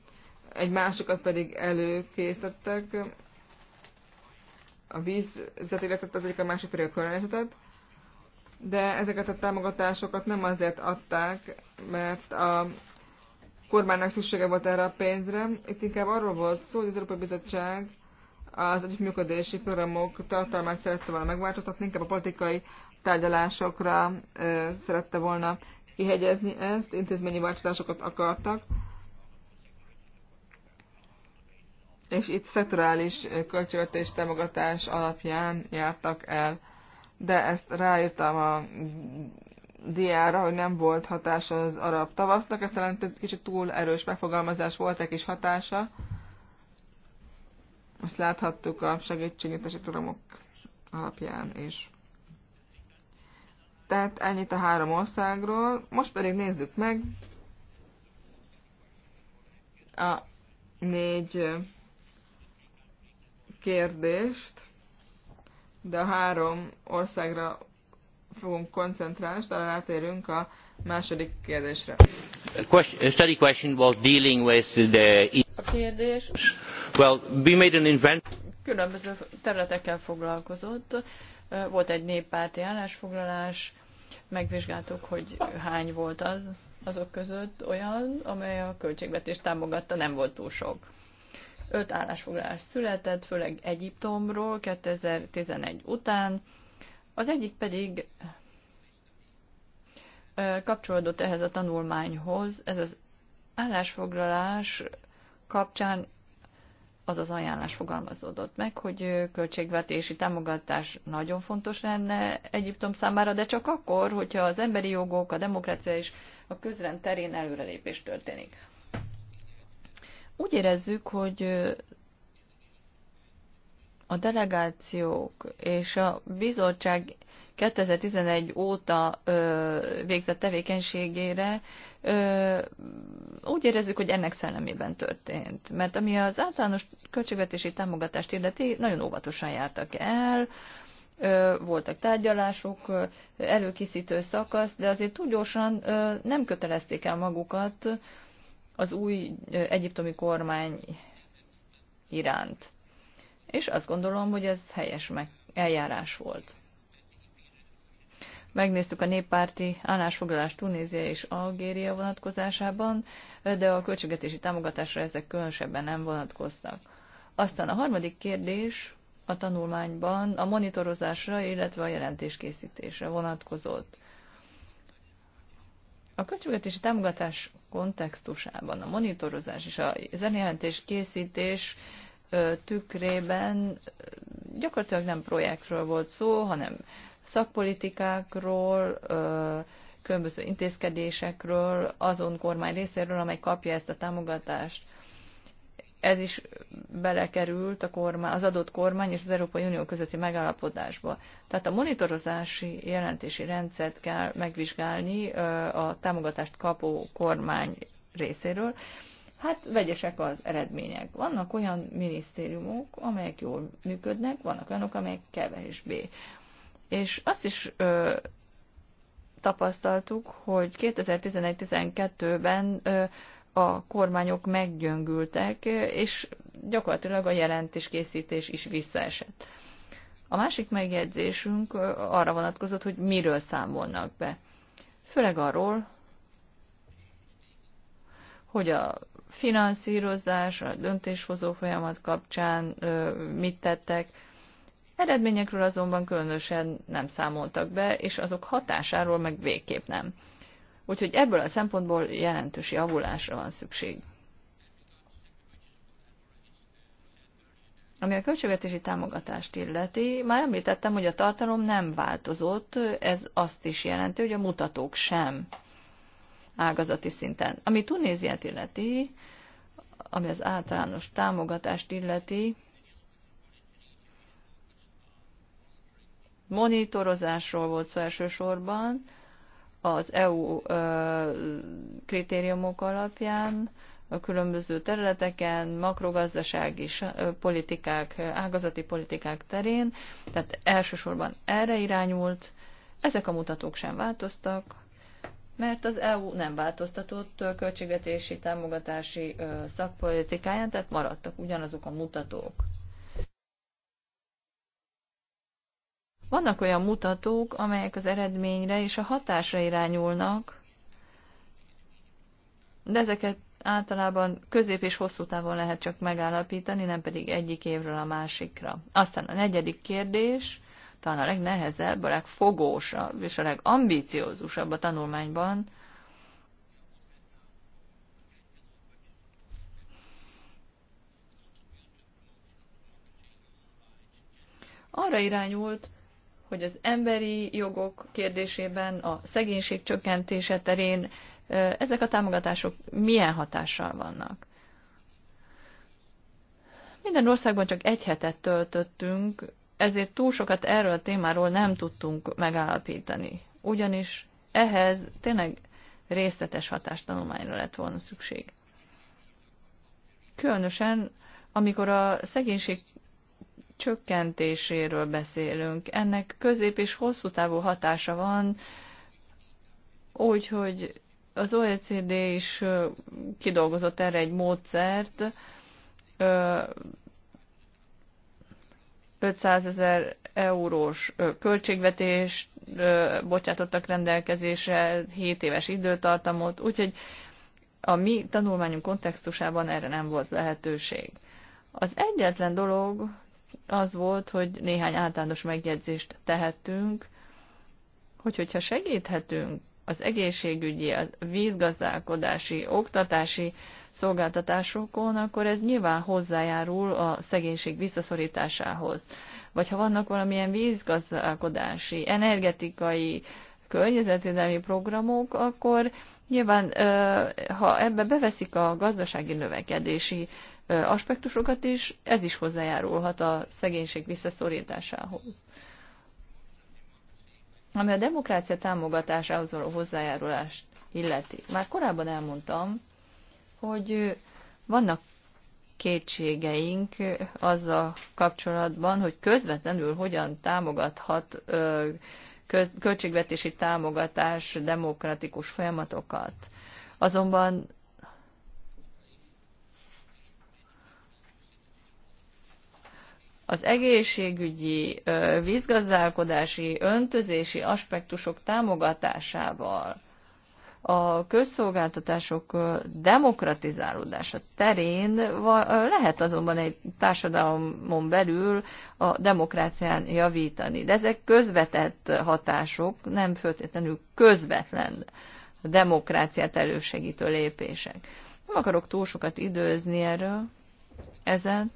egy másikat pedig előkészítettek a vízzet, illetett az egyik, a másik pedig a környezetet, de ezeket a támogatásokat nem azért adták, mert a kormánynak szüksége volt erre a pénzre. Itt inkább arról volt szó, hogy az Európai Bizottság az együttműködési programok tartalmát szerette volna megváltoztatni, inkább a politikai tárgyalásokra ö, szerette volna kihegyezni ezt, intézményi változásokat akartak, és itt szektorális költségvetés támogatás alapján jártak el. De ezt ráírtam a diára, hogy nem volt hatása az arab tavasznak, ez talán egy kicsit túl erős megfogalmazás volt, egy kis hatása. Azt láthattuk a segítségnyújtási programok alapján is. Tehát ennyit a három országról. Most pedig nézzük meg a négy kérdést, de a három országra fogunk koncentrálni, és talán átérünk a második kérdésre. A study question was dealing with the... A kérdés... Well, we made an invent... Különböző területekkel foglalkozott. Volt egy néppárti állásfoglalás, megvizsgáltuk, hogy hány volt az azok között olyan, amely a költségvetést támogatta, nem volt túl sok öt állásfoglalás született, főleg Egyiptomról 2011 után, az egyik pedig kapcsolódott ehhez a tanulmányhoz. Ez az állásfoglalás kapcsán az az ajánlás fogalmazódott meg, hogy költségvetési támogatás nagyon fontos lenne Egyiptom számára, de csak akkor, hogyha az emberi jogok, a demokrácia és a közrend terén előrelépés történik. Úgy érezzük, hogy a delegációk és a bizottság 2011 óta ö, végzett tevékenységére ö, úgy érezzük, hogy ennek szellemében történt. Mert ami az általános költségvetési támogatást illeti, nagyon óvatosan jártak el, ö, voltak tárgyalások, előkészítő szakasz, de azért túl gyorsan ö, nem kötelezték el magukat, az új egyiptomi kormány iránt. És azt gondolom, hogy ez helyes meg, eljárás volt. Megnéztük a néppárti állásfoglalás Tunézia és Algéria vonatkozásában, de a költségvetési támogatásra ezek különösebben nem vonatkoztak. Aztán a harmadik kérdés a tanulmányban a monitorozásra, illetve a jelentéskészítésre vonatkozott. A költségvetési támogatás kontextusában a monitorozás és a zenéjelentés készítés tükrében gyakorlatilag nem projektről volt szó, hanem szakpolitikákról, különböző intézkedésekről, azon kormány részéről, amely kapja ezt a támogatást ez is belekerült a kormány, az adott kormány és az Európai Unió közötti megállapodásba. Tehát a monitorozási jelentési rendszert kell megvizsgálni a támogatást kapó kormány részéről. Hát vegyesek az eredmények. Vannak olyan minisztériumok, amelyek jól működnek, vannak olyanok, amelyek kevésbé. És azt is ö, tapasztaltuk, hogy 2011-12-ben a kormányok meggyöngültek, és gyakorlatilag a jelentéskészítés is visszaesett. A másik megjegyzésünk arra vonatkozott, hogy miről számolnak be. Főleg arról, hogy a finanszírozás, a döntéshozó folyamat kapcsán mit tettek. Eredményekről azonban különösen nem számoltak be, és azok hatásáról meg végképp nem. Úgyhogy ebből a szempontból jelentős javulásra van szükség. Ami a költségvetési támogatást illeti, már említettem, hogy a tartalom nem változott, ez azt is jelenti, hogy a mutatók sem ágazati szinten. Ami Tunéziát illeti, ami az általános támogatást illeti, monitorozásról volt szó elsősorban, az EU kritériumok alapján a különböző területeken, makrogazdasági politikák, ágazati politikák terén, tehát elsősorban erre irányult, ezek a mutatók sem változtak, mert az EU nem változtatott költségvetési támogatási szakpolitikáján, tehát maradtak ugyanazok a mutatók. Vannak olyan mutatók, amelyek az eredményre és a hatásra irányulnak, de ezeket általában közép és hosszú távon lehet csak megállapítani, nem pedig egyik évről a másikra. Aztán a negyedik kérdés, talán a legnehezebb, a legfogósabb és a legambíciózusabb a tanulmányban, arra irányult, hogy az emberi jogok kérdésében, a szegénység csökkentése terén ezek a támogatások milyen hatással vannak. Minden országban csak egy hetet töltöttünk, ezért túl sokat erről a témáról nem tudtunk megállapítani. Ugyanis ehhez tényleg részletes hatástanulmányra lett volna szükség. Különösen, amikor a szegénység csökkentéséről beszélünk. Ennek közép- és hosszú távú hatása van, úgyhogy az OECD is kidolgozott erre egy módszert, 500 ezer eurós költségvetést bocsátottak rendelkezésre, 7 éves időtartamot, úgyhogy a mi tanulmányunk kontextusában erre nem volt lehetőség. Az egyetlen dolog, az volt, hogy néhány általános megjegyzést tehetünk, hogy hogyha segíthetünk az egészségügyi, a vízgazdálkodási, oktatási szolgáltatásokon, akkor ez nyilván hozzájárul a szegénység visszaszorításához. Vagy ha vannak valamilyen vízgazdálkodási, energetikai, környezetvédelmi programok, akkor nyilván, ha ebbe beveszik a gazdasági növekedési aspektusokat is, ez is hozzájárulhat a szegénység visszaszorításához. Ami a demokrácia támogatásához való hozzájárulást illeti. Már korábban elmondtam, hogy vannak kétségeink azzal kapcsolatban, hogy közvetlenül hogyan támogathat költségvetési támogatás demokratikus folyamatokat. Azonban az egészségügyi, vízgazdálkodási, öntözési aspektusok támogatásával a közszolgáltatások demokratizálódása terén lehet azonban egy társadalmon belül a demokrácián javítani. De ezek közvetett hatások, nem feltétlenül közvetlen demokráciát elősegítő lépések. Nem akarok túl sokat időzni erről ezen,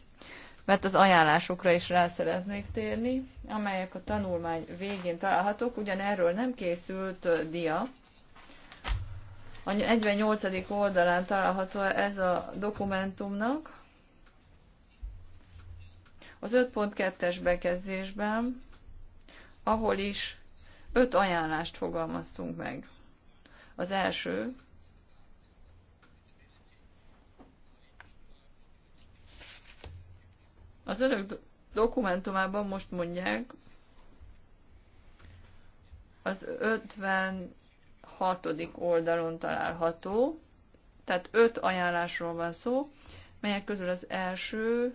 mert az ajánlásokra is rá szeretnék térni, amelyek a tanulmány végén találhatók, ugyan erről nem készült dia. A 48. oldalán található ez a dokumentumnak. Az 5.2-es bekezdésben, ahol is öt ajánlást fogalmaztunk meg. Az első, az önök dokumentumában most mondják, az 56. oldalon található, tehát öt ajánlásról van szó, melyek közül az első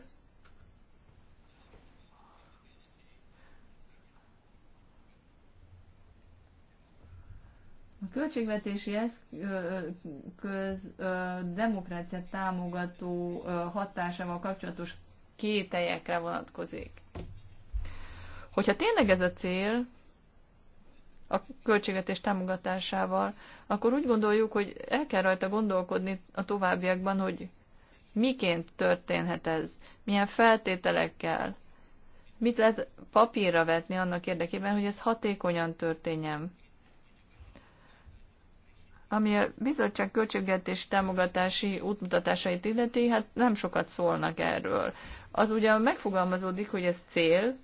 A költségvetési eszköz demokráciát támogató hatásával kapcsolatos kételyekre vonatkozik. Hogyha tényleg ez a cél, a költségvetés támogatásával, akkor úgy gondoljuk, hogy el kell rajta gondolkodni a továbbiakban, hogy miként történhet ez, milyen feltételekkel, mit lehet papírra vetni annak érdekében, hogy ez hatékonyan történjen. Ami a bizottság költségvetési támogatási útmutatásait illeti, hát nem sokat szólnak erről az ugyan megfogalmazódik, hogy ez cél,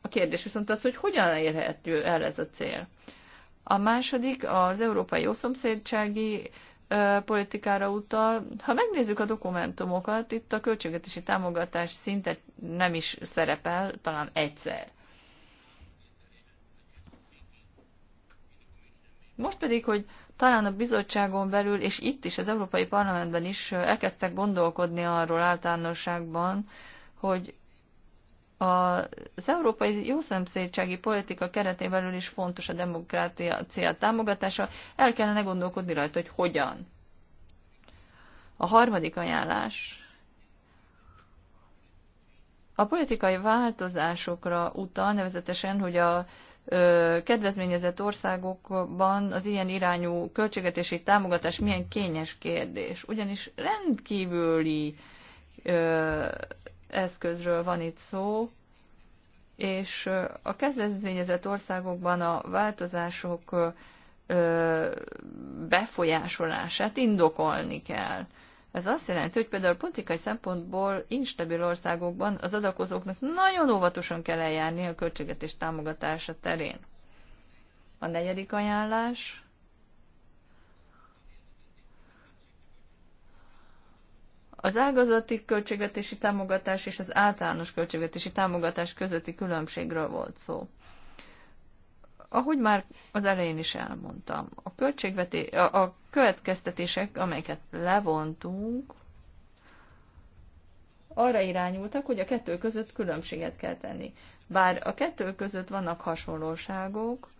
a kérdés viszont az, hogy hogyan érhető el ez a cél. A második az európai jószomszédsági politikára utal. Ha megnézzük a dokumentumokat, itt a költségvetési támogatás szinte nem is szerepel, talán egyszer. Most pedig, hogy talán a bizottságon belül, és itt is, az Európai Parlamentben is elkezdtek gondolkodni arról általánosságban, hogy az európai jószomszédsági politika keretén belül is fontos a demokrácia támogatása, el kellene gondolkodni rajta, hogy hogyan. A harmadik ajánlás a politikai változásokra utal, nevezetesen, hogy a kedvezményezett országokban az ilyen irányú költségvetési támogatás milyen kényes kérdés. Ugyanis rendkívüli eszközről van itt szó, és a kezdeményezett országokban a változások befolyásolását indokolni kell. Ez azt jelenti, hogy például politikai szempontból instabil országokban az adakozóknak nagyon óvatosan kell eljárni a és támogatása terén. A negyedik ajánlás az ágazati költségvetési támogatás és az általános költségvetési támogatás közötti különbségről volt szó. Ahogy már az elején is elmondtam, a, költségveté, a, a következtetések, amelyeket levontunk, arra irányultak, hogy a kettő között különbséget kell tenni. Bár a kettő között vannak hasonlóságok,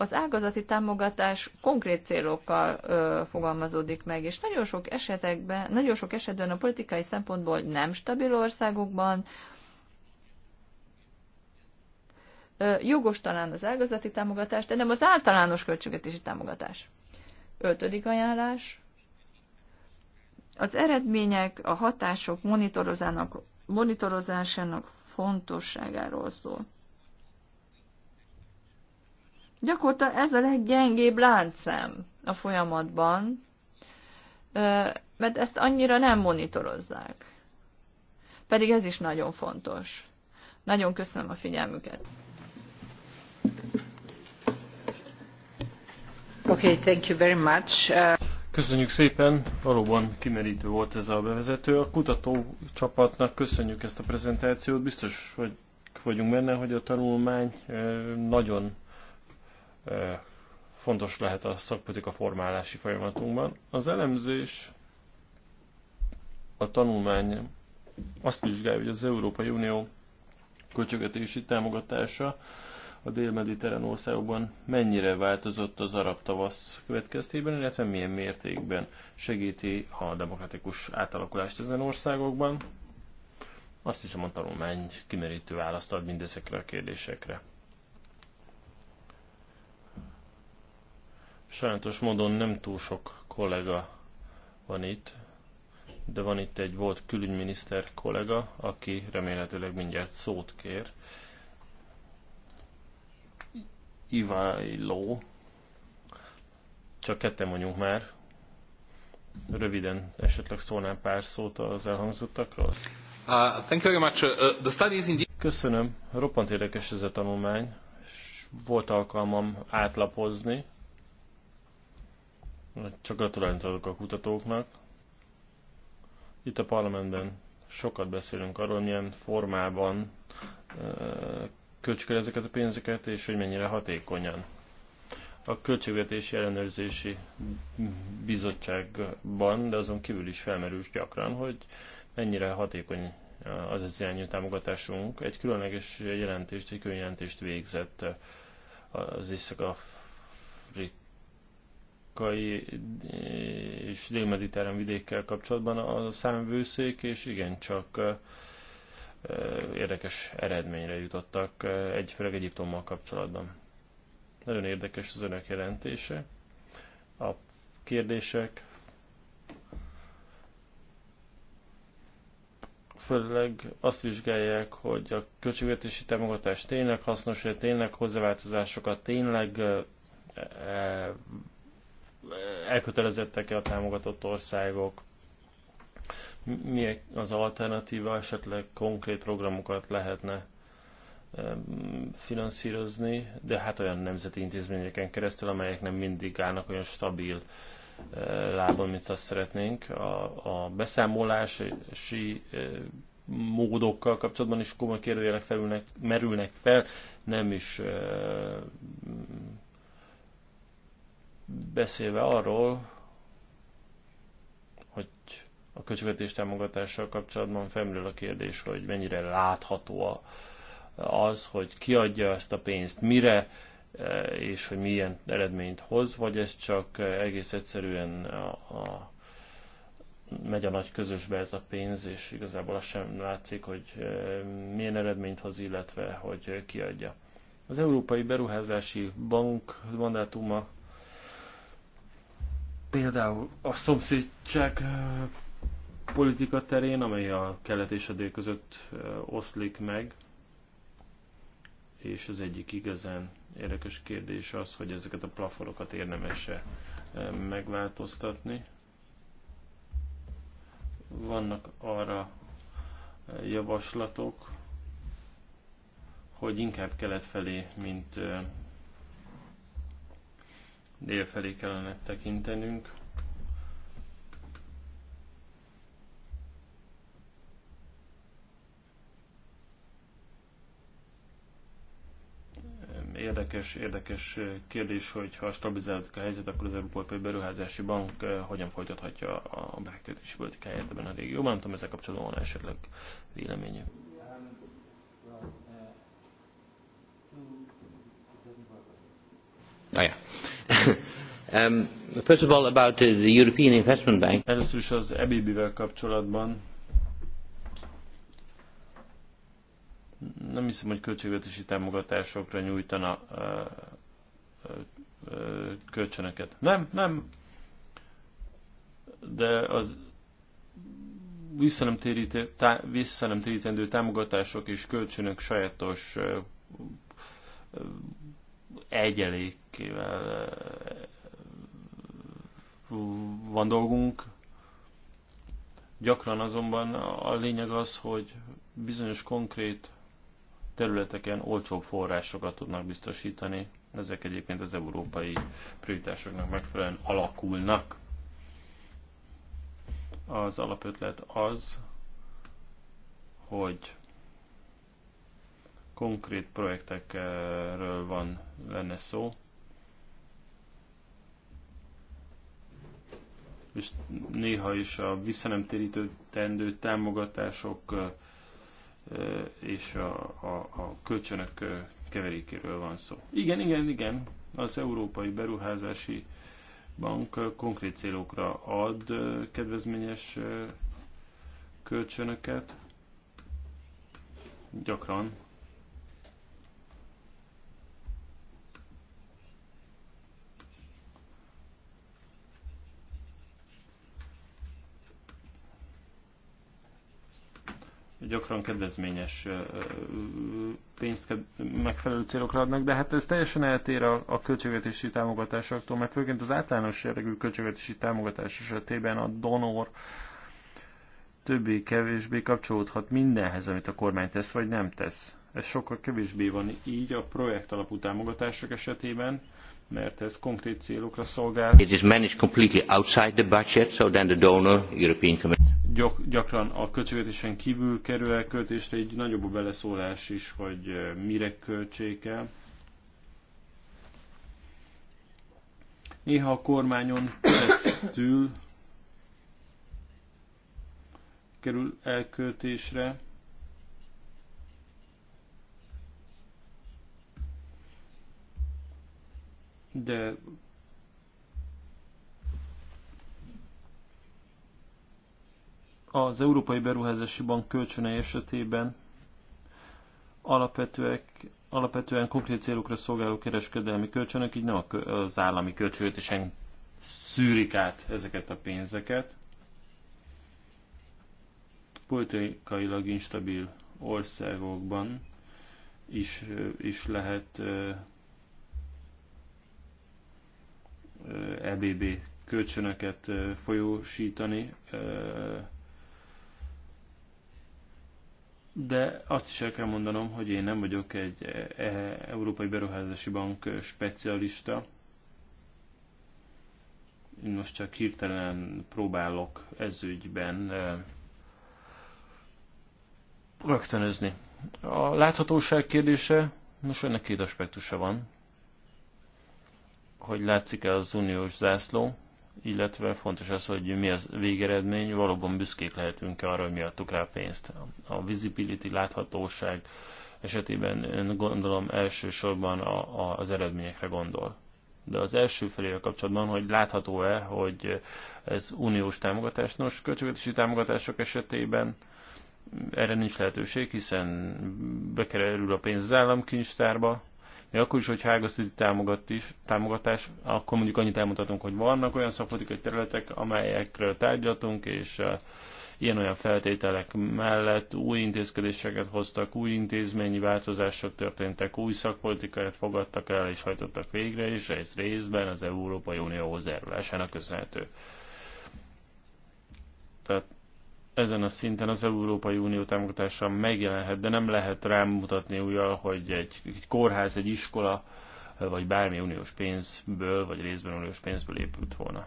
az ágazati támogatás konkrét célokkal ö, fogalmazódik meg, és nagyon sok esetekben, nagyon sok esetben a politikai szempontból nem stabil országokban ö, jogos talán az ágazati támogatás, de nem az általános költségvetési támogatás. Ötödik ajánlás. Az eredmények a hatások monitorozásának fontosságáról szól. Gyakorta ez a leggyengébb láncem a folyamatban, mert ezt annyira nem monitorozzák. Pedig ez is nagyon fontos. Nagyon köszönöm a figyelmüket. Okay, thank you very much. Uh, köszönjük szépen, valóban kimerítő volt ez a bevezető. A kutatócsapatnak köszönjük ezt a prezentációt, biztos, hogy vagyunk benne, hogy a tanulmány nagyon fontos lehet a szakpolitika formálási folyamatunkban. Az elemzés, a tanulmány azt vizsgálja, hogy az Európai Unió költségvetési támogatása a dél-mediterrán országokban mennyire változott az arab tavasz következtében, illetve milyen mértékben segíti a demokratikus átalakulást ezen országokban. Azt hiszem a tanulmány kimerítő választ ad mindezekre a kérdésekre. Sajnálatos módon nem túl sok kollega van itt, de van itt egy volt külügyminiszter kollega, aki remélhetőleg mindjárt szót kér. Iváló. Csak ketten mondjuk már. Röviden esetleg szólnál pár szót az elhangzottakról. Uh, thank you very much. Uh, uh the study is indeed... Köszönöm. Roppant érdekes ez a tanulmány. Volt alkalmam átlapozni. Csak gratulálni tudok a kutatóknak. Itt a parlamentben sokat beszélünk arról, milyen formában költsük el ezeket a pénzeket, és hogy mennyire hatékonyan. A Költségvetési Ellenőrzési Bizottságban, de azon kívül is felmerül gyakran, hogy mennyire hatékony az ez irányú támogatásunk. Egy különleges jelentést, egy jelentést végzett az észak afrikai és dél-mediterrán vidékkel kapcsolatban a számvőszék, és igencsak érdekes eredményre jutottak, egy, főleg Egyiptommal kapcsolatban. Nagyon érdekes az önök jelentése. A kérdések főleg azt vizsgálják, hogy a költségvetési támogatás tényleg hasznos, hogy tényleg hozzáváltozásokat, tényleg e, elkötelezettek-e a támogatott országok, mi az alternatíva, esetleg konkrét programokat lehetne finanszírozni, de hát olyan nemzeti intézményeken keresztül, amelyek nem mindig állnak olyan stabil e, lábon, mint azt szeretnénk. A, a beszámolási e, módokkal kapcsolatban is komoly kérdőjelek felülnek, merülnek fel, nem is e, beszélve arról, hogy a költségvetés támogatással kapcsolatban felmerül a kérdés, hogy mennyire látható az, hogy kiadja ezt a pénzt, mire, e, és hogy milyen eredményt hoz, vagy ez csak egész egyszerűen a, a, megy a nagy közösbe ez a pénz, és igazából azt sem látszik, hogy e, milyen eredményt hoz, illetve hogy kiadja. Az Európai Beruházási Bank mandátuma Például a szomszédság eh, politika terén, amely a kelet és a dél között eh, oszlik meg, és az egyik igazán érdekes kérdés az, hogy ezeket a plafonokat érdemes-e eh, megváltoztatni. Vannak arra javaslatok, hogy inkább kelet felé, mint dél felé kellene tekintenünk. Érdekes, érdekes kérdés, hogy ha stabilizálódik a helyzet, akkor az Európai Beruházási Bank eh, hogyan folytathatja a befektetési politikáját ebben a régióban. Nem tudom, ezzel kapcsolatban van esetleg véleménye. Oh, yeah. Um, first of all about the European Investment Bank. Először is az EBB-vel kapcsolatban nem hiszem, hogy költségvetési támogatásokra nyújtana ö, ö, ö, kölcsönöket. Nem, nem. De az visszanemtérítendő támogatások és kölcsönök sajátos uh, egyelékével eh, van dolgunk. Gyakran azonban a lényeg az, hogy bizonyos konkrét területeken olcsóbb forrásokat tudnak biztosítani. Ezek egyébként az európai prioritásoknak megfelelően alakulnak. Az alapötlet az, hogy konkrét projektekről van, lenne szó. És néha is a visszanemtérítő tendő támogatások és a, a, a kölcsönök keverékéről van szó. Igen, igen, igen. Az Európai Beruházási Bank konkrét célokra ad kedvezményes kölcsönöket. Gyakran gyakran kedvezményes pénzt megfelelő célokra adnak, de hát ez teljesen eltér a, a költségvetési támogatásoktól, mert főként az általános jellegű költségvetési támogatás esetében a donor többé-kevésbé kapcsolódhat mindenhez, amit a kormány tesz vagy nem tesz. Ez sokkal kevésbé van így a projekt alapú támogatások esetében, mert ez konkrét célokra szolgál. It is managed completely outside the budget, so then the donor, European Commission gyakran a költségvetésen kívül kerül el költésre, egy nagyobb a beleszólás is, hogy mire költséke, Néha a kormányon keresztül kerül elköltésre. De Az Európai Beruházási Bank kölcsönei esetében alapvetőek, alapvetően konkrét célokra szolgáló kereskedelmi kölcsönök, így nem az állami és szűrik át ezeket a pénzeket. Politikailag instabil országokban is, is lehet EBB kölcsönöket folyósítani, de azt is el kell mondanom, hogy én nem vagyok egy e, e, Európai Beruházási Bank specialista. Én most csak hirtelen próbálok ez ügyben e, rögtönözni. A láthatóság kérdése, most ennek két aspektusa van. Hogy látszik-e az uniós zászló, illetve fontos az, hogy mi az végeredmény, valóban büszkék lehetünk arra, hogy mi adtuk rá pénzt. A visibility, láthatóság esetében gondolom elsősorban a, a, az eredményekre gondol. De az első felével kapcsolatban, hogy látható-e, hogy ez uniós támogatás, nos, költségvetési támogatások esetében erre nincs lehetőség, hiszen bekerül a pénz az államkincstárba, de akkor is, hogy ágasztati támogatás, támogatás, akkor mondjuk annyit elmutatunk, hogy vannak olyan szakpolitikai területek, amelyekről tárgyaltunk, és ilyen-olyan feltételek mellett új intézkedéseket hoztak, új intézményi változások történtek, új szakpolitikáját fogadtak el és hajtottak végre, és ez részben az Európai Unió hozzájárulásának köszönhető. Tehát ezen a szinten az Európai Unió támogatása megjelenhet, de nem lehet rámutatni újra, hogy egy, egy kórház, egy iskola, vagy bármi uniós pénzből, vagy részben uniós pénzből épült volna.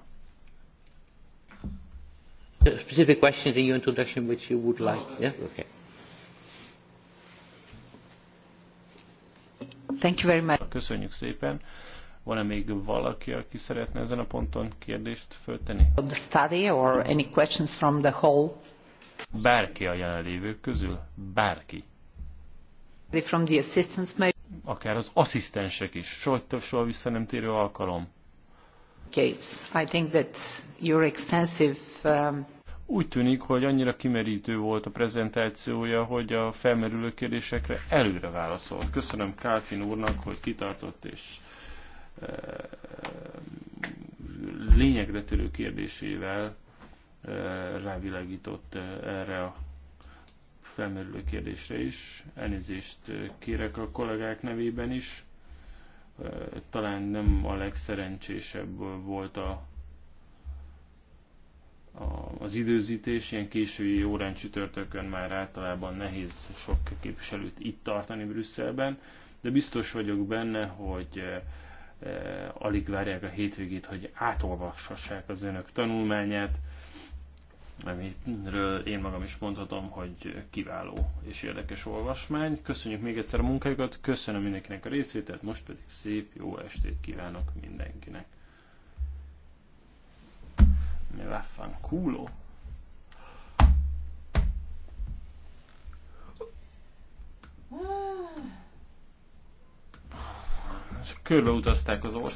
specific question in your introduction which you would like. Yeah? Okay. Thank you very much. Köszönjük szépen. Van-e még valaki, aki szeretne ezen a ponton kérdést föltenni? The study or any questions from the whole Bárki a jelenlévők közül, bárki. Akár az asszisztensek is, soha, soha vissza nem térő alkalom. Case. I think that your extensive, um... Úgy tűnik, hogy annyira kimerítő volt a prezentációja, hogy a felmerülő kérdésekre előre válaszolt. Köszönöm Kálfin úrnak, hogy kitartott és eh, lényegre törő kérdésével rávilágított erre a felmerülő kérdésre is. Elnézést kérek a kollégák nevében is. Talán nem a legszerencsésebb volt a, a, az időzítés. Ilyen késői órán csütörtökön már általában nehéz sok képviselőt itt tartani Brüsszelben, de biztos vagyok benne, hogy e, alig várják a hétvégét, hogy átolvassassák az önök tanulmányát, amiről én magam is mondhatom, hogy kiváló és érdekes olvasmány. Köszönjük még egyszer a munkájukat, köszönöm mindenkinek a részvételt, most pedig szép jó estét kívánok mindenkinek. Mi laffan culo. Ah. Körbeutazták az országot.